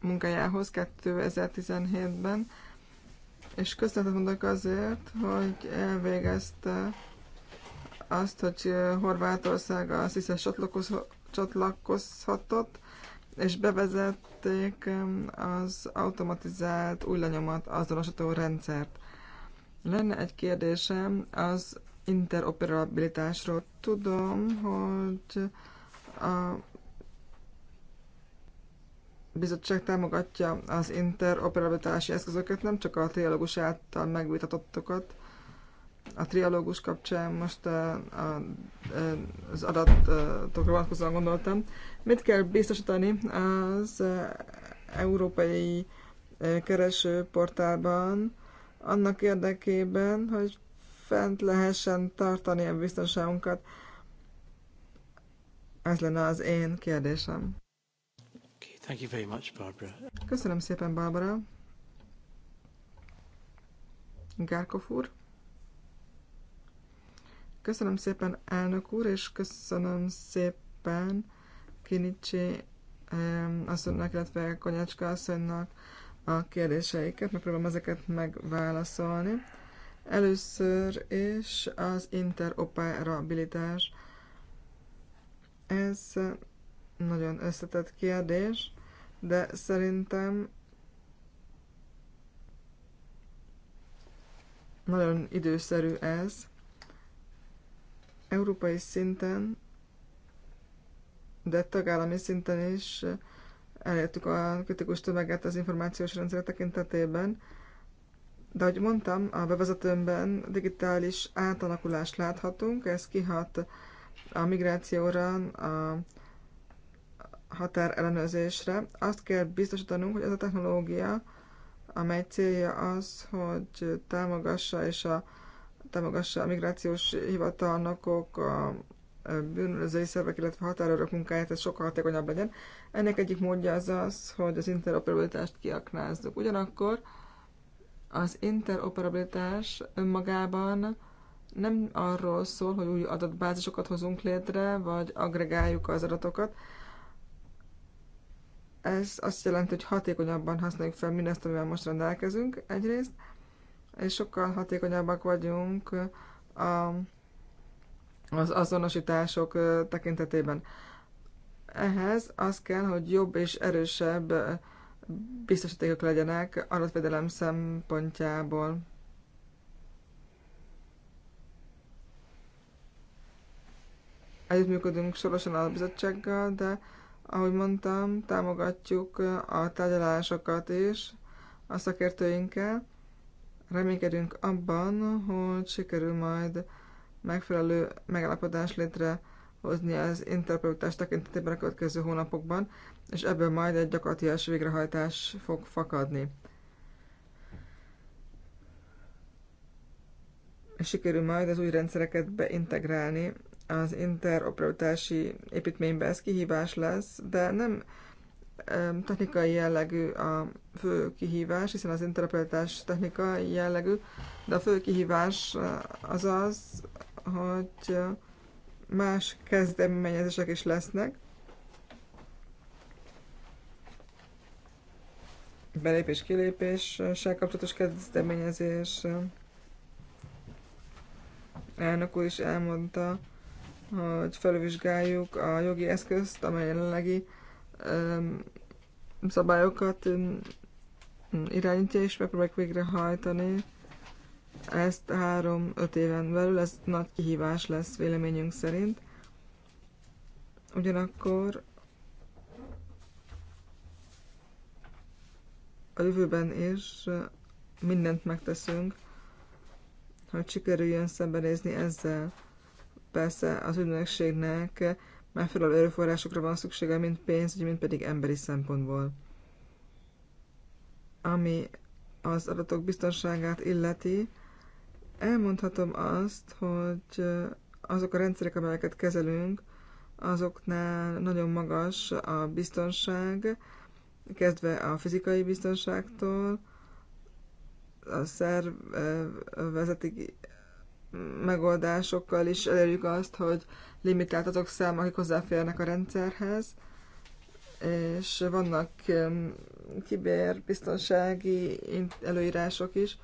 C: munkájához 2017-ben, és köszönetet mondok azért, hogy elvégezte azt, hogy Horvátország a cisz csatlakozhatott, és bevezették az automatizált új lenyomat azonosító rendszert. Lenne egy kérdésem az interoperabilitásról. Tudom, hogy a bizottság támogatja az interoperabilitási eszközöket, nem csak a trialógus által megvitatottokat, a trialógus kapcsán most a, a, az adatokra vonatkozóan gondoltam. Mit kell biztosítani az európai keresőportálban annak érdekében, hogy fent lehessen tartani a biztonságunkat? Ez lenne az én kérdésem.
A: Okay, thank you very much, Barbara.
C: Köszönöm szépen, Barbara. Gárkov úr. Köszönöm szépen, elnök úr, és köszönöm szépen Kinicsi asszonynak, illetve Konyácska asszonynak a kérdéseiket. Megpróbálom ezeket megválaszolni. Először is az interoperabilitás. Ez nagyon összetett kérdés, de szerintem nagyon időszerű ez európai szinten, de tagállami szinten is eh, elértük a kritikus tömeget az információs rendszer tekintetében, de ahogy mondtam, a bevezetőmben digitális átalakulást láthatunk, ez kihat a migrációra, a határ ellenőrzésre. Azt kell biztosítanunk, hogy ez a technológia, amely célja az, hogy támogassa és a támogassa a migrációs hivatalnokok, a e, bűnözői szervek, illetve határőrök munkáját, ez sokkal hatékonyabb legyen. Ennek egyik módja az az, hogy az interoperabilitást kiaknázzuk. Ugyanakkor az interoperabilitás önmagában nem arról szól, hogy új adatbázisokat hozunk létre, vagy agregáljuk az adatokat. Ez azt jelenti, hogy hatékonyabban használjuk fel mindezt, amivel most rendelkezünk egyrészt, és sokkal hatékonyabbak vagyunk a, az azonosítások tekintetében. Ehhez az kell, hogy jobb és erősebb biztosítékok legyenek adatvédelem szempontjából. Együttműködünk sorosan a bizottsággal, de ahogy mondtam, támogatjuk a tárgyalásokat is a szakértőinkkel, Reménykedünk abban, hogy sikerül majd megfelelő megállapodást létrehozni az interpretás tekintetében a következő hónapokban, és ebből majd egy gyakorlatilag végrehajtás fog fakadni. Sikerül majd az új rendszereket beintegrálni az interoperatási építménybe, ez kihívás lesz, de nem technikai jellegű a fő kihívás, hiszen az interpretás technikai jellegű, de a fő kihívás az az, hogy más kezdeményezések is lesznek, belépés-kilépéssel kapcsolatos kezdeményezés. Elnök úr is elmondta, hogy felvizsgáljuk a jogi eszközt, amely jelenlegi szabályokat irányítja, és megpróbálják végrehajtani ezt három-öt éven belül, ez nagy kihívás lesz véleményünk szerint. Ugyanakkor a jövőben is mindent megteszünk, hogy sikerüljön szembenézni ezzel. Persze az ügynökségnek megfelelő erőforrásokra van szüksége, mind pénzügyi, mind pedig emberi szempontból. Ami az adatok biztonságát illeti, elmondhatom azt, hogy azok a rendszerek, amelyeket kezelünk, azoknál nagyon magas a biztonság, kezdve a fizikai biztonságtól, a szervezeti megoldásokkal is elérjük azt, hogy limitált azok szám, akik hozzáférnek a rendszerhez, és vannak kibérbiztonsági előírások is,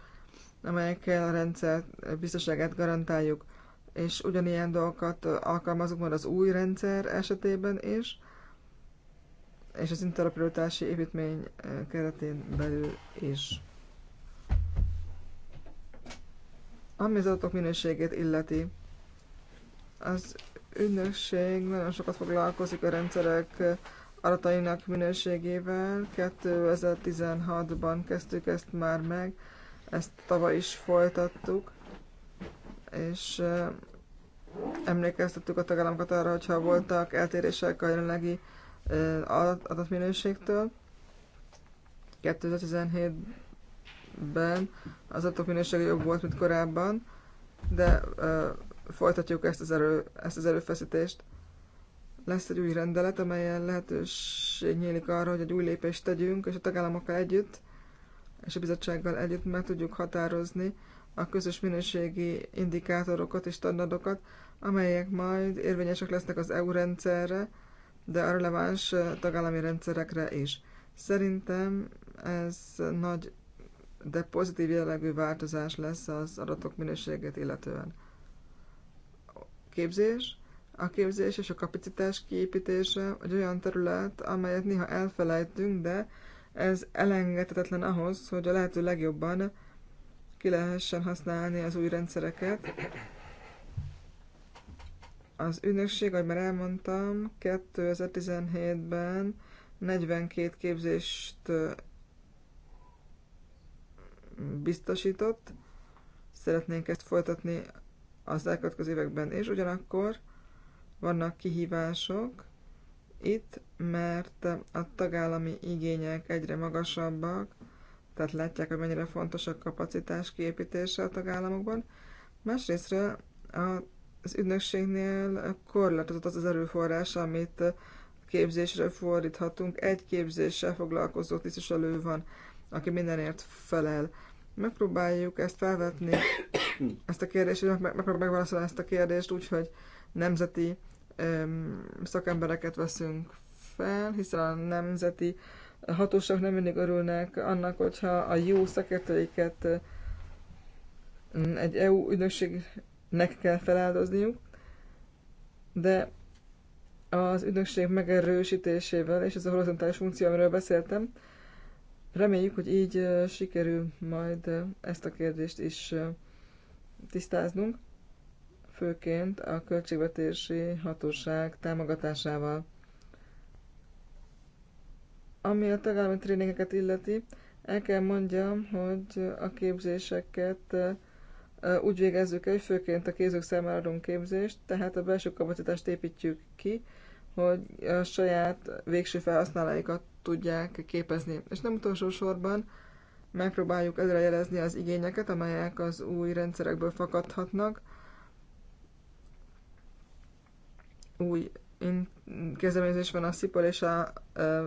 C: amelyekkel a rendszer biztonságát garantáljuk, és ugyanilyen dolgokat alkalmazunk már az új rendszer esetében is, és az interoperabilitási építmény eh, keretén belül is. Ami az adatok minőségét illeti, az ügynökség nagyon sokat foglalkozik a rendszerek adatainak minőségével. 2016-ban kezdtük ezt már meg, ezt tavaly is folytattuk, és emlékeztettük a tagállamokat arra, hogyha voltak eltérések a jelenlegi adatminőségtől. 2017 ben az adatok minősége jobb volt, mint korábban, de ö, folytatjuk ezt az, erő, ezt az erőfeszítést. Lesz egy új rendelet, amelyen lehetőség nyílik arra, hogy egy új lépést tegyünk, és a tagállamokkal együtt, és a bizottsággal együtt meg tudjuk határozni a közös minőségi indikátorokat és standardokat, amelyek majd érvényesek lesznek az EU rendszerre, de a releváns tagállami rendszerekre is. Szerintem ez nagy de pozitív jellegű változás lesz az adatok minőségét illetően. Képzés. A képzés és a kapacitás kiépítése egy olyan terület, amelyet néha elfelejtünk, de ez elengedhetetlen ahhoz, hogy a lehető legjobban ki lehessen használni az új rendszereket. Az ügynökség, ahogy már elmondtam, 2017-ben 42 képzést biztosított. Szeretnénk ezt folytatni az elkövetkező években és ugyanakkor vannak kihívások itt, mert a tagállami igények egyre magasabbak, tehát látják, hogy mennyire fontos a kapacitás kiépítése a tagállamokban. Másrésztről az ügynökségnél korlátozott az az erőforrás, amit képzésre fordíthatunk. Egy képzéssel foglalkozó tisztviselő van aki mindenért felel. Megpróbáljuk ezt felvetni, [coughs] ezt a kérdést, és megpróbáljuk megválaszolni ezt a kérdést úgyhogy nemzeti öm, szakembereket veszünk fel, hiszen a nemzeti hatóságok nem mindig örülnek annak, hogyha a jó szakértőiket egy EU ügynökségnek kell feláldozniuk, de az ügynökség megerősítésével és ez a horizontális funkció, amiről beszéltem, Reméljük, hogy így sikerül majd ezt a kérdést is tisztáznunk, főként a költségvetési hatóság támogatásával. Ami a tagállami tréningeket illeti, el kell mondjam, hogy a képzéseket úgy végezzük el, hogy főként a kézők számára adunk képzést, tehát a belső kapacitást építjük ki, hogy a saját végső felhasználóikat tudják képezni. És nem utolsó sorban megpróbáljuk előrejelezni az igényeket, amelyek az új rendszerekből fakadhatnak, új kezdeményezés van a SZIPOL és a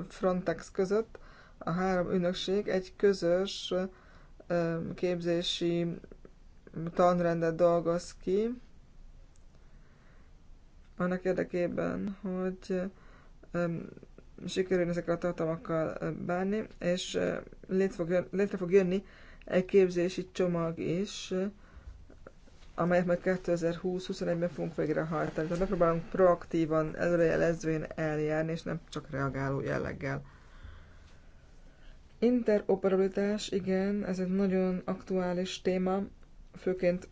C: Frontex között. A három ünökség egy közös képzési tanrendet dolgoz ki, annak érdekében, hogy sikerül ezekkel a tartalmakkal bánni, és létre fog, jön, létre fog jönni egy képzési csomag is, amelyet majd 2020-21-ben fogunk végrehajtani. Tehát megpróbálunk proaktívan, előrejelezvén eljárni, és nem csak reagáló jelleggel. Interoperabilitás, igen, ez egy nagyon aktuális téma, főként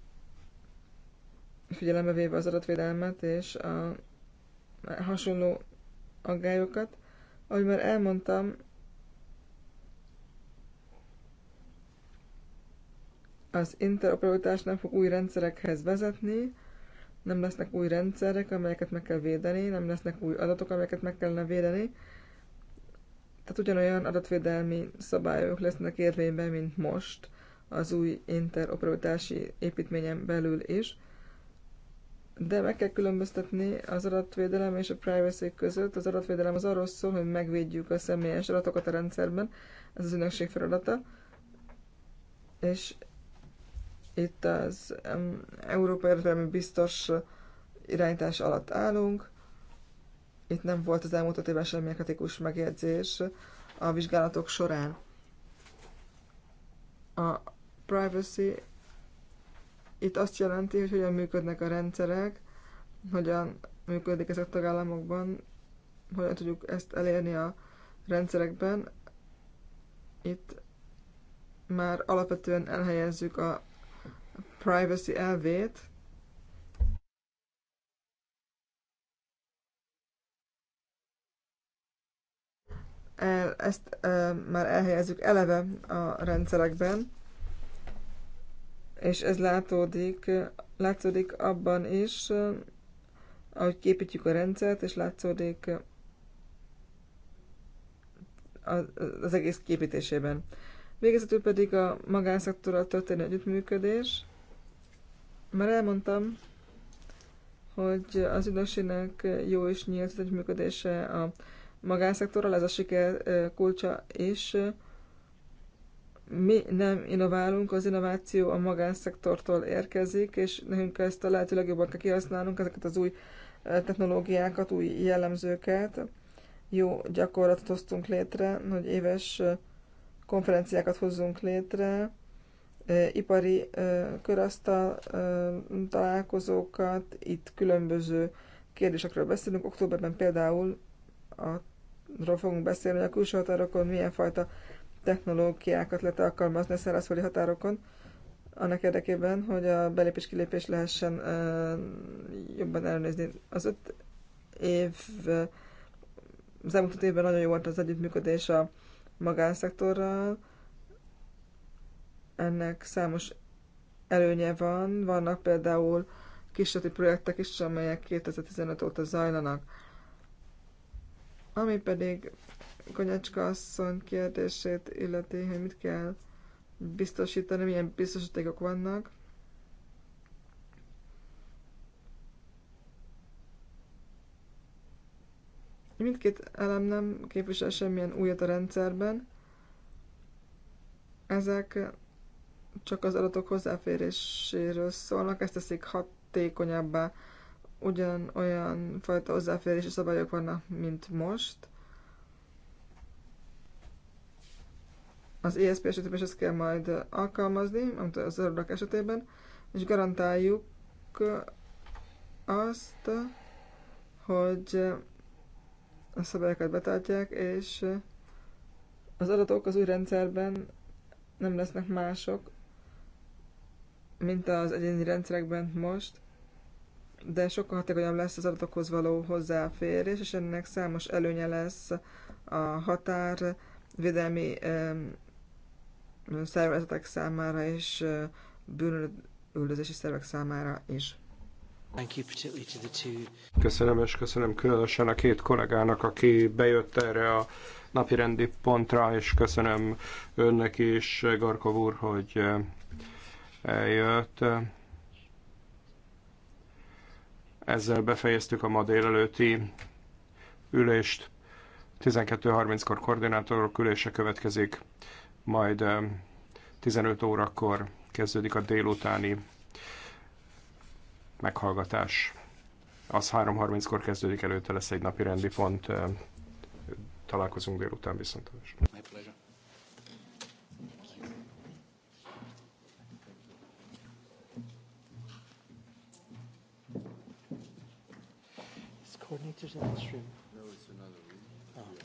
C: figyelembe véve az adatvédelmet és a hasonló aggályokat. Ahogy már elmondtam, az interoperabilitás nem fog új rendszerekhez vezetni, nem lesznek új rendszerek, amelyeket meg kell védeni, nem lesznek új adatok, amelyeket meg kellene védeni. Tehát ugyanolyan adatvédelmi szabályok lesznek érvényben, mint most az új interoperabilitási építményen belül is de meg kell különböztetni az adatvédelem és a privacy között. Az adatvédelem az arról szól, hogy megvédjük a személyes adatokat a rendszerben, ez az ünökség feladata, és itt az um, Európai Adatvédelmi Biztos irányítás alatt állunk. Itt nem volt az elmúlt öt évben semmilyen kritikus megjegyzés a vizsgálatok során. A privacy itt azt jelenti, hogy hogyan működnek a rendszerek, hogyan működik ezek a tagállamokban, hogyan tudjuk ezt elérni a rendszerekben. Itt már alapvetően elhelyezzük a privacy elvét, el, ezt e, már elhelyezzük eleve a rendszerekben és ez látódik, látszódik abban is, ahogy képítjük a rendszert, és látszódik az egész képítésében. Végezetül pedig a magánszektorral történő együttműködés. Már elmondtam, hogy az üdvösségnek jó és nyílt az együttműködése a magánszektorral, ez a siker eh, kulcsa, és mi nem innoválunk, az innováció a magánszektortól érkezik, és nekünk ezt a lehető legjobban kell kihasználnunk, ezeket az új technológiákat, új jellemzőket. Jó gyakorlatot hoztunk létre, hogy éves konferenciákat hozzunk létre, ipari körasztal találkozókat, itt különböző kérdésekről beszélünk. Októberben például arról fogunk beszélni, hogy a külső határokon milyen fajta technológiákat lehet alkalmazni a szárazföldi határokon, annak érdekében, hogy a belépés-kilépés lehessen jobban ellenőrizni. Az öt év, az elmúlt évben nagyon jó volt az együttműködés a magánszektorral, ennek számos előnye van, vannak például kísérleti projektek is, amelyek 2015 óta zajlanak. Ami pedig Konyacska asszony kérdését illeti, hogy mit kell biztosítani, milyen biztosítékok vannak. Mindkét elem nem képvisel semmilyen újat a rendszerben. Ezek csak az adatok hozzáféréséről szólnak, ezt teszik hatékonyabbá. Ugyanolyan fajta hozzáférési szabályok vannak, mint most – az ESP esetében is ezt kell majd alkalmazni, amit az örök esetében, és garantáljuk azt, hogy a szabályokat betartják, és az adatok az új rendszerben nem lesznek mások, mint az egyéni rendszerekben most, de sokkal hatékonyabb lesz az adatokhoz való hozzáférés, és ennek számos előnye lesz a határ védelmi szervezetek számára és bűnöldözési szervek számára is.
D: Köszönöm, és köszönöm különösen a két kollégának, aki bejött erre a napirendi pontra, és köszönöm önnek is, Garkov úr, hogy eljött. Ezzel befejeztük a ma délelőtti ülést. 12.30-kor koordinátorok ülése következik majd 15 órakor kezdődik a délutáni meghallgatás. Az 3.30-kor kezdődik, előtte lesz egy napi rendi pont. Találkozunk délután viszont.
B: My
A: coordinators in this room?
E: No, it's another room. Oh.